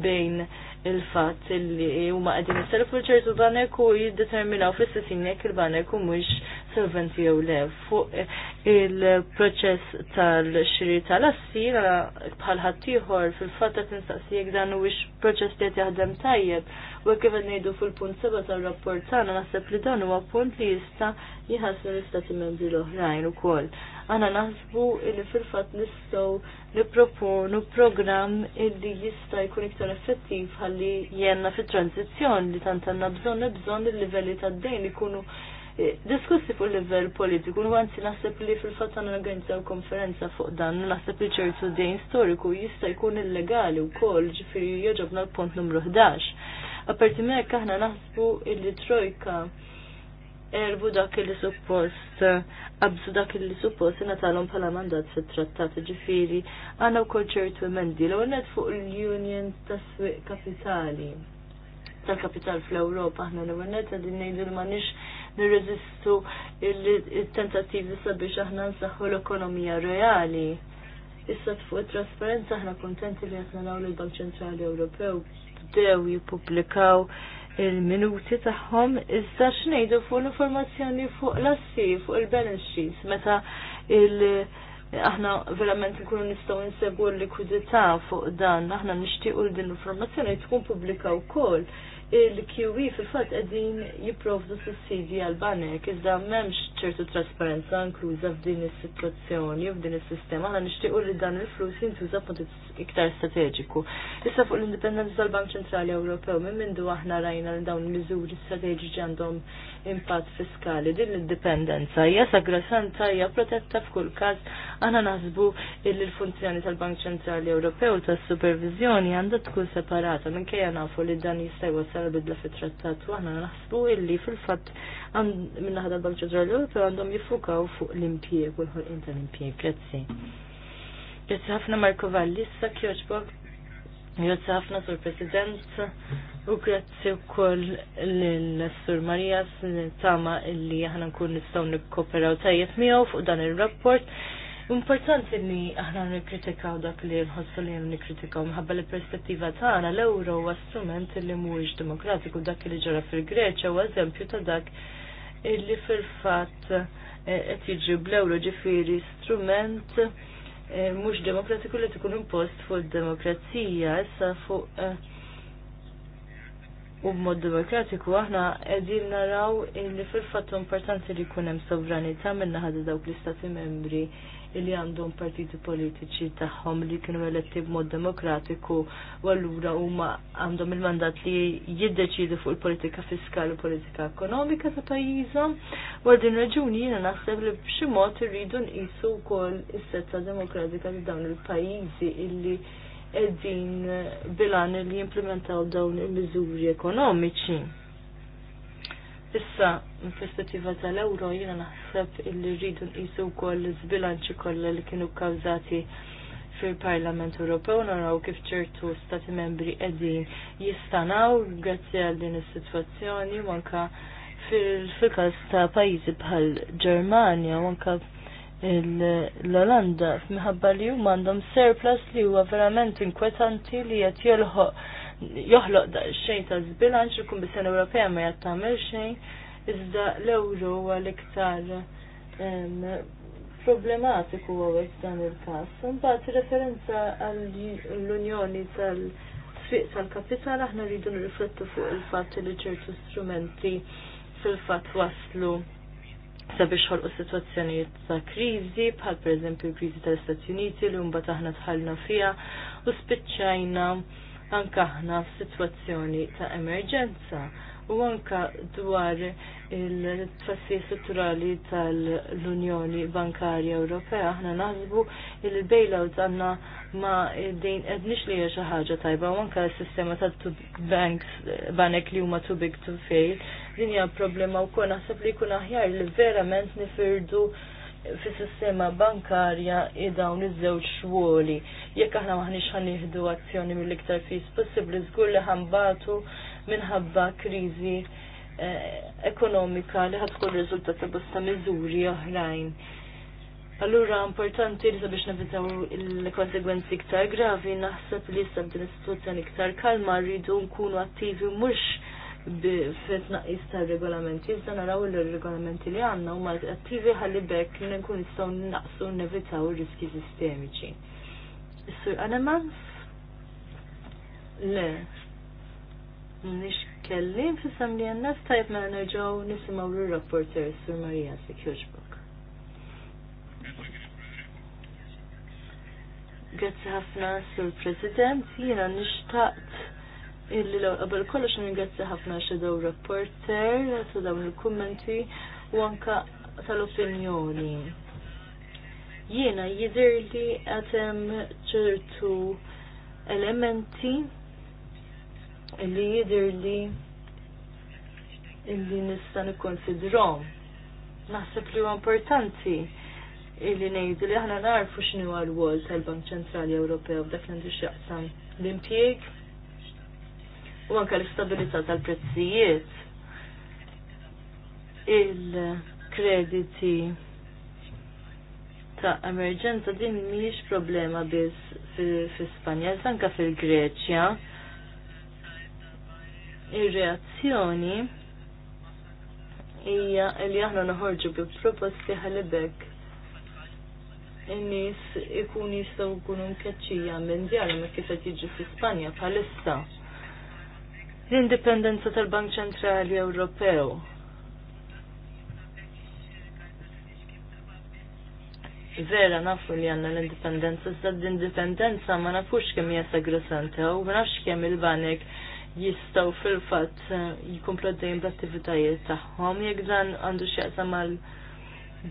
bejn il-fatt illi huma qegħdin jisselfu ċertu banek u jiddeterminaw fl-istessin jekk il-banek u mux solventi jew le. Fuq il-proċess tal-xiri tal-assi bħal ħaddieħor fil-fatt qed nistaqsi jek dan huwiex proċess li qed jaħdem tajjeb u kif qed ngħidu fil-punt seba' tar-rapport tagħna naħseb li dan huwa punt li jista' jħassru l-istati membri l-oħrajn ukoll għana naħsbu illi fil-fat nistaw niproponu program illi jista jkun iktar effettiv għalli jenna fit-tranzizjon li tant għanna bżon bżon il-livelli ta' dejn ikunu eh, diskussi fuq livell politiku, u għanzi naħseb li fil-fatt għan organizzaw konferenza fuq dan, naħseb li ċertu dejn storiku jista' jkun illegali u kol ġifiri joġobna l-punt numru 11. Aperti mekk aħna naħsbu illi trojka erbu dak li suppost, qabżu dak li suppost natalhom bħala mandat fit-trattat ġifieri għandna wkoll ċertu emendi l għonet fuq l-Union tas-Swieq Kapitali tal-kapital fl-Ewropa aħna l-għonet għadin ngħidu li m'għandniex nirreżistu il li sabiex aħna nsaħħu l-ekonomija reali. Issa fuq it-trasparenza aħna kontenti li qed naraw l-Bank Ċentrali Ewropew bdew jippubblikaw il-minuti tagħhom iżda xnejdu fuq l-informazzjoni fuq l-assi, fuq il-balance sheet, meta il- aħna verament nkunu nistgħu nsegwu l-likwidità fuq dan, aħna nixtiequ din l-informazzjoni tkun pubblika wkoll il-QE fil-fat għedin s sussidi għal-banek, iżda memx ċertu trasparenza inkluża f'din is-situazzjoni, f'din is-sistema, għan nishtiqu li dan il-flus jintuża punt iktar strateġiku. Issa fuq l-indipendenza tal-Bank Ċentrali Ewropew, minn mindu aħna rajna li dawn miżuri strateġiċi għandhom impatt fiskali, din l-indipendenza hija sagrasanta hija protetta f'kull każ aħna naħsbu li l-funzjoni tal-Bank Ċentrali Ewropew tas-supervizjoni għandha tkun separata minkejja nafu li dan jista' bidla fi trattat u għana naħsbu illi fil fat minna ħada l banċa għandhom jifukaw fuq l impieg u l-ħolqien tal impieg Grazzi. Grazzi ħafna Marko Vallissa, issa Grazzi ħafna sur President u grazzi wkoll l sur Marijas tama illi aħna nkun nistgħu nikkoperaw tajjeb miegħu fuq dan ir-rapport. Importanti li aħna nikkritikaw dak li nħossu li jem nikkritikaw mħabba li perspettiva tagħna l-euro huwa strument li mhuwiex demokratiku dak li ġara fil-Greċja u eżempju ta' dak illi fil-fatt eh, qed jiġri bl-euro ġifieri strument eh, mhux demokratiku li tkun impost fuq id-demokrazija issa fuq eh, u b'mod demokratiku aħna qegħdin naraw li fil-fatt importanti li jkun hemm sovranità ħadda dawk l-istati membri li għandhom partiti politiċi tagħhom li kienu eletti b'mod demokratiku u allura huma għandhom il-mandat li jiddeċidu fuq il-politika fiskali u politika ekonomika ta' pajjiżhom. U din raġuni jiena naħseb li b'xi mod irridu nqisu wkoll is-setta demokratika ta' dawn il-pajjiżi illi qegħdin bilan li jimplementaw dawn il-miżuri ekonomiċi. Issa, perspettiva tal-euro, jina naħseb illi rridu nqisu wkoll l zbilanċi kollha li kienu kawzati fil-Parlament Ewropew naraw kif ċertu stati membri qegħdin jistanaw grazzi għal din is-sitwazzjoni u anke fil-każ ta' pajjiżi bħal Ġermanja u anke l-Olanda minħabba li huma għandhom surplus li huwa verament inkwetanti li qed jolħoq joħloq xejn ta' zbilanċ il-Kummissjoni Ewropea ma qed tagħmel xejn, iżda l-euro huwa l-iktar problematiku għawek dan il-kas. Mbagħad referenza għall-Unjoni tal-Sfiq tal-Kapital aħna rridu nirriflettu fuq il-fatt li ċertu strumenti fil-fatt waslu sabiex ħolqu situazzjonijiet ta' kriżi bħal pereżempju kriżi tal-Istati Uniti li mbagħad aħna tħallna fiha u spiċċajna anka aħna f'sitwazzjoni ta' emerġenza u anka dwar il-tfassi strutturali tal-Unjoni Bankarja Ewropea aħna naħsbu il-bailout għanna ma din ednix li xi ħaġa tajba u anka s-sistema ta' banks banek li huma too big to fail din hija problema wkoll naħseb li jkun aħjar li verament nifirdu fis-sistema bankarja i dawn iż-żewġ xwoli. Jekk aħna maħniex ħanieħdu azzjoni mill-iktar fis possibbli żgur li ħambatu minħabba kriżi eh, ekonomika li ħadkun riżultat ta' bosta miżuri oħrajn. Allura importanti li sabiex nevitaw il-konsegwenzi iktar gravi naħseb li issa din istituzzjoni iktar kalma rridu nkunu attivi mhux fetnaqis ta' regolamenti, iżda naraw il regolamenti li għanna u mal attivi ħalli bekk li nkun nistgħu naqsu nevitaw riski sistemiċi. Sur Anemans? Le. Nix kellim fissam li għanna stajt ma nerġaw nisimaw l-rapporter Sur Marija Sekjoġbok. Grazzi ħafna Sur President, jina nishtaqt illi l-għabel kollox ringrazzi ħafna xedaw reporter ta' dawn il-kummenti u anka tal-opinjoni. Jiena jidher li għatem ċertu elementi illi jidher li illi nista' nikkonsidrom. Naħseb li huwa importanti illi ngħidu li aħna narfu x'inhu l-wol tal-Bank Ċentrali Ewropew b'dak li xaqsam l-impjieg u anke l-istabilità tal-prezzijiet. Il-krediti ta' emerġenza din mhijiex problema biss fil spanja anke fil-Greċja. Ir-reazzjoni hija li aħna noħorġu bi proposti ħalibek in-nies ikun jistgħu jkunu mkeċċija minn ma kif qed jiġu fi Spanja bħalissa l-indipendenza tal-Bank Ċentrali Ewropew. Vera nafu li għanna l-indipendenza, iżda l-indipendenza ma nafux kemm hija sagrosanta u ma nafx kemm il-banek jistaw fil-fatt eh, jikomplu dejjem bl-attivitajiet tagħhom jekk dan għandu x'jaqsam mal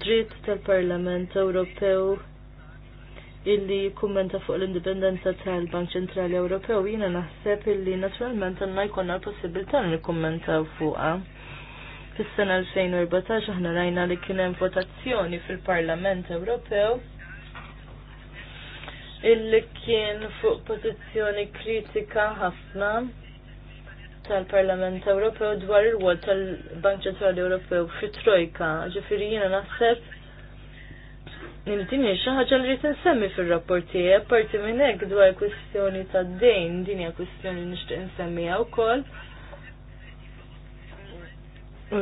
dritt tal-Parlament Ewropew illi kummenta fuq l-indipendenza tal-Bank Ċentrali Ewropew jiena naħseb illi naturalment għandna jkollna l-possibilità li nikkummentaw fuqha. Fis-sena 2014 aħna rajna li kien hemm votazzjoni fil-Parlament Ewropew illi kien fuq pożizzjoni kritika ħafna tal-Parlament Ewropew dwar il-wol tal-Bank Ċentrali Ewropew fi Trojka. ġifiri jiena naħseb din hija ħaġa li rrid insemmi fir-rapport tiegħi, apparti minn hekk dwar kwistjoni tad-dejn, din hija kwistjoni nixtieq insemmiha wkoll.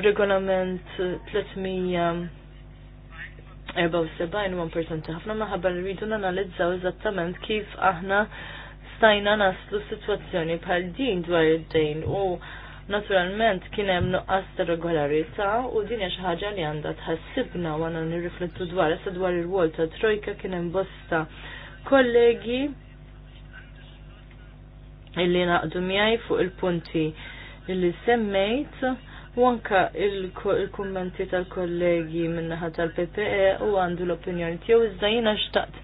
Regolament 374 huwa importanti ħafna maħabba li rridu nanalizzaw eżattament kif aħna stajna naslu situazzjoni bħal din dwar id-dejn u naturalment kien hemm nuqqas ta' regolarità u din hija xi ħaġa li għandha tħassibna u għandna nirriflettu dwar issa dwar ir-wol ta' trojka kien hemm bosta kollegi illi naqdu miegħi fuq il-punti illi semmejt u anka il-kummenti tal-kollegi minnaħa tal-PPE u għandu l-opinjoni tiegħu iżda jiena xtaqt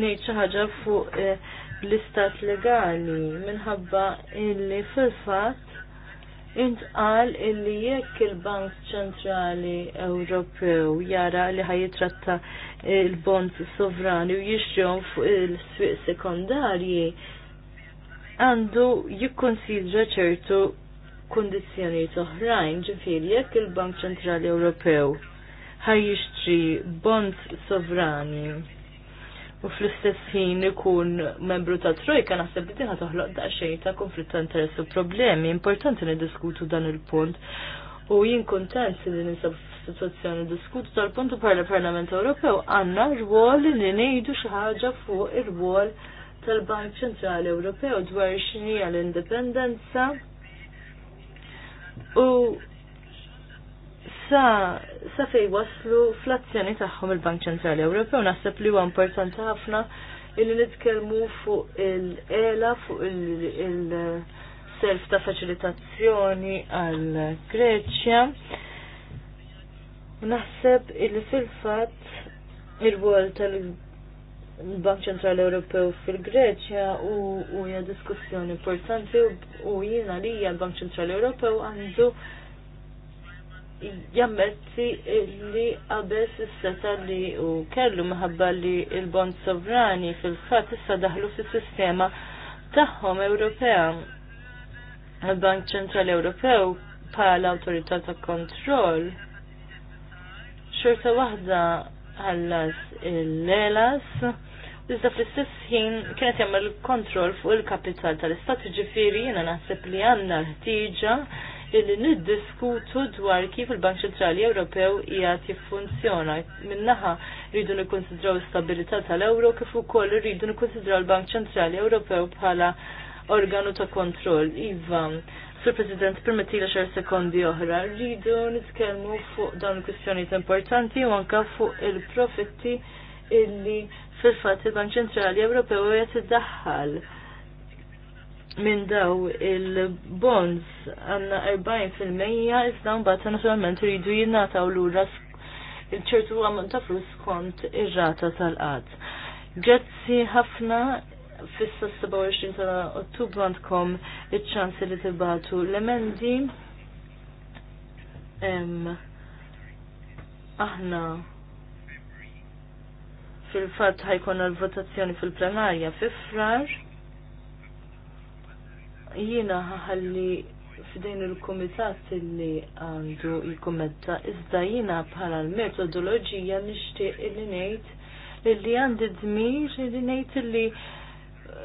ngħid xi ħaġa fuq eh, l-istat legali minħabba illi fil-fatt Intqal illi jekk il-Bank Ċentrali Ewropew jara li ħajitratta il-bonds sovrani u jixjon fuq il-swieq sekondarji, għandu jikkonsidra ċertu kondizjoni oħrajn ġifiri jekk il-Bank Ċentrali Ewropew ħajjixtri bonds sovrani u fl-istess ħin ikun membru ta' trojka naħseb li diħa toħloq daqsxejn ta' konflitt ta' interess u problemi. Importanti niddiskutu dan il-punt. U jien kontent li nisab situazzjoni diskutu tal-punt u parlament Ewropew għandna rwol li ngħidu xi ħaġa fuq ir-rwol tal-Bank Ċentrali Ewropew dwar x'inhi l-indipendenza u sa sa fej waslu fl-azzjoni tagħhom il-Bank Ċentrali Ewropew naħseb li huwa importanti ħafna illi nitkellmu fuq il ela fuq il-self ta' faċilitazzjoni għal Greċja. Naħseb illi fil-fatt il-wol tal-Bank Ċentrali Ewropew fil-Greċja u hija diskussjoni importanti u jiena li l-Bank Ċentrali Ewropew għandu jammetti li għabess is-seta li u kellu minħabba li l-bond sovrani fil-fatt issa daħlu fis-sistema tagħhom Ewropea. Il-Bank Ċentrali Ewropew bħala Awtorità ta' Kontroll xorta waħda ħallas il-lelas Iżda fl-istess ħin kienet jagħmel kontroll fuq il-kapital tal-istat ġifieri jiena naħseb li għandna l-ħtieġa illi niddiskutu dwar kif il-Bank Ċentrali Ewropew qiegħed jiffunzjona. Minnaħa rridu nikkonsidraw stabilità tal-euro kif ukoll rridu nikkonsidraw il-Bank Ċentrali Ewropew bħala organu ta' kontroll. Iva, Sur President, permetti li xar sekondi oħra, rridu nitkellmu fuq dawn il-kwistjonijiet importanti u anka fuq il-profitti illi fil-fatt il-Bank Ċentrali Ewropew qed iddaħħal minn daw il-bonds għanna 40% fil-Mejja, iżda mbagħad naturalment iridu jingħataw lura ċertu għamman ta' flus kont ir-rata tal-qatt. Grazzi ħafna fissa 27 ta' Ottubru għandkom iċ-ċans li tibatu l-emendi. Aħna fil-fatt ħajkonna l-votazzjoni fil-plenarja fi frar jiena ħalli f'din il-komitat li għandu jikommenta iżda jiena bħala l-metodoloġija nixtieq illi ngħid li għandi dmir li ngħid li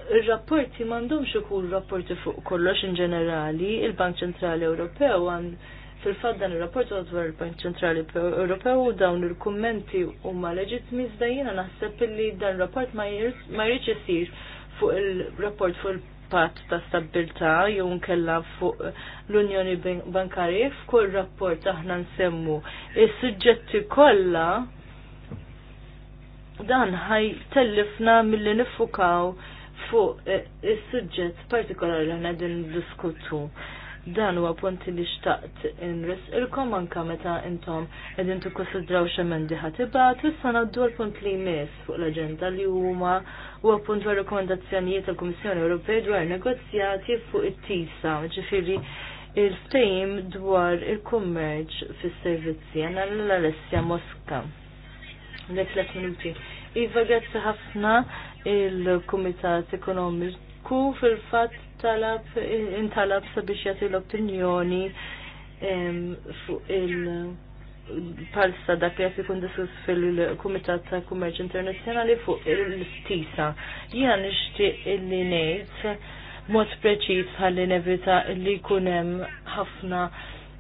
r rapporti m'għandhomx ikun rapporti fuq kollox in ġenerali, il-Bank Ċentrali Ewropew għand fil-fatt dan ir-rapport dwar il-Bank Ċentrali Ewropew dawn il-kummenti huma leġittmi iżda jiena naħseb illi dan rapport ma jridx isir fuq il-rapport fuq il pat ta' stabilta jew nkella fuq l-Unjoni Bankarja f'kull rapport aħna nsemmu is-suġġetti kollha dan ħaj tellifna milli nifukaw fuq eh, is-suġġett partikolari li ħna din diskutu dan huwa punti li xtaqt inris ilkom anka meta intom qegħdin tikkonsidraw x'emendi ħatibgħat issa ngħaddu l-punt li jmiss fuq l-aġenda li huma huwa punt għal rekomendazzjonijiet tal-Kummissjoni Ewropej dwar negozjati fuq it-tisa, ġifiri il-ftejim dwar il-kummerċ fis-servizzi għana l-Alessia Mosca. Dek tliet minuti. Iva grazzi ħafna il-Kumitat Ekonomiku fil-fatt talab intalab sabiex jagħti l-opinjoni fuq il palsa dak li ikun kun diskus fil-Kumitat ta' Kummerċ Internazzjonali fuq il-stisa. Jiena nixtieq illi ngħid mod preċiż ħalli nevita li jkun hemm ħafna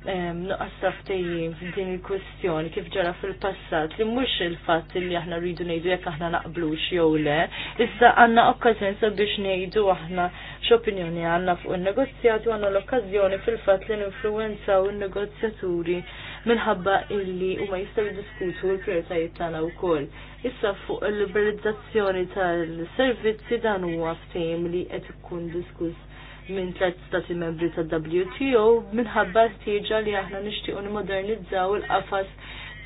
nuqqas taftejjim f'din il-kwestjoni kif ġara fil-passat li mux il-fatt li aħna rridu ngħidu jekk aħna naqblux jew le, issa għandna okkażjoni sabiex ngħidu aħna x'opinjoni għandna fuq in-negozjat u għandna l-okkażjoni fil-fatt li ninfluwenzaw in-negozjaturi minħabba illi huma jistgħu jiddiskutu l-prijoritajiet tagħna wkoll. Issa fuq il-liberalizzazzjoni tal-servizzi dan huwa ftehim li qed ikun diskuss minn tlet stati membri ta' WTO minħabba ħtieġa li aħna nixtiequ nimodernizzaw il-qafas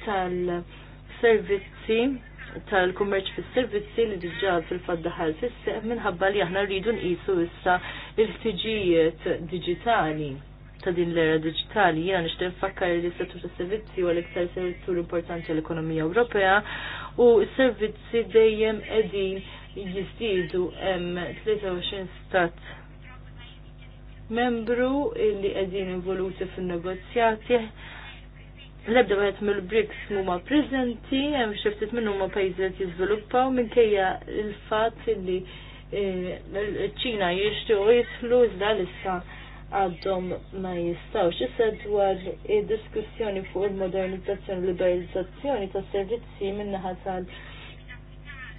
tal-servizzi tal-kummerċ fis-servizzi li diġà fil-fatt daħal fis-seħ minħabba li aħna rridu nqisu issa l ħtiġijiet diġitali ta' din l-era diġitali jiena nixtieq nfakkar li s-settur tas-servizzi huwa l-iktar settur importanti għall-ekonomija Ewropea u s-servizzi dejjem qegħdin jiżdiedu hemm 23 stat membru li qegħdin involuti fin-negozjati. L-ebda wieħed mill-BRICS huma preżenti, hemm xi ftit minnhom huma pajjiżi qed jiżviluppaw minkejja il-fatt ċina eh, ċ-Ċina jitlu, zda iżda issa għaddom ma jistaw. Issa dwar id-diskussjoni fuq il-modernizzazzjoni u liberalizzazzjoni tas servizzi min naħat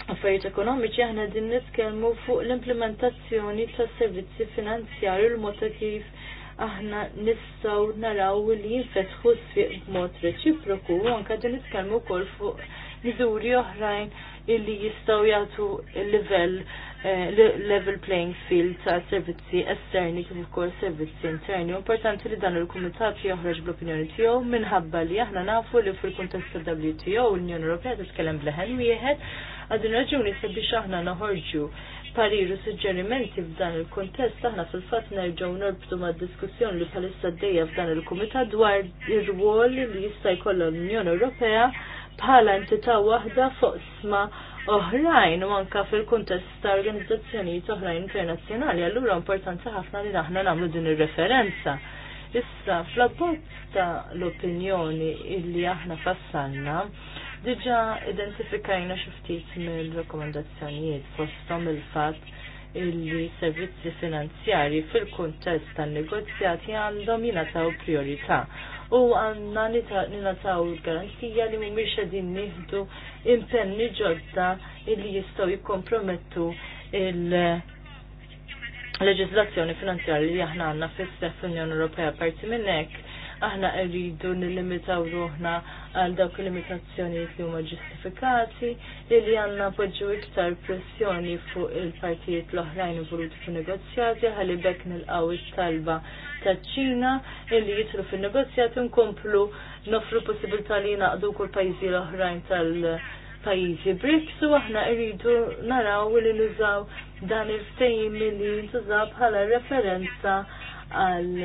affarijiet ekonomiċi aħna din nitkellmu fuq l-implementazzjoni tas servizzi finanzjarju l mod kif aħna nistgħu naraw li jinfetħu s-sfiq b'mod reċiproku u anke din nitkellmu wkoll fuq miżuri oħrajn illi jistgħu jagħtu livell eh, level playing field ta' servizzi esterni kif ukoll servizzi interni. Importanti li dan il-Kumitat joħroġ bl-opinjoni tiegħu minħabba li aħna nafu li fil-kuntest ta' wto l-Unjoni Ewropea tiskellem bleħen wieħed Għadin raġuni sabiex aħna naħorġu pariru suġġerimenti f'dan il-kontest aħna fil-fatt nerġgħu norbtu ma' diskussjoni li palissa d f'dan il-Kumitat dwar ir-rwol li jista' jkollha l-Unjoni Ewropea bħala entità waħda fuq sma oħrajn u anka fil-kuntest ta' organizzazzjonijiet oħrajn internazzjonali, allura importanti ħafna li aħna nagħmlu din ir-referenza. Issa, fl-abbozz ta' l-opinjoni illi aħna fassalna, Diġa identifikajna xiftit mill-rekomendazzjonijiet fostom il-fat illi servizzi finanzjari fil-kontest tan negozjati għandhom jingħataw priorità u għandna nilataw garanzija li mumiex qegħdin nieħdu impenni ġodda il-li jistgħu jikkompromettu il- leġislazzjoni finanzjarja li aħna għandna fis sef Unjoni Ewropea parti minn hekk aħna rridu nil-limitaw ruħna għal dawk il-limitazzjonijiet li huma ġustifikati li għandna poġġu iktar pressjoni fuq il-partijiet l-oħrajn involuti fin negozjati għalli bekk nilqgħu it-talba taċ-Ċina illi jitlu fin-negozjati nkomplu nofru possibilità li naqdu kull pajjiżi l-oħrajn tal- pajizi BRICS u aħna rridu naraw li nużaw dan il-ftejim li ntuża bħala referenza għal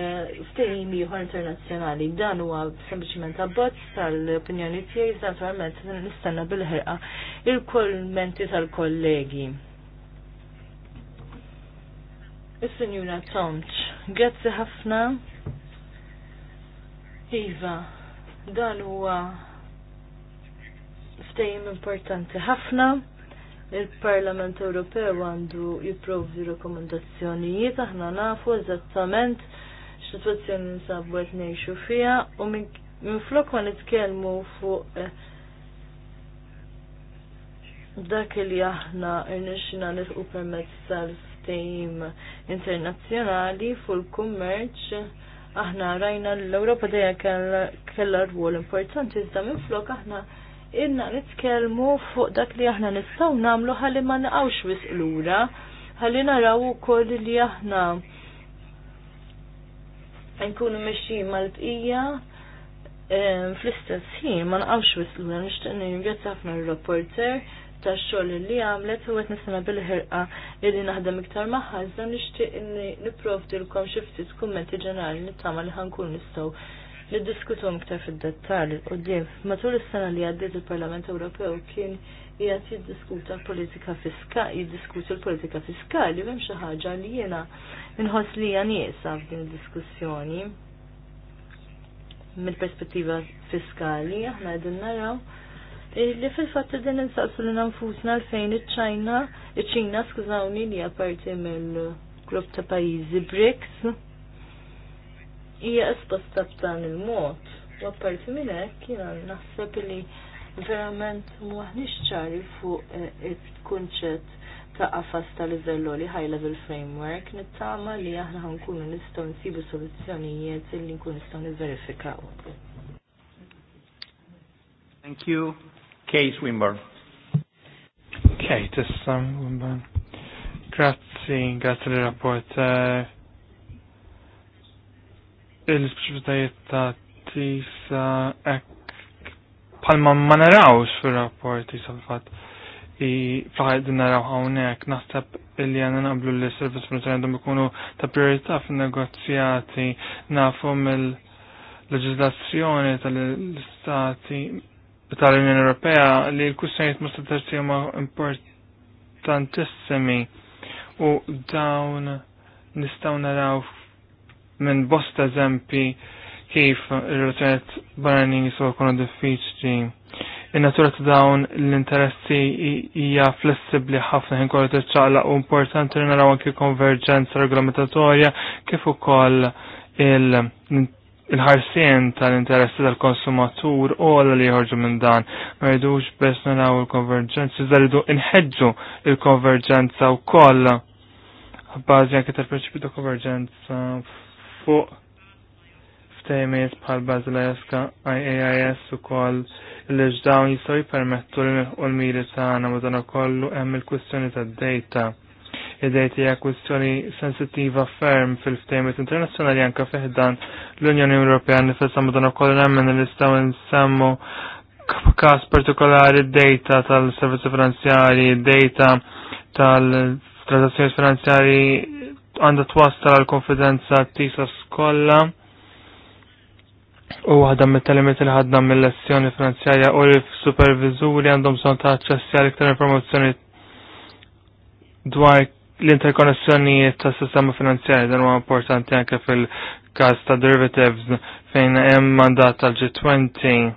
ftehim ieħor internazzjonali. Dan huwa sempliċement abbozz tal-opinjoni tiegħi naturalment nistenna bil-ħerqa il kolmenti tal-kollegi. Is-Sinjura Tomċ, grazzi ħafna. Iva, dan huwa ftehim importanti ħafna il-Parlament Ewropew għandu jipprovdi rekomendazzjonijiet, aħna nafu eżattament x-situazzjoni nsabu qed ngħixu fiha u minn flok ma nitkellmu fuq eh, dak li aħna irnexxina nilqu permezz tal stejm internazzjonali fuq il-kummerċ aħna rajna l-Ewropa dejja kellha rwol importanti iżda minn flok aħna inna nitkellmu fuq dak li aħna nistgħu nagħmlu ħalli ma naqawx wisq lura, ħalli naraw ukoll li aħna nkunu mexxin mal-bqija fl-istess ħin ma naqawx wisq lura nixtieq ningrazzja ħafna r-rapporter ta' xogħol li għamlet u qed nisna bil-ħirqa li naħdem iktar magħha iżda nixtieq inni nipprovdilkom xi ftit kummenti ġenerali li tagħmel li ħankun nistgħu niddiskutuhom dettal fid-dettall dim Matul is-sena li għaddiet il-Parlament Ewropew kien qiegħed jiddiskuta politika fiskali, jiddiskutu l-politika fiskali u hemm xi ħaġa li jiena inħoss li hija nieqsa f'din id-diskussjoni mill-perspettiva fiskali, aħna qegħdin naraw li fil-fatt din insaqsu li nfusna l-fejn iċ ċina iċ-ċina skużawni li hija parti mill-grupp ta' pajjiżi BRICS hija esposta b'dan il-mod. U apparti minn hekk jiena naħseb li verament maħniex ċari fuq eh, il-kunċett ta' qafas ta' livello li high level framework nittama li aħna ħankunu nistgħu nsibu soluzzjonijiet li nkun nistgħu nivverifikaw. Thank you, Kay Swinburne. Kay, tissam Swinburne. Grazzi, grazzi l-rapport il specifitajiet ta' tisa ek palma ma narawx fil-rapport tisa fil-fat i fl-ħajt din naraw hawnhekk naħseb illi għanna naqblu li s-servizz finanzjarju ikunu ta' priorità fin-negozjati nafu mill-leġiżlazzjoni tal-istati tal-Unjoni Ewropea li l-kustjonijiet mustatarsi huma importantissimi u dawn nistgħu naraw minn bosta eżempi kif il-relazzjoniet barani jisaw kuna diffiċli. In-natura ta' dawn l-interessi hija flessibbli ħafna ħin kollu tiċċaqla u importanti li naraw anki konverġenza regolamentatorja kif ukoll il- il-ħarsien tal-interessi tal-konsumatur u għalla li jħorġu minn dan. Ma jidux biss naraw il-konverġenza, iżda rridu inħedġu il-konverġenza u koll. Bazi anke tal-prinċipju ta' konverġenza fuq ftejmiet bħal Bazileska, IAIS u koll l ġdawn jistaw jipermettu l-miri tagħna ma dan kollu hemm il-kwistjoni tad-data. Id-data hija kwistjoni sensittiva ferm fil-ftejmiet internazzjonali anke fiħdan l-Unjoni Ewropea nifessa ma dan ukoll hemm li jistgħu nsemmu kas partikolari d-data tal-servizzi finanzjari, d-data tal-transazzjoni finanzjari għandha twassal l konfidenza t-tisa skolla u għadam mit telemet li ħadna mill-lezzjoni finanzjarja u l-supervizuri għandhom bżonn ta' ċessja għal iktar informazzjoni dwar l interkonnessjoni ta' sistema finanzjarja dan huwa importanti anke fil-każ ta' derivatives fejn hemm mandat tal-G20.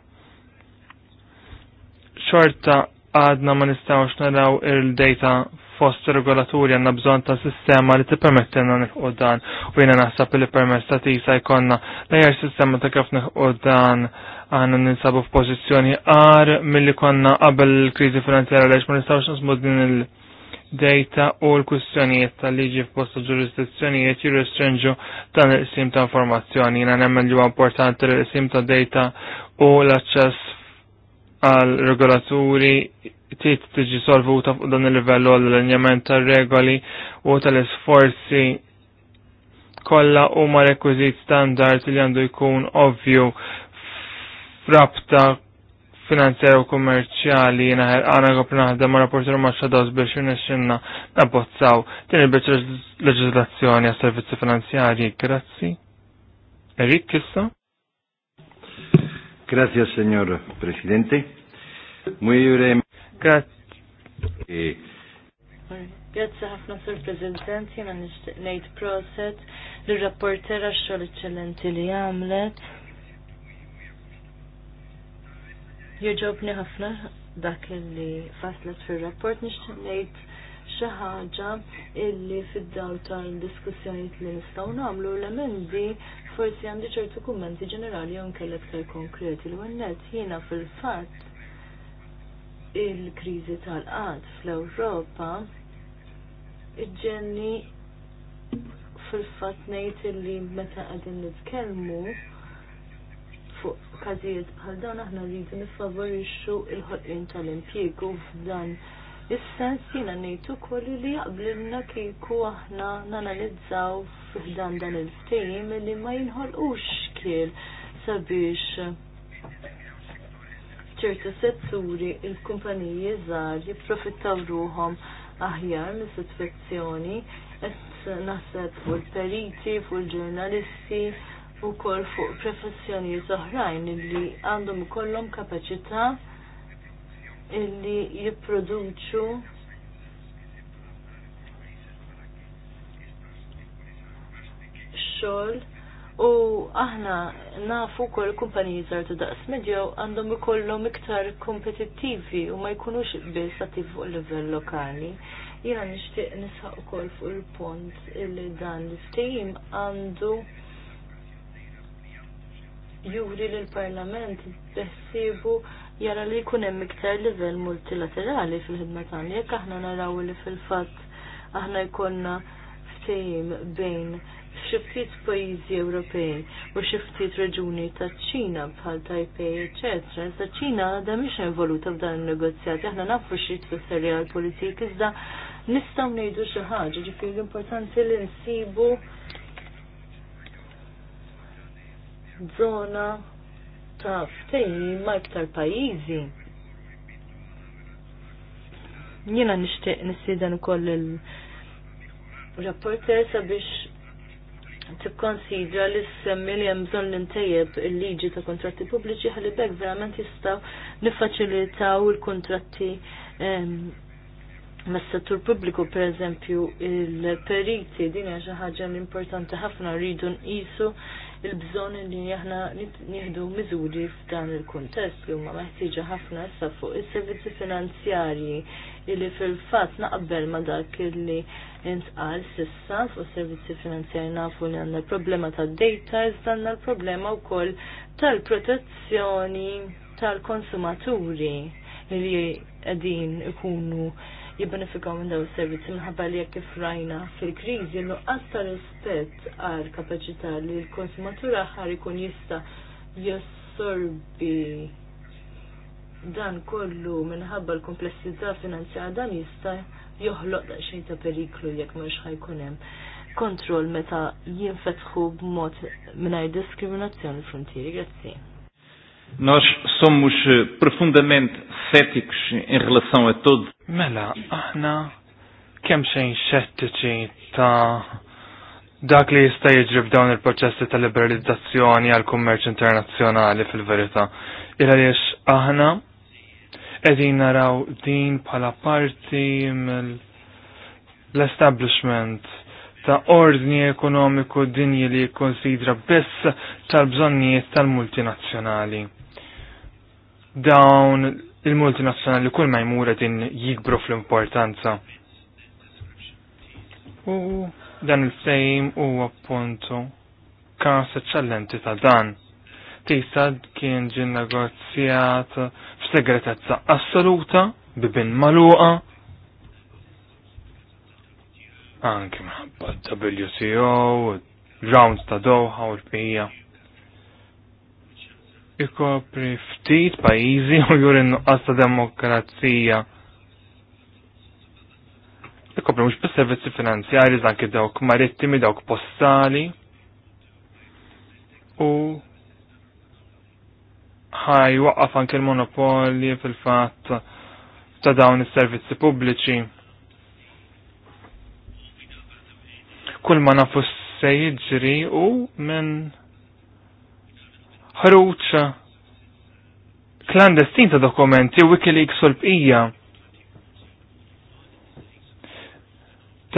Xorta għadna ma nistgħux naraw il-data fost regolaturi għanna bżon ta' sistema li t-permettina dan u jina naħseb li permess ta' tisa jkonna lejjer sistema ta' kif nħu dan għanna ninsabu f-pozizjoni għar mill-li konna qabel l-krizi finanzjera lex ma nistawx nismu din il-data u l-kustjonijiet tal liġi f'posta ġurisdizzjonijiet jirrestrinġu dan il-qsim ta' informazzjoni. Jena nemmen li importanti l isim ta' data u l-aċċess għal regolaturi tit tiġi solvuta fuq dan il-livell u l-allenjament tar-regoli u tal-isforzi kollha huma rekwiżit standard li għandu jkun ovvju frabta finanzjar u kummerċjali jiena għana għob naħdem ma' rapportur ma' xados biex jinexxinna nabbozzaw din il-biċ leġiżlazzjoni għas servizzi finanzjarji. Grazzi. Erik kissa? Grazie, signor Presidente. Muy Grazie. Grazzi ħafna sur President, jena nishtiq ngħid proset lir rapportera għax-xogħol eċċellenti li għamlet. Jirġobni ħafna dak li faslet fir-rapport nixtieq ngħid xi ħaġa illi fid-dawl tal-diskussjonijiet li nistgħu nagħmlu l-emendi forsi għandi ċertu kummenti ġenerali jew nkellek tal konkreti li għannet jiena fil-fatt il-kriżi tal-qad fl-Ewropa iġġenni fil-fatt ngħid li meta qegħdin nitkellmu fuq każijiet bħal dawn aħna rridu nifavorixxu l-ħolqien tal-impjiegu f'dan is-sens jiena ngħid ukoll li jaqblilna kieku aħna nanalizzaw f'dan dan il-ftehim li ma jinħolqux kiel sabiex f'ċerti setturi il-kumpaniji żgħar jipprofittaw ruhom aħjar mis-sitwazzjoni qed naħseb fuq il-periti, fuq il-ġurnalisti u kol fuq professjonijiet oħrajn illi għandhom ikollhom kapaċità illi jipproduċu xogħol U aħna nafu kol kumpaniji zartu daqs medju għandhom ikollhom iktar kompetittivi u ma jkunux biss attiv fuq livell lokali. Jiena nixtieq nisħaq ukoll fuq il-punt li dan l-istim għandu juri l-Parlament beħsibu jara li jkun hemm iktar livell multilaterali fil-ħidma tani. jekk aħna naraw li fil-fatt aħna jkollna ftehim bejn f'xi ftit pajjiżi Ewropej u xi ftit reġuni taċ-Ċina bħal Tajpej, eċetera. Iżda ċina għadha mhix evoluta f'dan in-negozjati, aħna nafu xi tfisser realpolitik iżda nistgħu ngħidu xi ħaġa, ġifieri l-importanti li nsibu zona ta' ftehim ma' iktar pajjiżi Jiena nishtiq nisidan ukoll il-rapporter sabiex tikkonsidra li semmi li hemm bżonn intejjeb il-liġi ta' kontratti pubbliċi ħalli bekk verament jistgħu niffaċilitaw il-kontratti ehm, mas-settur pubbliku pereżempju il-periti din hija xi ħaġa importanti ħafna rridu nqisu il-bżonn li aħna nieħdu miżuri f'dan il-kuntest li huma meħtieġa ħafna issa fuq is-servizzi finanzjarji illi fil-fatt naqbel ma dak illi intqal sissa fuq servizzi finanzjari nafu li għandna l-problema ta' data iżda għandna l-problema wkoll tal-protezzjoni tal-konsumaturi li qegħdin ikunu jibbenefikaw minn dawn is-servizzi minħabba li jekk kif rajna fil-kriżi nuqqas ta' rispett għal kapaċità li l konsumatura aħħar ikun jista' jassorbi dan kollu minħabba l-komplessità finanzjarja dan jista' joħloq daqsxejn ta' periklu jekk mhux ħajkun hemm kontroll meta jinfetħu b'mod mingħajr diskriminazzjoni l-frontieri. Grazzi. Nox somux eh, profundament setiks in relazzjon a tod Mela, aħna kemm xejn xettiċi ta' dak li jista' jiġri f'dawn il-proċessi ta' liberalizzazzjoni għal kummerċ internazzjonali fil-verità. Il aħna Edin naraw din pala parti mill-establishment ta' ordni ekonomiku dinji li konsidra biss tal-bżonnijiet tal-multinazzjonali. Dawn il-multinazzjonali kull ma jmura din jikbru fl-importanza. U dan il-fejm u appuntu kas eccellenti ta' dan. Tisad kien ġin negozjat segretezza assoluta, bibin maluqa, anki maħabba WCO, rounds ta' Doha u l-pija. Ikopri ftit pajizi u juri nuqqas ta' demokrazija. Ikopri mux bis servizzi finanzjari, zanki dawk marittimi, dawk postali. U ħaj waqqaf anke l-monopoli fil-fatt ta' dawn is-servizzi pubbliċi. Kull ma nafu se jiġri u minn ħruġ klandestin ta' dokumenti Wikileaks u l-bqija.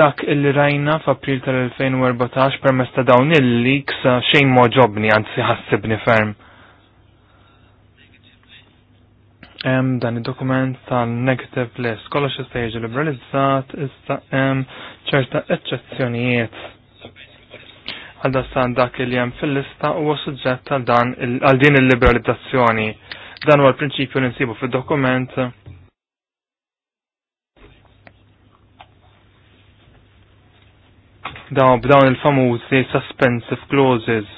dak illi rajna f'April tal-2014 permesta ta' dawn il-leaks xejn moġobni għanzi ħassibni ferm. hemm dan id-dokument tal-negative list. Kollox jista' jiġi liberalizzat, issa hemm ċerta eċċezzjonijiet. Għal dastan dak li hemm fil-lista huwa suġġett għal dan għal din il-liberalizzazzjoni. Dan huwa l-prinċipju li nsibu fid-dokument. Dawn b'dawn il-famużi suspensive clauses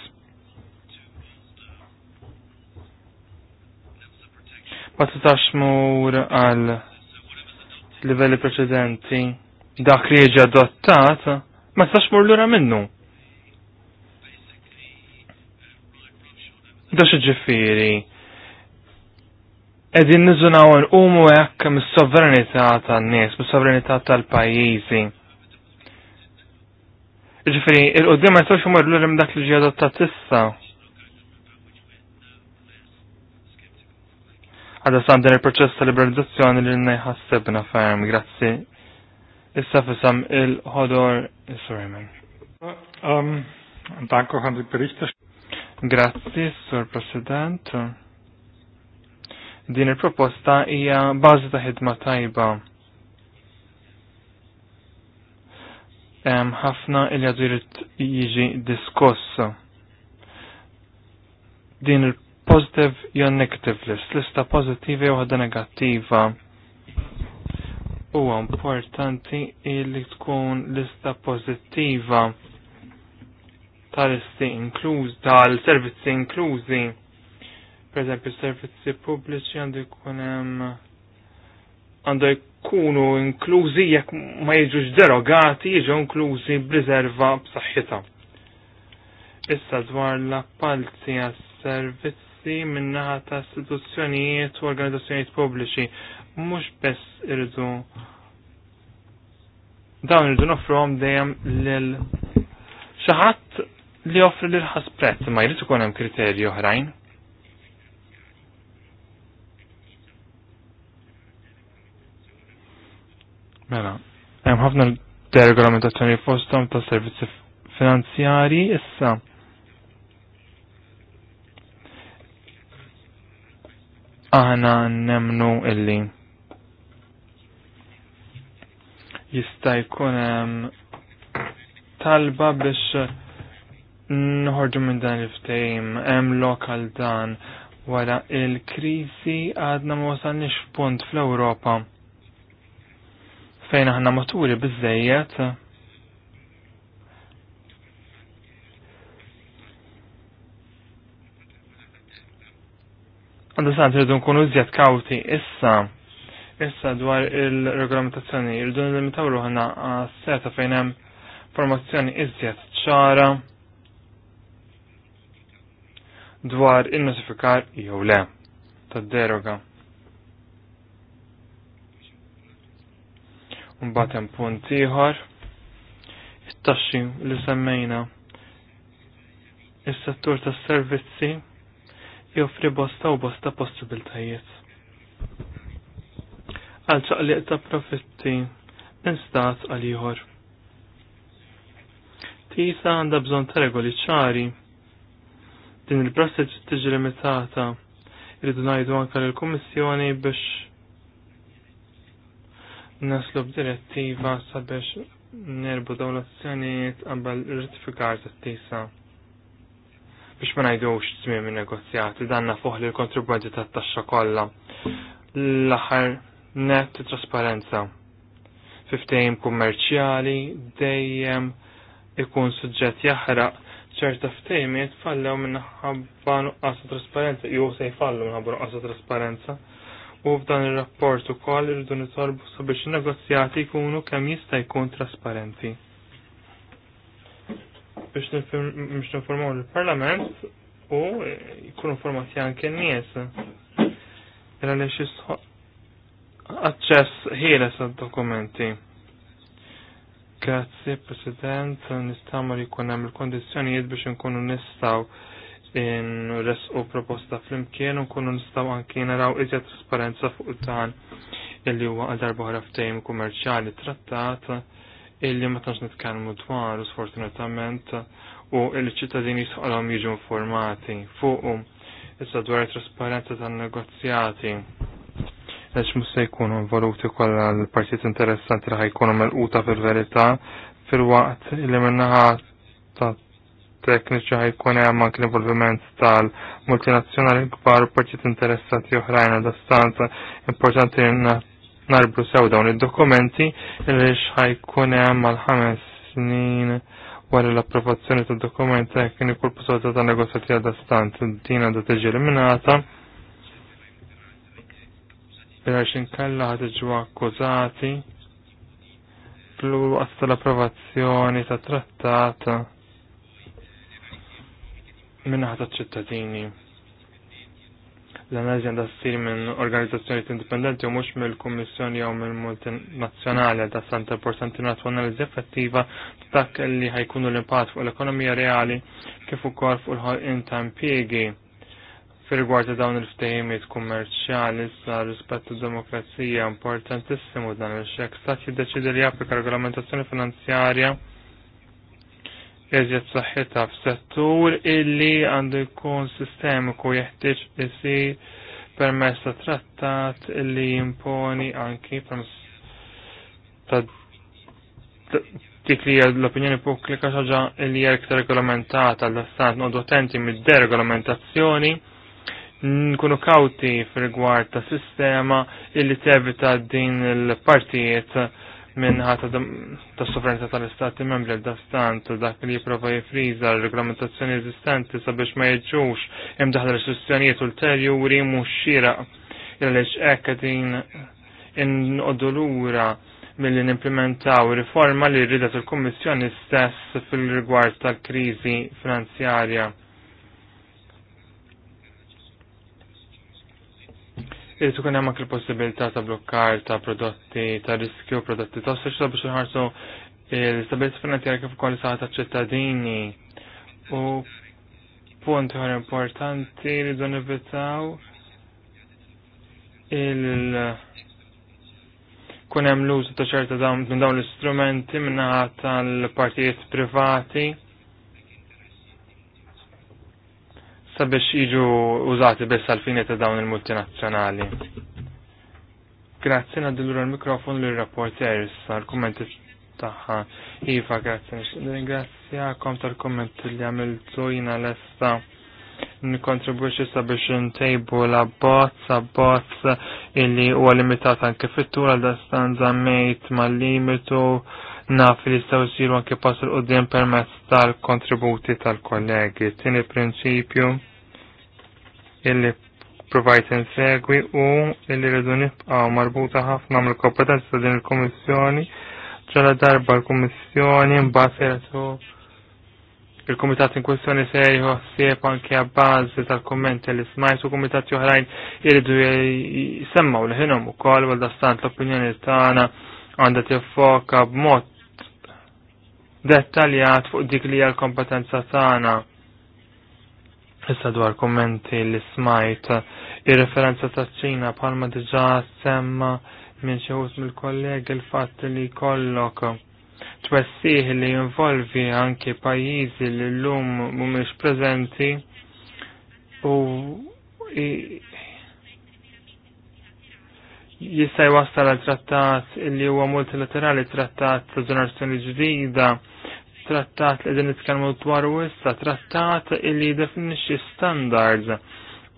ma tistax mur għal livelli preċedenti dak li jiġi adottat ma tistax mur lura minnu. Da ġifiri, edin nizunaw n-umu ekk mis-sovranità tan-nies, mis-sovranità tal-pajizi. Ġifiri, il-qoddim ma jistawx mur l dak li ġi adottat issa. Għadda sam din il-proċess ta' liberalizzazzjoni li nejħassebna ferm, grazzi. Issa fissam il-ħodor Surimen. Um, Danko għan il perista Grazzi, Sur President. Din il-proposta hija bazi ta' ħidma tajba. hemm ħafna il jażirit jiġi diskoss. Din il positive jew negative list, lista pozittiva jew waħda negattiva. Huwa importanti li tkun lista pozittiva tal-isti inkluż, tal-servizzi inklużi. Per eżempju, servizzi pubbliċi għandu jkun hemm għandu jkunu inklużi jekk ma jiġux derogati jiġu inklużi b'riserva b'saħħitha. Issa dwar l-appalti għas-servizz prassi minnaħa ta' istituzzjonijiet u organizzazzjonijiet pubbliċi. Mhux bess irridu dawn irridu nofruhom dejjem lil xi ħadd li offri lil ħas prezz ma jrid ikun hemm kriterji oħrajn. Mela, hemm ħafna deregolamentazzjoni fosthom ta' servizzi finanzjari issa aħna nemnu illi jista' jkun hemm talba biex nħorġu minn dan il ftejm hemm lokal dan wara il-kriżi għadna ma wasalniex f'punt fl-Ewropa fejn aħna maturi biżejjed Għandu sant irridu nkunu iżjed kawti issa issa dwar il-regolamentazzjoni irridu nilimitaw ruħna seta fejn hemm formazzjoni iżjed ċara dwar il-notifikar jew le tad-deroga. Mbagħad hemm punt ieħor it-taxxi li semmejna is-settur tas-servizzi joffri bosta u bosta possibiltajiet. Għal ċaqliq ta' profitti instat għal ieħor. Tisa għandha bżonn ta' regoli ċari. Din il t tiġi limitata. Irridu ngħidu anke lill-Kummissjoni biex naslu b'direttiva sabiex nerbu dawn l-azzjonijiet qabel ir-ratifikar tisa biex ma ngħidux tmiem in-negozjati danna fuq li l-kontribwenti tat-taxxa kollha. L-aħħar net trasparenza. Fiftejn kummerċjali dejjem ikun suġġett jaħraq ċerta ftejmiet fallew minħabba nuqqas trasparenza, jew se jfallu minħabba nuqqas trasparenza. U f'dan ir-rapport ukoll irridu nitolbu sabiex in-negozjati jkunu kemm jista' jkun trasparenti biex nifirmaw il-Parlament u jkunu formati anke n-nies. Era mela li xis aċċess ħieles għad-dokumenti. Grazzi, President, nistamu li kunem il-kondizjonijiet biex nkunu nistaw in u proposta fl-imkien u nkunu nistaw anke naraw iżja trasparenza fuq dan illi huwa għal darba ħra ftehim kummerċjali trattat illi ma tantx nitkellmu dwar sfortunatament u il-ċittadini soqolhom jiġu informati fuqhom issa dwar trasparenza tan-negozjati għax mus se jkunu involuti kollha l-partijiet interessanti li ħajkunu melquta fil-verità fil-waqt min minnaħa ta' tekniċi ħajkun hemm anke l-involviment tal-multinazzjonali kbar u partijiet interessati oħrajn għal importanti narbru sew dawn id-dokumenti li xħajkun hemm għal ħames snin wara l-approvazzjoni tad dokument kien ikun posolta ta' negozjati għadda stant din għandha tiġi eliminata. Birax inkella ħad iġu akkużati fl-waqt tal-approvazzjoni ta' trattat minnaħat ċittadini l-analiżi s ssir minn organizzazzjoni indipendenti u mhux mill-Kummissjoni jew mill-multinazzjonali ta' santa importanti nagħtu analiżi effettiva dak li ħajkunu l-impatt fuq l-ekonomija reali kif ukoll fuq il-ħolqien ta' impjiegi fir-rigward ta' dawn il-ftehimiet kummerċjali sa rispett demokrazija importantissimu dan il-xek stat jiddeċidi li japplika regolamentazzjoni finanzjarja eżjed saħħita f'settur illi għandu jkun sistemiku jeħtieġ isir permess ta' trattat illi jimponi anki permess ta' dik li l-opinjoni pubblika xaġa illi hija iktar regolamentata l stat noqgħdu attenti mid-deregolamentazzjoni, nkunu kawti fil-rigward ta' sistema illi tevita din il-partijiet minnħata ta' sovranità tal-Istati membri l-dastant u dak li jiprofa jifriza l reglamentazzjoni eżistenti sabiex ma jġux imdaħla restrizzjonijiet ulterjuri mhux xieraq għaliex hekk qed inqogħdu lura milli nimplementaw riforma li rridat il-Kummissjoni stess fil-rigward tal-kriżi finanzjarja. Irrid ikun hemm il l-possibilità ta' blokkar ta' prodotti ta' riskju, prodotti tossiċi sabiex iħarsu l-istabilità finanzjarja kif ukoll sa' ta' ċittadini. U punt ħar importanti li don nivitaw il kun hemm l-użu ta' ċerta minn dawn l-istrumenti minnaħa tal-partijiet privati sabiex jiġu użati biss għal-fini ta' dawn il-multinazzjonali. Grazzi nadillura l-mikrofon l rapporter għal-kommenti taħħa. Iva, grazzi. Ringrazzjakom tal-kommenti li għamil jina l-esta nikontribuċi sabiex ntejbu la bozza bozza illi huwa limitat anke fit l-dastan mejt ma limitu naf li jistgħu jsiru anke pass il qudiem permezz tal-kontributi tal-kollegi. Tini prinċipju illi provajt insegwi u illi rridu nibqgħu marbuta ħafna mill-kompetenza ta' din il-Kummissjoni ċala darba l-Kummissjoni mbagħad il-komitat in kwestjoni se jħossieb anke għabbażi tal-kommenti li smajtu komitati oħrajn jiridu jisemmaw li ħinhom ukoll għal dastant l-opinjoni tagħna għandha tiffoka b'mod dettaljat fuq dik li hija l-kompetenza tagħna. Issa dwar kommenti li smajt ir-referenza ta' ċina palma diġa semma minn xi mill-kollegi l fat li kollok twessih li jinvolvi anki pajjiżi li llum mhumiex prezenti. u jista' wasta għal trattat li huwa multilaterali trattat ta' ġenerazzjoni ġdida trattat li din nitkellmu dwar issa trattat li jiddefinixxi standards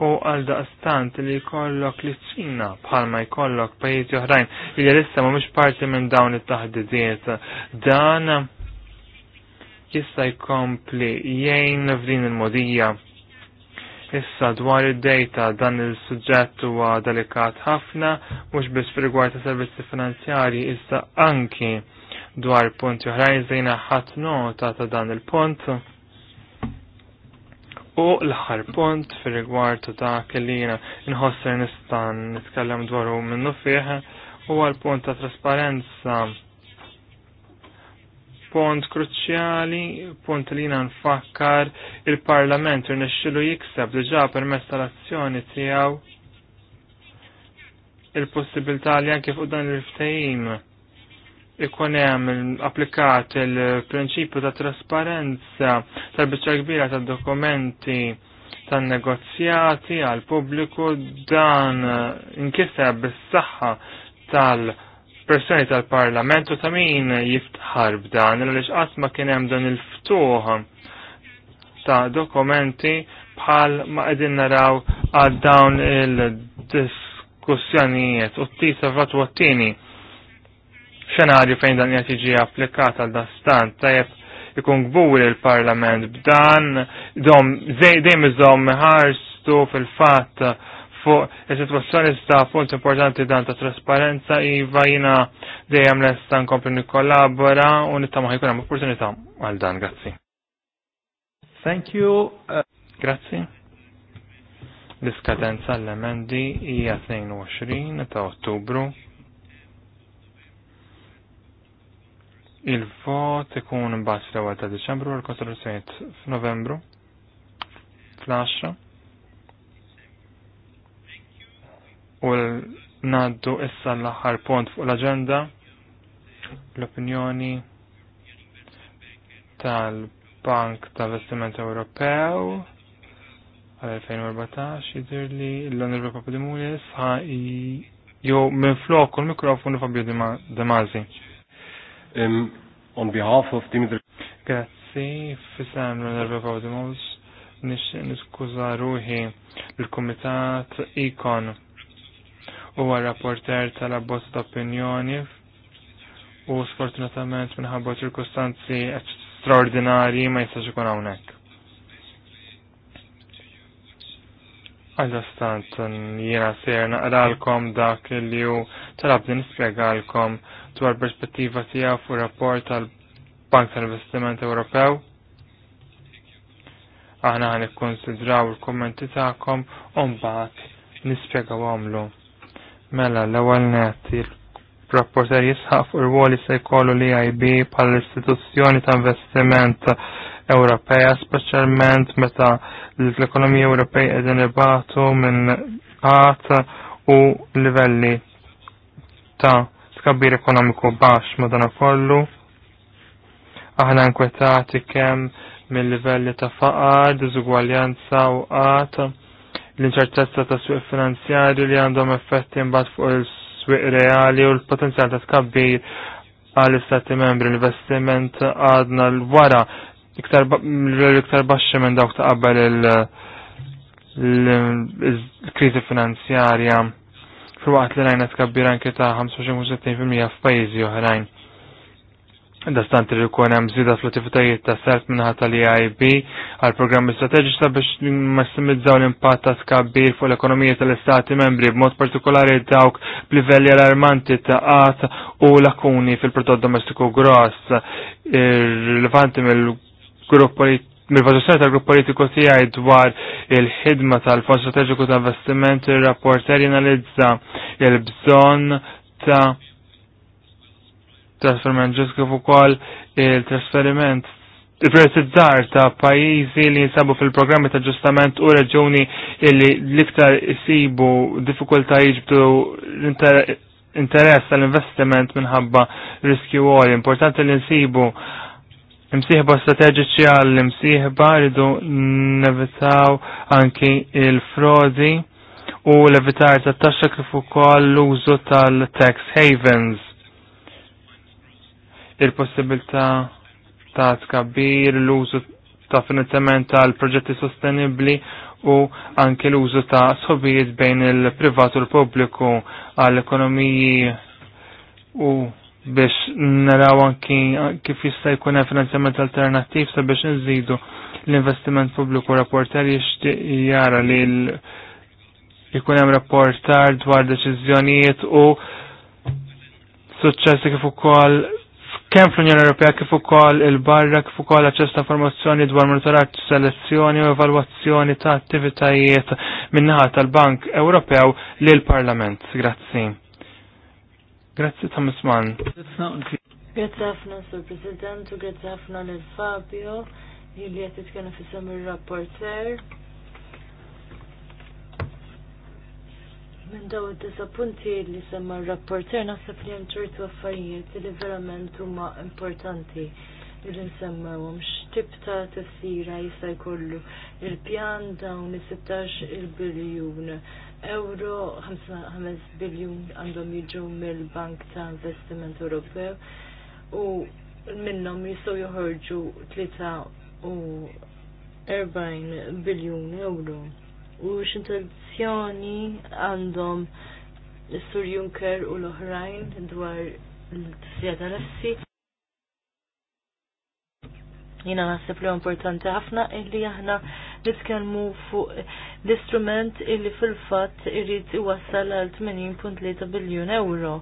u għal daqstant li jkollok li ċina bħalma jkollok pajjiżi oħrajn li issa mhumiex parti minn dawn it-taħdidiet. Dan jista' jkompli jgħin f'din il-modija. Issa dwar id-dejta dan il-suġġett huwa delikat ħafna mhux biss fil-rigward ta' servizzi finanzjarji issa anki dwar punti oħrajn zejna ħadd nota ta' dan il-punt. U l-aħħar punt fir-rigward ta' dak li jiena nistan nitkellem dwaru minnu fih U għal punt ta' trasparenza Punt kruċjali, punt li jina nfakkar il-parlament irnexxilu jikseb diġà permezz tal-azzjoni tiegħu il-possibilità li anke fuq dan il ftajim ikun hemm applikat il-prinċipju ta' trasparenza tal-biċċa kbira tad-dokumenti tan negozjati għal pubbliku dan inkiseb bis-saħħa tal-persuni tal-Parlament u ta' min jiftħar b'dan għaliex qatt ma kien hemm dan il-ftuħ ta' dokumenti bħal ma qegħdin naraw għal dawn il-diskussjonijiet u t-tisa fatwa xenarju fejn dan qed jiġi applikat għal dastan tajjeb ikun gbur il-Parlament b'dan dom dejjem iżhom ħarstu fil-fatt fuq is-sitwazzjoni sta punt importanti dan ta' trasparenza iva jina dejjem lesta nkompli nikkollabora u nittama ħajkun hemm opportunità għal dan, grazzi. Thank you. Uh, grazzi l-iskadenza l-emendi hija 22 ta' Ottubru Il-vot ikun imbagħad fl ta' Diċembru u l-kostruzzjonijiet f'Novembru fl-10. U l-naddu issa l-aħħar punt fuq l-aġenda l-opinjoni tal-Bank ta' Vestiment Ewropew għal-2014 jidir li l-Onorba Mulis ħa jow minn flok u l-mikrofonu Fabio Demazi um, on behalf of Dimitri. Grazzi, fissam l-Nerva Gaudimus, niskuza ruħi l-Komitat Ikon u rapporter tal-abbozz ta' opinjoni u sfortunatament minħabba ċirkostanzi straordinari ma jistax ikun hawnhekk. Għal-ostant, jena ser naqralkom dak li ju talabni nispiegalkom dwar perspettiva tijaw fu rapport tal-Bank tal-Investiment Ewropew. Aħna għan ikkonsidraw il-kommenti taqom un-baħt nispiegaw għamlu. Mela, l-ewel net il-rapporter jisħaf u r-woli se jkollu li IB pal-istituzzjoni ta' investiment Ewropeja speċjalment meta l-ekonomija Ewropej qegħdin ibatu minn qat u livelli ta' skabir ekonomiku baxx madanakollu. Aħna nkwetati kemm mill-livelli ta' faqar, diżugwaljanza u qat, l-inċertezza ta' suq finanzjarju li għandhom effetti mbagħad fuq il-swieq reali u l-potenzjal ta' tkabbir għal istati membri l investiment għadna l-wara iktar mm, l iktar baxxa minn dawk ta' qabel il-krizi finanzjarja fil-waqt li rajna tkabbir anke ta' 25 60 f'pajjiżi oħrajn. Dastant li jkun hemm żieda fl-attivitajiet ta' sert minnaħa tal-EIB għal programmi strateġiċi sabiex massimizzaw l-impatt ta' tkabbir fuq l-ekonomija tal-Istati membri b'mod partikolari dawk b'livelli alarmanti ta' qat u lakuni fil-prodott domestiku gross rilevanti mill mil mill-vaġġazzjoni tal-grupp politiku tiegħi dwar il-ħidma tal-Fond Strategiku ta' Investiment ir-rapporter jenalizza il-bżonn ta' trasferiment ġus kif ukoll il-trasferiment il-prezzizzar ta' pajizi li jinsabu fil-programmi ta' ġustament u reġuni illi liktar jisibu diffikulta jiġbdu interess tal-investiment minħabba riskju għol. Importanti li nsibu imsieħba strateġiċi għall-imsieħba rridu nevitaw anki il-frodi u levitar ta' taxxa kif ukoll l-użu tal-tax havens. Il-possibilità ta' tkabbir, l-użu ta' finanzjament tal-proġetti sostenibbli u anke l-użu ta' sobijiet bejn il-privat u l-pubbliku għall-ekonomiji u biex naraw anki kif jista' jkun hemm finanzjament alternattiv sabiex nżidu l-investiment pubbliku rapportar jixtieq jara li jkun hemm rapportar dwar deċiżjonijiet u suċċessi kif ukoll kemm fl-Unjoni Ewropea kif ukoll il-barra kif ukoll aċċess ta' informazzjoni dwar monitoraġġ selezzjoni u evalwazzjoni ta' attivitajiet min-naħa tal-Bank Ewropew lill Parlament. Grazzi. Grazzi Thomas Mann. Grazzi ħafna, Sur President, u grazzi ħafna l Fabio, il li għatit fissam il-rapporter. Minn daw id-disa punti li semma il-rapporter, naħseb li ċertu affarijiet li verament huma importanti li nsemmawhom x'tib ta' tifsira jista' jkollu il-pjan dawn is-16 il-biljun euro 5 biljun għandhom jiġu mill-Bank ta' Investiment Ewropew u minnhom jistgħu joħorġu 43 biljun euro. U x'intenzjoni għandhom Sur Juncker u l-oħrajn dwar l-tisja tal-nefsi. Jina naħseb li importanti ħafna illi aħna nitkellmu fuq l-istrument illi fil-fatt irid iwassal għal 80.3 biljun euro.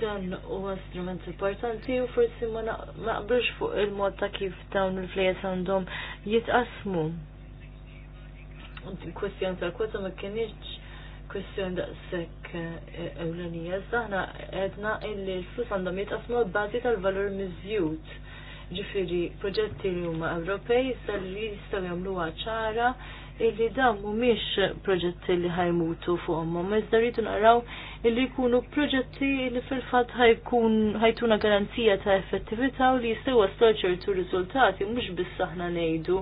Dan huwa strument importanti u forsi ma naqbrux fuq il-mod ta' kif dawn il-flejes għandhom jitqasmu. kwestjon tal-kwota ma kienieċ kwestjon daqshekk eh, ewlenija, saħna għedna illi l-flus għandhom jitqasmu bazi tal-valur miżjud ġifiri proġetti li huma Ewropej sal-li jistaw jagħmlu ċara illi dam mhumiex proġetti li ħajmutu fuqhom, iżda rridu naraw illi jkunu proġetti li fil-fatt ħajkun ħajtuna garanzija ta' effettività u li jistgħu waslu ċertu riżultati mhux biss aħna ngħidu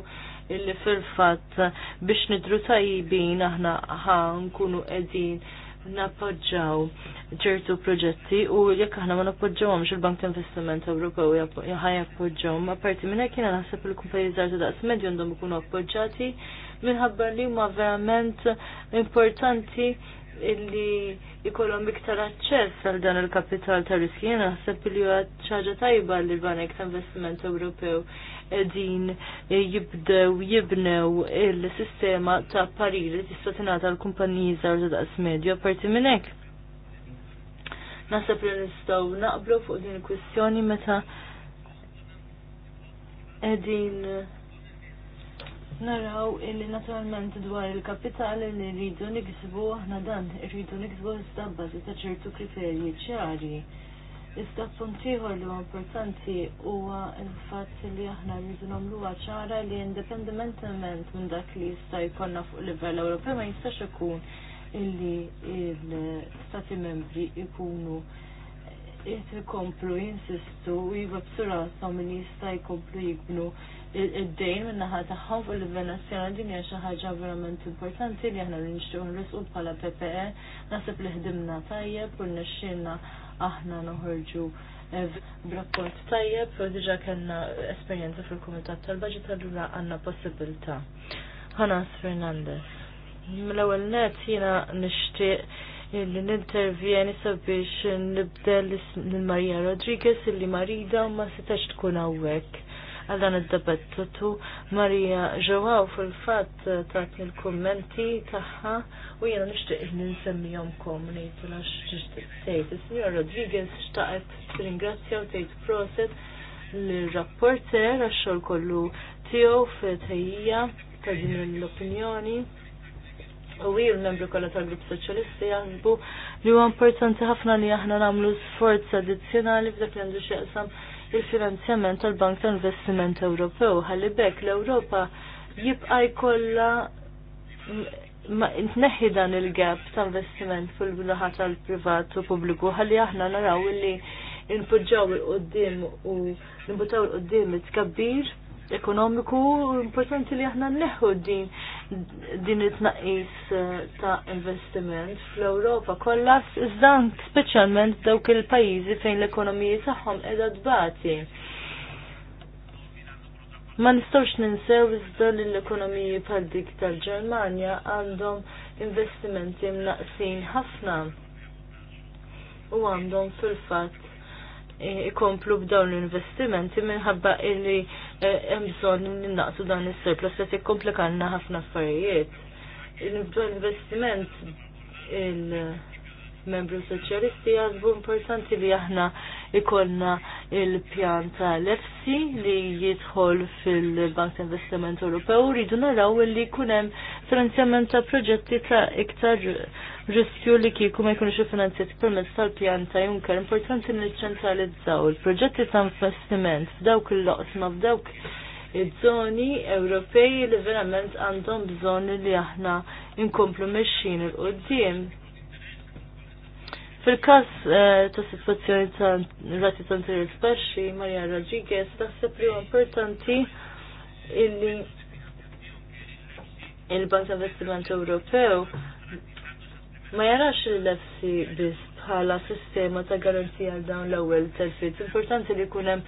illi fil-fatt biex nidru tajbin aħna ħa nkunu qegħdin nappoġġaw ċertu proġetti u jekk aħna ma nappoġġawhomx il-Bank ta' Investiment Ewropew ħaj jappoġġawhom, apparti minn hekk jiena naħseb il-kumpaniji żgħar ta' daqs medju għandhom ikunu appoġġjati minħabba li huma verament importanti illi jkollhom iktar aċċess għal dan il-kapital ta' riski. Jena naħseb li huwa ċaġa tajba li l-Banek ta' Investiment Ewropew din jibdew jibnew il-sistema ta' pariri li tista' tingħata l-kumpaniji żgħar ta' daqs medju parti minn hekk. Naħseb li nistgħu naqblu fuq din il-kwistjoni meta qegħdin naraw illi naturalment dwar il-kapitali li rridu niksbu aħna dan, rridu niksbu istabba ta' ċertu kriterji ċari. Iżda punt ieħor li importanti huwa l-fatt li aħna rridu nagħmluha ċara li indipendimentament minn dak li jista' jkollna fuq livell Ewropew ma jistax ikun illi l-Stati membri jkunu jitri komplu, jinsistu u jibgħu b'sura li jista' jkomplu jibnu id-dejn minn naħa tagħhom fuq livell nazzjonali din hija xi ħaġa verament importanti li aħna nixtiequ nrisqu bħala PPE naħseb li ħdimna tajjeb u nixxielna aħna noħorġu eh, b'rapport tajjeb u diġà kellna esperjenza fil-Kumitat tal-Baġit allura għandna possibilità. Ħanas Fernandez. Mill-ewwel net jiena nixtieq li nintervjeni sabiex nibdel l-Marija Rodriguez illi marida ma setax tkun hawnhekk għal dan id-debattitu. Marija ġewaw fil-fatt tat il-kummenti tagħha u jiena nixtieq li nsemmihomkom għax tixtieq tgħid. Is-Sinjor Rodriguez xtaqet tirringrazzja u tgħid proset l-rapporter għax-xogħol kollu tiegħu f'tejjija ta' din l-opinjoni u l-membri kollha tal-Grupp Soċjalisti jaħsbu li huwa importanti ħafna li aħna nagħmlu sforz addizzjonali f'dak li għandu xieqsam il-finanzjament tal-Bank tal-Investiment Ewropew ħalli bekk l-Ewropa jibqa' jkollha tneħħi dan il-gap ta' investiment fil bluħat tal-privat u pubbliku ħalli aħna naraw li npoġġaw il-qoddim u nbutaw il-qoddim it-kabbir ekonomiku importanti li aħna neħu din din it-naqis eh, ta' investiment fl-Ewropa kollha iżdan speċjalment dawk il-pajjiżi fejn l-ekonomiji tagħhom qiegħda tbati. Ma nistgħux ninsew iżda li l-ekonomiji bħal dik tal-Ġermanja għandhom investimenti mnaqsin ħafna u għandhom fil-fatt ikomplu b'dawn l-investimenti minħabba illi eh, hemm bżonn ninnaqsu naqsu dan is-surplus qed ikkomplikanna ħafna affarijiet. B'dan investiment il- membru soċjalisti għazbu importanti li aħna ikonna il-pjan l efsi li jidħol fil-Bank Investiment Ewropew rridu naraw li kunem finanzjament ta' proġetti ta' iktar riskju li kieku ma jkunux finanzjati permezz tal-pjan ta' junker. Importanti li ċentralizzaw il-proġetti ta' investiment f'dawk il-loqsma f'dawk iż-żoni Ewropej li verament għandhom bżonn li aħna inkomplu mexxin il-qudiem Fil-kas eh, ta' situazzjoni ta' rati ta' interil Marja Rodriguez, taħseb li importanti illi il-Bank Investiment Ewropew ma jarax il lefsi biz bħala sistema ta' garanzija għal dawn l-ewwel terfit. Importanti li jkun hemm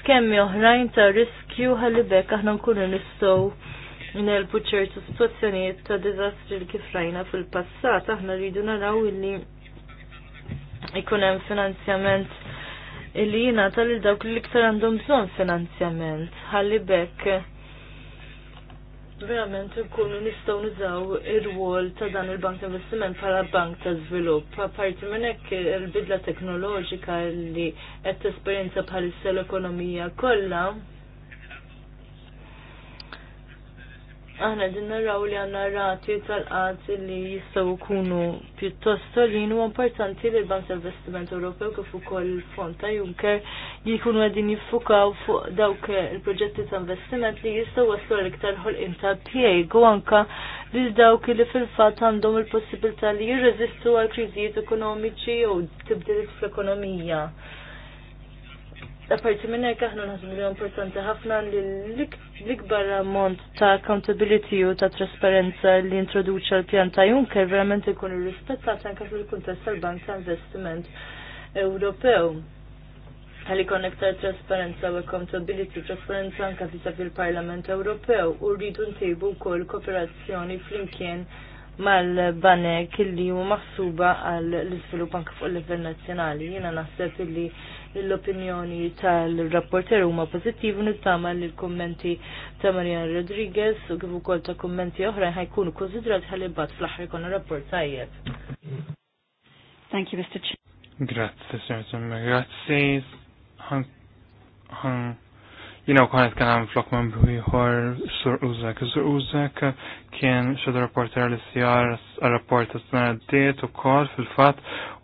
skemmi oħrajn ta' riskju ħalli bekk aħna nkunu nistgħu nelbu ċertu situazzjonijiet ta' diżastri li kif rajna fil-passat aħna rridu naraw illi ikun hemm finanzjament li jina tal dawk li iktar għandhom bżonn finanzjament. Ħalli bekk verament ikunu nistgħu nizaw il rwol ta' dan il-Bank Investiment bħala Bank ta' Żvilupp. Apparti minn hekk il-bidla teknoloġika li qed tesperjenza bħalissa l-ekonomija kollha aħna din naraw li għanna rati tal-qat li jistaw kunu pjuttost li jinu importanti li l-Bank tal-Vestiment Ewropew kif ukoll il-Fond ta' Juncker li jkunu għadin jiffukaw fuq dawk il-proġetti ta' investiment li jistaw waslu l-iktar ħolqin ta' pjeg u anka li dawk li fil-fatt għandhom il-possibilità li jirreżistu għal kriżijiet ekonomiċi u tibdilit fl-ekonomija. Apparti minna jkaħna aħna naħsbu li importanti ħafna li l-ikbar ammont ta' accountability u ta' trasparenza li introduċa l-pjan ta' Juncker verament ikun irrispettat anke fil-kuntest tal-Bank ta' Investiment Ewropew. Għalli konnektar trasparenza u accountability, trasparenza anka fisa fil-Parlament Ewropew u rridu ntejbu kol kooperazzjoni flimkien mal-banek li huma maħsuba għal l fuq il livell nazzjonali. Jiena naħseb illi l-opinjoni tal-rapporter huma pożittivi nittama li l-kommenti ta' Marian Rodriguez u kif ukoll ta' kommenti oħrajn ħajkunu konsidrati ħalli bad fl-aħħar ikun rapport tajjeb. Thank you, Mr. Chair. Grazie, Sr. Grazie. Jina u kħanet kħan għam flok man bħiħor Sur Uzek. Sur Uzek kien xed rapporter li sijar rapport s-sena d-diet u kol fil-fat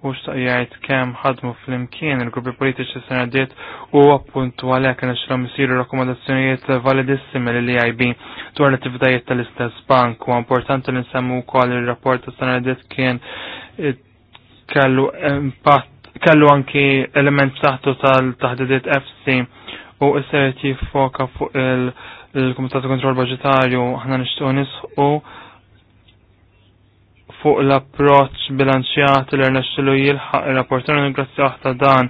u xtaqjajt kem ħadmu fl-imkien il-gruppi politiċi s-sena d-diet u appuntu għalek għan xilom misiru rakomandazzjonijiet validissimi li l-IB dwar l-attivitajiet tal-istess bank u importanti li nsemmu u kol il-rapport s-sena d-diet kien kellu impatt kellu anki element saħtu tal-taħdidiet FC u isser jiffoka fuq il-Komitat Kontrol Budgetarju ħna nishtu nisħu fuq l-approċ bilanċjat l rnexxilu jilħaq ir-rapporter ngrazzjah ta' dan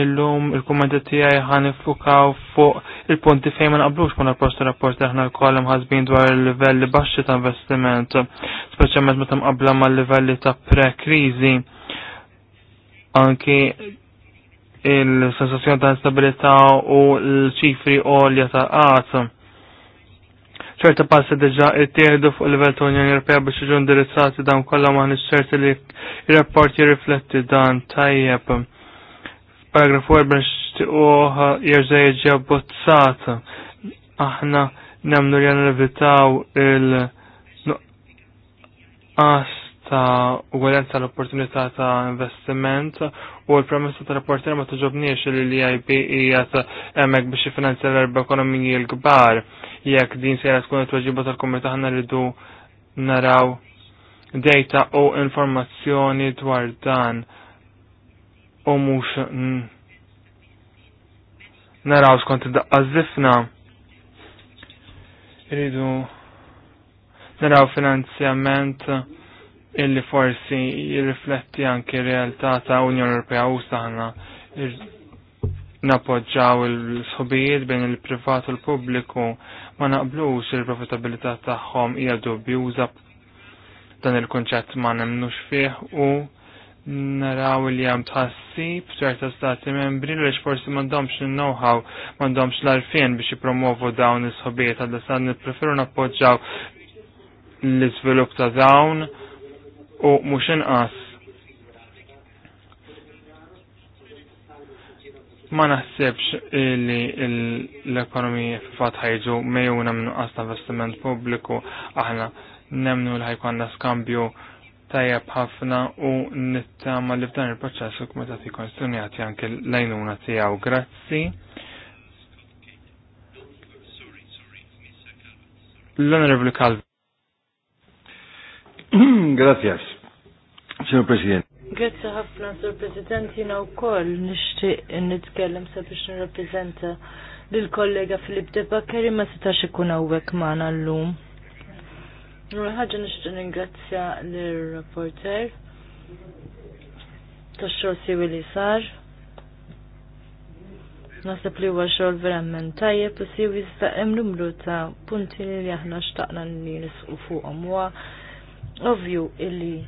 illum il-kummenti tiegħi ħan iffukaw fuq il-punti fejn ma naqblux kun approċ rapport aħna l kollem ħazbin dwar il-livelli baxxi ta' investiment, speċjalment meta mqabbla mal-livelli ta' pre-kriżi. Anki il-sensazzjoni ta' instabilità u l-ċifri għolja ta' qatt. ċerta passi il-tieħdu fuq il il-level ta' Unjoni Ewropea biex jiġu indirizzati dan kollha ma' ċerti li r-rapport jirrifletti dan tajjeb. Paragrafu 4 nixtiequh jerġa' jiġi abbozzat. Aħna nemnu li nevitaw il-nuqqas ta' uguaglianza l-opportunità ta' investiment u l-premessa ta' rapporti ma toġobniex li l-EIB jgħat emmek biex jifinanzja l-erba ekonomiji l-kbar jekk din sejra tkun it-tweġiba tal-komitat ħana rridu naraw data u informazzjoni dwar dan u mhux naraw skont id-daqqa zifna rridu naraw finanzjament illi forsi jirrifletti anke realtà ta' Unjoni Ewropea u saħna napoġġaw il sħubijiet bejn il-privat u l-pubbliku ma naqblux il-profitabilità tagħhom hija dubjuża dan il-konċett ma nemnux fih u naraw li hemm tħassib ċerta stati membri li forsi m'għandhomx il-know-how m'għandhomx l-arfien biex jippromovu dawn is-sħobijiet għal dan nippreferu nappoġġaw l-iżvilupp ta' dawn u mhux inqas. Ma naħsibx li l-ekonomija f'fatt ħajġu mejuna minn nuqqas ta' investiment pubbliku aħna nemnu li ħajkonna skambju tajjeb ħafna u nittama li f'dan il-proċess u kmetat ikun sunjati anke lajnuna tiegħu. Grazzi. L-Onorevoli Calvin. (clears throat) Grazie, signor Presidente. Grazie ħafna, Sur President, jina u koll nishtiq nitkellem sabiex nirrappreżenta lill-kollega Filip De Bakkeri ma setax ikun hawnhekk magħna llum. Ħaġa nixtieq ningrazzja lir-rapporter tax-xogħol siwi li sar. Nasab li huwa xogħol verament tajjeb u siwi sta' hemm numru ta' punti li aħna xtaqna li nisqu fuqhom huwa Ovvju illi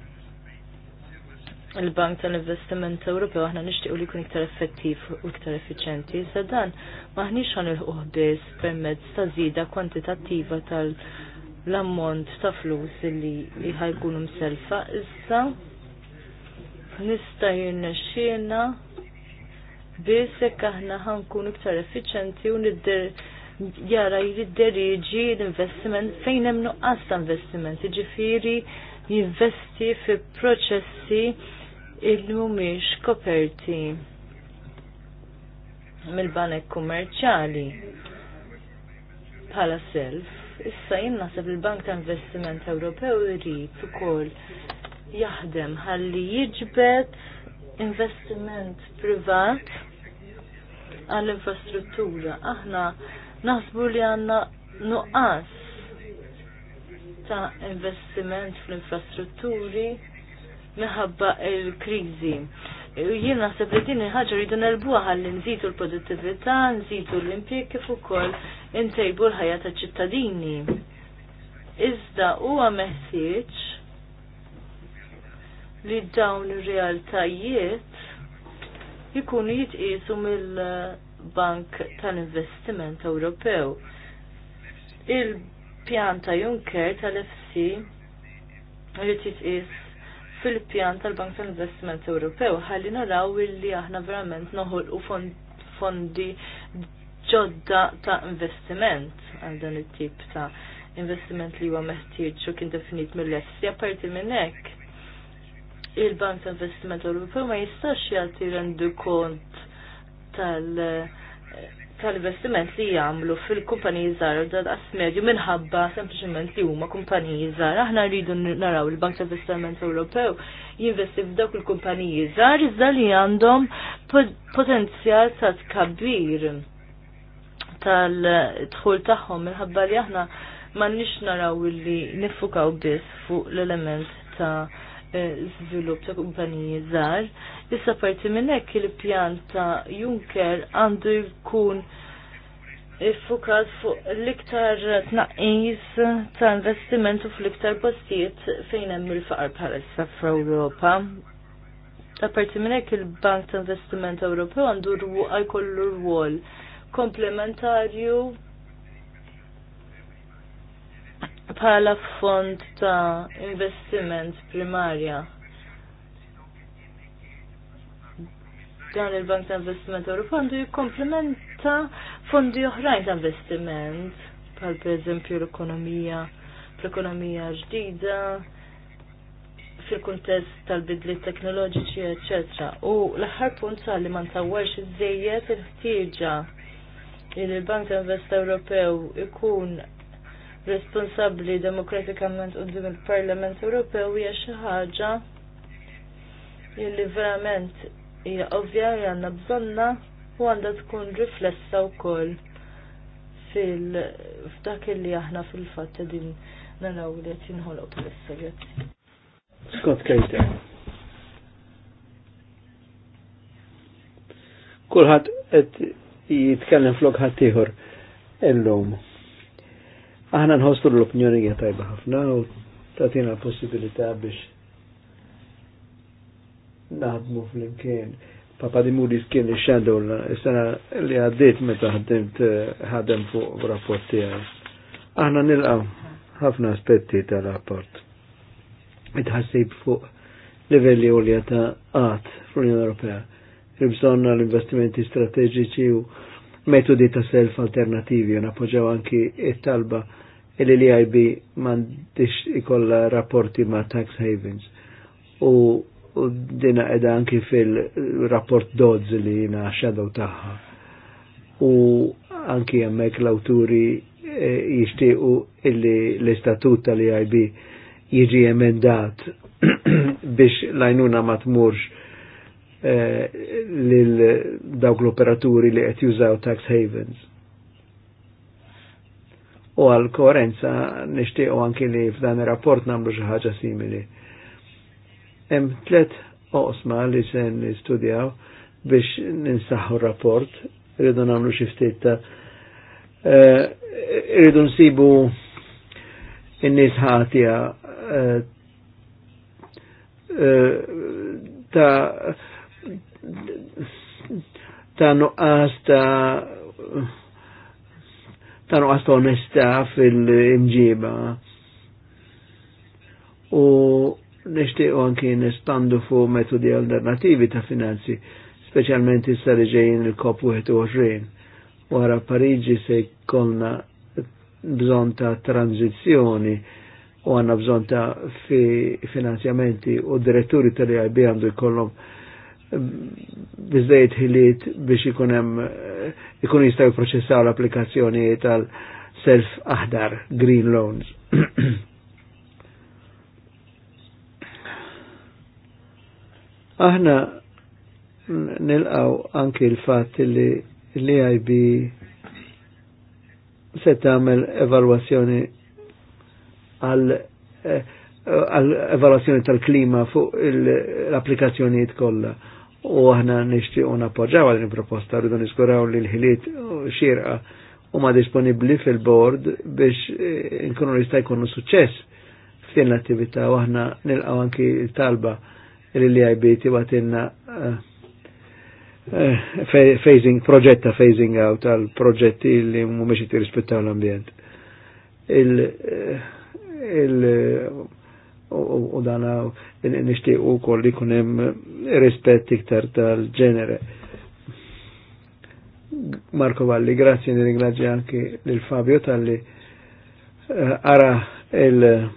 il-Bank tal-Investiment Ewropew aħna nixtiequ li jkun iktar effettiv u iktar effiċenti. Sa dan maħniex ħan il biss permezz ta' zida kwantitattiva tal-ammont ta' flus illi ħajkunu mselfa. Issa nista' jirnexxielna biss jekk aħna ħankun iktar effiċenti u nidder jara jrid deriġi l-investiment fejn hemm nuqqas ta' investiment, jiġifieri jinvesti fi proċessi il mhumiex koperti mill-banek kummerċali bħala self. Issa jien naħseb il-Bank ta' Investiment Ewropew irid ukoll jaħdem ħalli jiġbed investiment privat għall-infrastruttura. Aħna naħsbu li għanna nuqqas ta' investiment fl-infrastrutturi minħabba il-krizi. Jien naħseb li din il-ħagġa rridu nelbuha ħalli nżidu l-produttività, nżidu l-impjeg kif ukoll intejbu l-ħajja ta' ċittadini. Iżda huwa meħtieġ li dawn ir-realtajiet jikunu jitqisu mill- bank tal-Investiment Ewropew. Il-pjan ta' Juncker tal-FC li titqis fil-pjan tal-Bank tal-Investiment Ewropew ħalli naraw illi aħna verament noħolqu fondi ġodda ta' investiment għal dan it-tip ta' investiment li huwa meħtieġ u kien definit mill-FC apparti minn hekk il-Bank tal Investiment Ewropew ma jistax jagħti rendu kont tal- tal-investiment li jagħmlu fil-kumpaniji żgħar u daqs medju minħabba sempliċement li huma kumpaniji żgħar. Aħna rridu naraw il-Bank ta' Investiment Ewropew jinvesti f'dawk il-kumpaniji żgħar iżda li għandhom potenzjal ta' tkabbir tal-dħul tagħhom minħabba li aħna m'għandniex naraw li niffukaw biss fuq l-element ta' żvilupp eh, ta' kumpaniji żgħar. Issa parti minn hekk il-pjan ta' Juncker għandu jkun iffukat fuq l-iktar tnaqqis ta' investiment u fl-iktar postijiet fejn hemm il-faqar bħalissa fl-Ewropa. Ta' parti minn hekk il-Bank ta' Investiment Ewropew għandu jkollu rwol komplementarju bħala fond ta' investiment primarja. Dan il-Bank ta' Investiment Ewropew għandu jikkomplementa fondi oħrajn ta' investiment, bħal pereżempju l-ekonomija, l-ekonomija ġdida, fil-kuntest tal bidli teknoloġiċi, ecc. U l-aħħar punt li ma ntawwarx iż-żejjed il-ħtieġa li l-Bank ta' Invest Ewropew ikun responsabbli demokratikament qudiem il-Parlament Ewropew hija xi ħaġa li verament hija ovvja li għandna bżonna u għandha tkun riflessa wkoll fil-fdak li aħna fil-fatt din naraw li qed jinħoloq bħalissa. Scott Cater. Kulħadd qed jitkellem flok ħaddieħor illum. Aħna nħossu l-opinjoni hija tajba ħafna u tagħtina l-possibilità biex naħdmu fl-imkien. Papa di Mudis kien ix-xandu l-sena li għaddit meta ħaddimt eh, ħadem fuq rapporti għaj. Aħna nilqgħu ħafna aspetti tal-rapport. Itħassib fuq livelli u li għata għat fl-Unjoni Ewropea. Ribżonna l-investimenti strategiċi u metodi ta' self alternativi u napoġaw anki it-talba il li IB mandiċ ikolla rapporti ma' tax havens u, u dina edha anki fil-rapport dodz li jina xadow taħħa u anki jemmek l-awturi e, eh, jishtiqu illi l-istatut tal-IB jiġi emendat (clears throat) biex lajnuna ma tmurx Eh, lil dawk l-operaturi li qed jużaw tax havens. U għal koerenza nixtiequ anki li f'dan ir-rapport nagħmlu xi ħaġa simili. Hemm tliet oqsma li se nistudjaw biex ninsaħħu r rapport, rridu nagħmlu xi ftit ta' eh, rridu nsibu n nies eh, ta' ta' nuqqas ta' ta' onesta fil-imġiba. U nishtiqo anki nespandu fu metodi alternativi ta' finanzi, specialment issa li ġejjin il-COP 21. Wara Parigi se jkollna bżon ta' tranzizjoni u għanna bżon ta' fi finanzjamenti u diretturi tal-IB għandu jkollhom bizzejt ħiliet biex ikunem ikun eh, jistaw proċessaw l-applikazzjoni tal-self aħdar green loans. (clears throat) Aħna nilqaw anki l-fat li l-IB se tagħmel evalwazzjoni għal eh, għal evalwazzjoni tal-klima fuq l-applikazzjonijiet kollha u aħna u napoġġaw għal proposta rridu niskuraw li l-ħiliet xirqa u ma disponibli fil-bord biex eh, nkunu jista' kunu suċċess f'din l attivita u aħna nilqgħu anki talba li li IB tibatilna eh, eh, phasing, proġetta ta' phasing out tal proġetti li mhumiex rispettaw l-ambjent. Il, il u dana uh, nishtiq u koll li kunem uh, rispetti ktar tal-ġenere. Marko Valli, grazie ringrazio anche del fabio Talli Uh, ara il uh,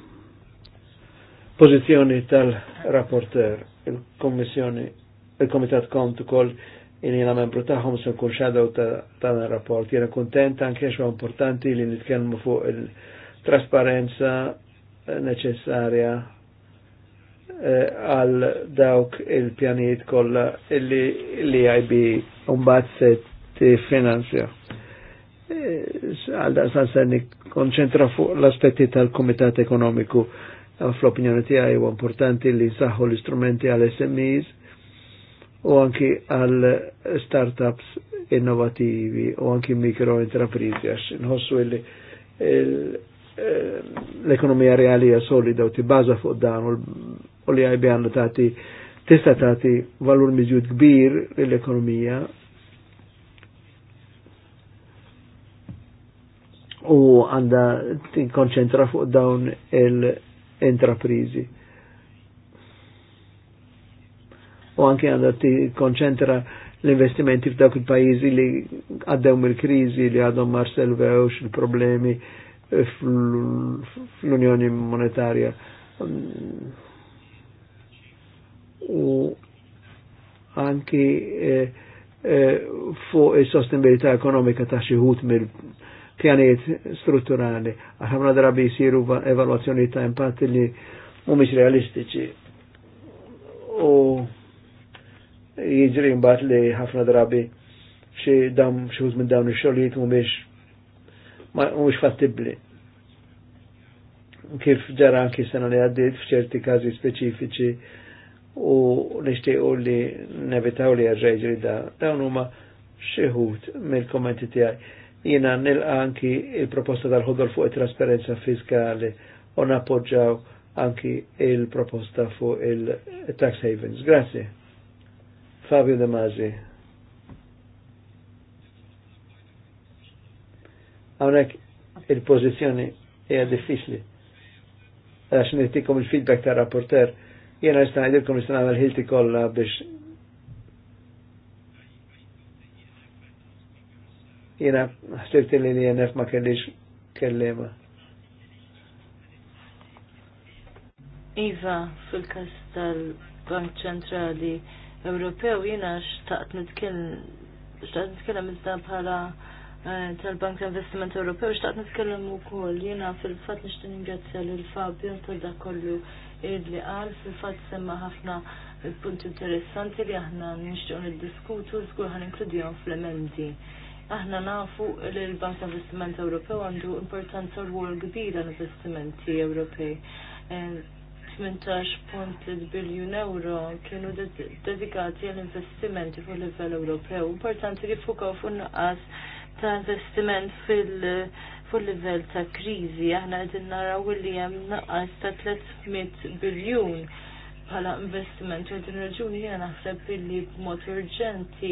posizione tal rapporteur il commissione, il-Komitat cont col in la membru taħħom se nkun xadow tal-rapport. Era contenta anche xo importanti li nitkellmu fuq il-trasparenza neċessarja eh, għal dawk il pjaniet kolla illi l-IB mbagħad se t-finanzja. Eh, għal daqsan se konċentra fuq l-aspetti tal komitat Ekonomiku eh, fl-opinjoni ti għaj u importanti li saħu l-istrumenti għal SMEs u anki għal startups innovativi u anki mikro intraprizi għax nħossu illi Eh, l-ekonomija reali hija solida u tibbaża fuq dan u li għajbi għandu tati tista' tati valur miżjud kbir l-ekonomija u għanda tinkonċentra fuq dawn il-intraprizi. U anke għanda tinkonċentra l-investimenti f'dawk il-pajizi li għaddew mill-krizi li għadhom mar selvewx il-problemi fl-Unjoni Monetarja. U anki eh, eh, fuq il-sostenibilità ekonomika ta' xiħut mill pjaniet strutturali, għaxamna drabi jisiru evaluazzjoni ta' impatt li mumiċ realistiċi. U jiġri mbagħad li ħafna drabi xi dam xi minn dawn ix-xogħlijiet mhumiex ma mhux fattibbli. Kif ġara anki sena li għaddiet f'ċerti każi speċifiċi u nixtiequ li nevitaw li jarġejġri da. Dawn huma xieħut mill-kommenti tiegħi. Jiena nilqa anki il-proposta tal-ħodol fuq it-trasparenza fiskali u nappoġġaw anki il-proposta fuq il-tax havens. Grazie. Fabio De Masi. Għonek il-pozizjoni hija diffiċli. Għax nirtikom il-feedback ta' rapporter, jena jistan għidilkom jistan għamil ħilti kolla biex jena ħsibti li l-INF ma kellix kellema. Iva, fil-kas tal-Bank Ċentrali Ewropew jena xtaqt nitkellem iżda bħala Eh, tal-Bank ta' Investiment u xtaqt nitkellem ukoll jiena fil-fatt nishtu ningrazzja lil Fabio ta' da kollu li qal fil-fatt semma ħafna punti interessanti li aħna nil-diskutu, niddiskutu għan inkludi għan fl-emendi. Aħna nafu li l-Bank ta' Investiment Ewropew għandu importanza l rwol kbir għall-investimenti Ewropej. 18.3 eh, biljun euro kienu dedikati għall-investimenti fuq livell Ewropew. Importanti li fukaw fuq nuqqas ta' investiment fil- fuq livell ta' kriżi aħna qegħdin naraw li hemm naqas ta' 300 biljun bħala investiment u din raġuni jena naħseb billi b'mod urġenti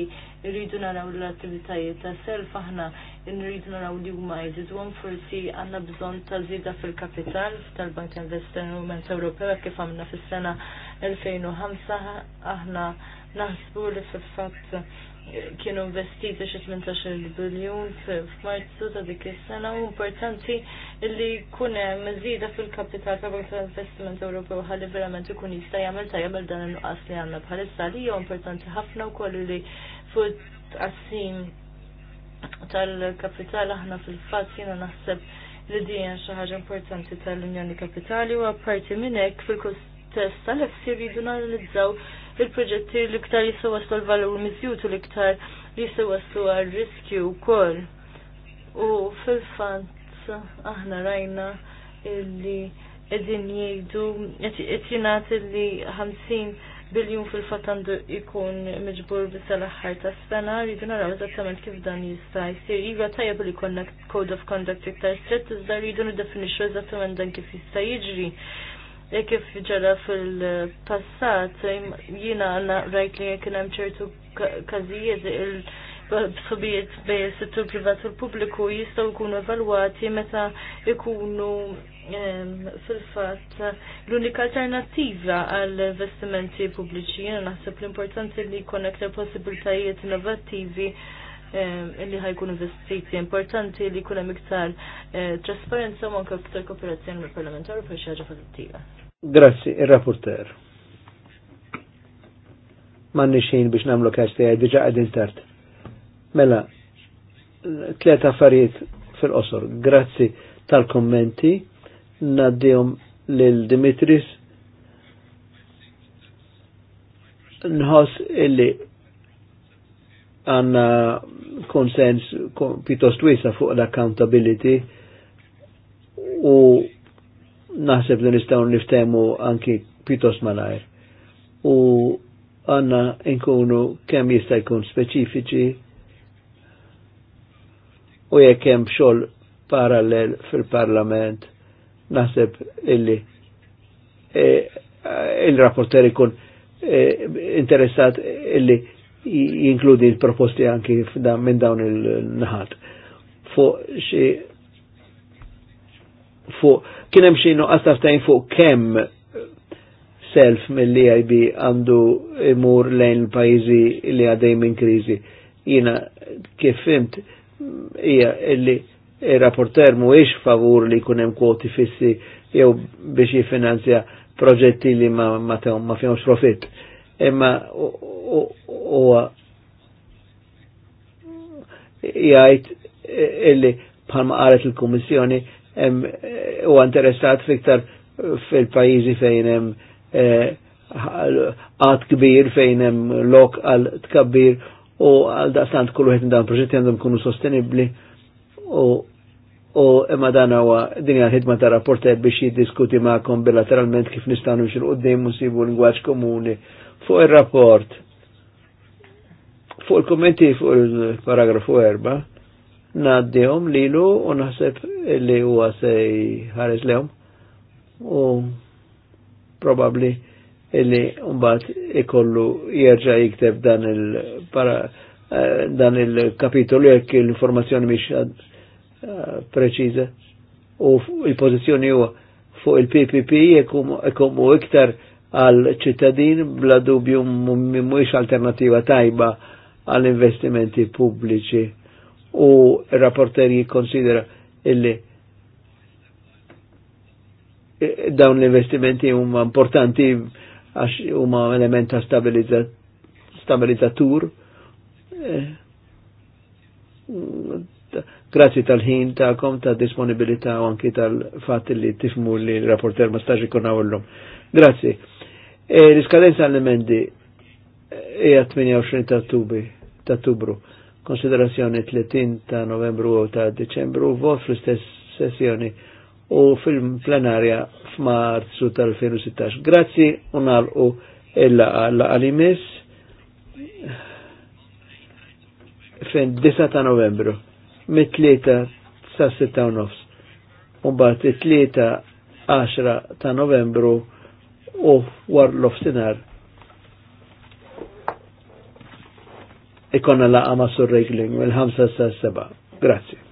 rridu naraw l-attivitajiet ta' self aħna rridu naraw li huma jżidu forsi għandna bżonn ta' żieda fil-kapital tal-Bank ta' Investiment Ewropew kif għamna fis-sena 2005 aħna naħsbu li fil-fatt kienu investiti xi 18 biljun f'Marzu ta' dik is-sena u importanti li jkun hemm fil-kapital ta' Bank tal-Investiment Ewropew ħalli verament ikun jista' jagħmel tajjeb għal dan il-nuqqas li għandna bħalissa li hija importanti ħafna wkoll li fuq tqassim tal-kapital aħna fil-fatt jiena naħseb li din xi ħaġa importanti tal-Unjoni Kapitali u apparti minn hekk fil-kustess tal-FC rridu analizzaw il-proġetti l-iktar jisaw waslu l-valur mizjutu l-iktar jistaw waslu għal-riskju u U fil fant aħna rajna illi edin jgħidu, jtinat illi 50 biljon fil-fat għandu ikun miġbur bisa l-axħar ta' sena, rridu naraw eżattament kif dan jista' jsir. Iva tajjeb li konna code of conduct iktar strett, iżda rridu nidefinixxu eżattament dan kif jista' jiġri. E kif ġara fil-passat, jina rajt li jek hemm ċertu każijiet il- sobiet bej settur privat u l-pubbliku jistaw jkunu evalwati meta jkunu fil-fat l-unika alternativa għal investimenti pubbliċi jena naħseb l-importanti li jkun aktar possibiltajiet innovattivi illi eh, ħajkun investiti importanti li kuna miktar eh, trasparenza u anke iktar kooperazzjoni mill parlament Ewropew xi ħaġa pozittiva. Grazzi, ir-rapporter. Manni xejn biex nagħmlu kaċ tiegħi diġà qegħdin tard. Mela, tliet affarijiet fil-qosor. Grazzi tal-kommenti, naddihom lil Dimitris nħoss illi għanna konsens pjuttost wisa fuq l-accountability u naħseb li nistaw niftemu anki pjuttost malajr. U għanna inkunu kemm jista' jkun speċifiċi u jekk hemm xogħol parallel fil-Parlament naħseb illi eh, il-rapporter ikun eh, interessat illi jinkludi l-proposti anki minn dawn il-naħat. Fuq xie fuq kienem xie xi nuqqas taftajn fuq kem self mill-EIB għandu imur lejn l-pajzi li għadej minn krizi. Jina, kif fimt hija illi il rapporter mu ix favur li kunem hemm kwoti fissi jew biex jifinanzja proġetti li ma ma, ma fihomx profitt. Imma u jgħid illi bħalma qalet il-Kummissjoni u interessat fiktar fil-pajjiżi fejn hemm eh, għad kbir fejn hemm lok għal tkabbir u għal daqstant kullu ħed dan proġetti għandhom kunu sostenibbli u imma dan huwa din hija ħidma ta' rapporter biex jiddiskuti magħkom bilateralment kif nistgħu nimxu l-qudiem u nsibu lingwaġġ komuni fuq ir-rapport Fuq il-kommenti fuq il-paragrafu 4, naddihom lilu u naħseb li huwa se ħares lehom u probabli illi mbagħad ikollu jerġa' jikteb dan il eh, dan il-kapitolu jekk l-informazzjoni mhix eh, preċiża u il-pożizzjoni huwa fuq il-PPP jekk iktar għal ċittadin bla dubju mhuwiex alternativa tajba għall-investimenti pubbliċi u rapporter jikkonsidera illi dawn l-investimenti huma importanti għax huma element ta' stabilizzatur. Eh, grazzi tal-ħin ta'kom ta' disponibilità u anki tal-fat li tifmu li l-rapporter ma staġi kun għawellum. Grazzi. E, L-iskadenza għall emendi e eh, 28 ta' tubi ta' tubru. Konsiderazzjoni 30 ta' novembru u ta' deċembru, vot fl-istess sessjoni u fil-plenarja f'Marzu tal-2016. Grazzi u nalqu il-għalimis fin 9 ta' novembru mit-tlieta sa' 6 u nofs. bat it-tlieta 10 ta' novembru u war l-ofsinar ikonna laqa ma' surrejkling mill ħamsa s-seba. Grazie.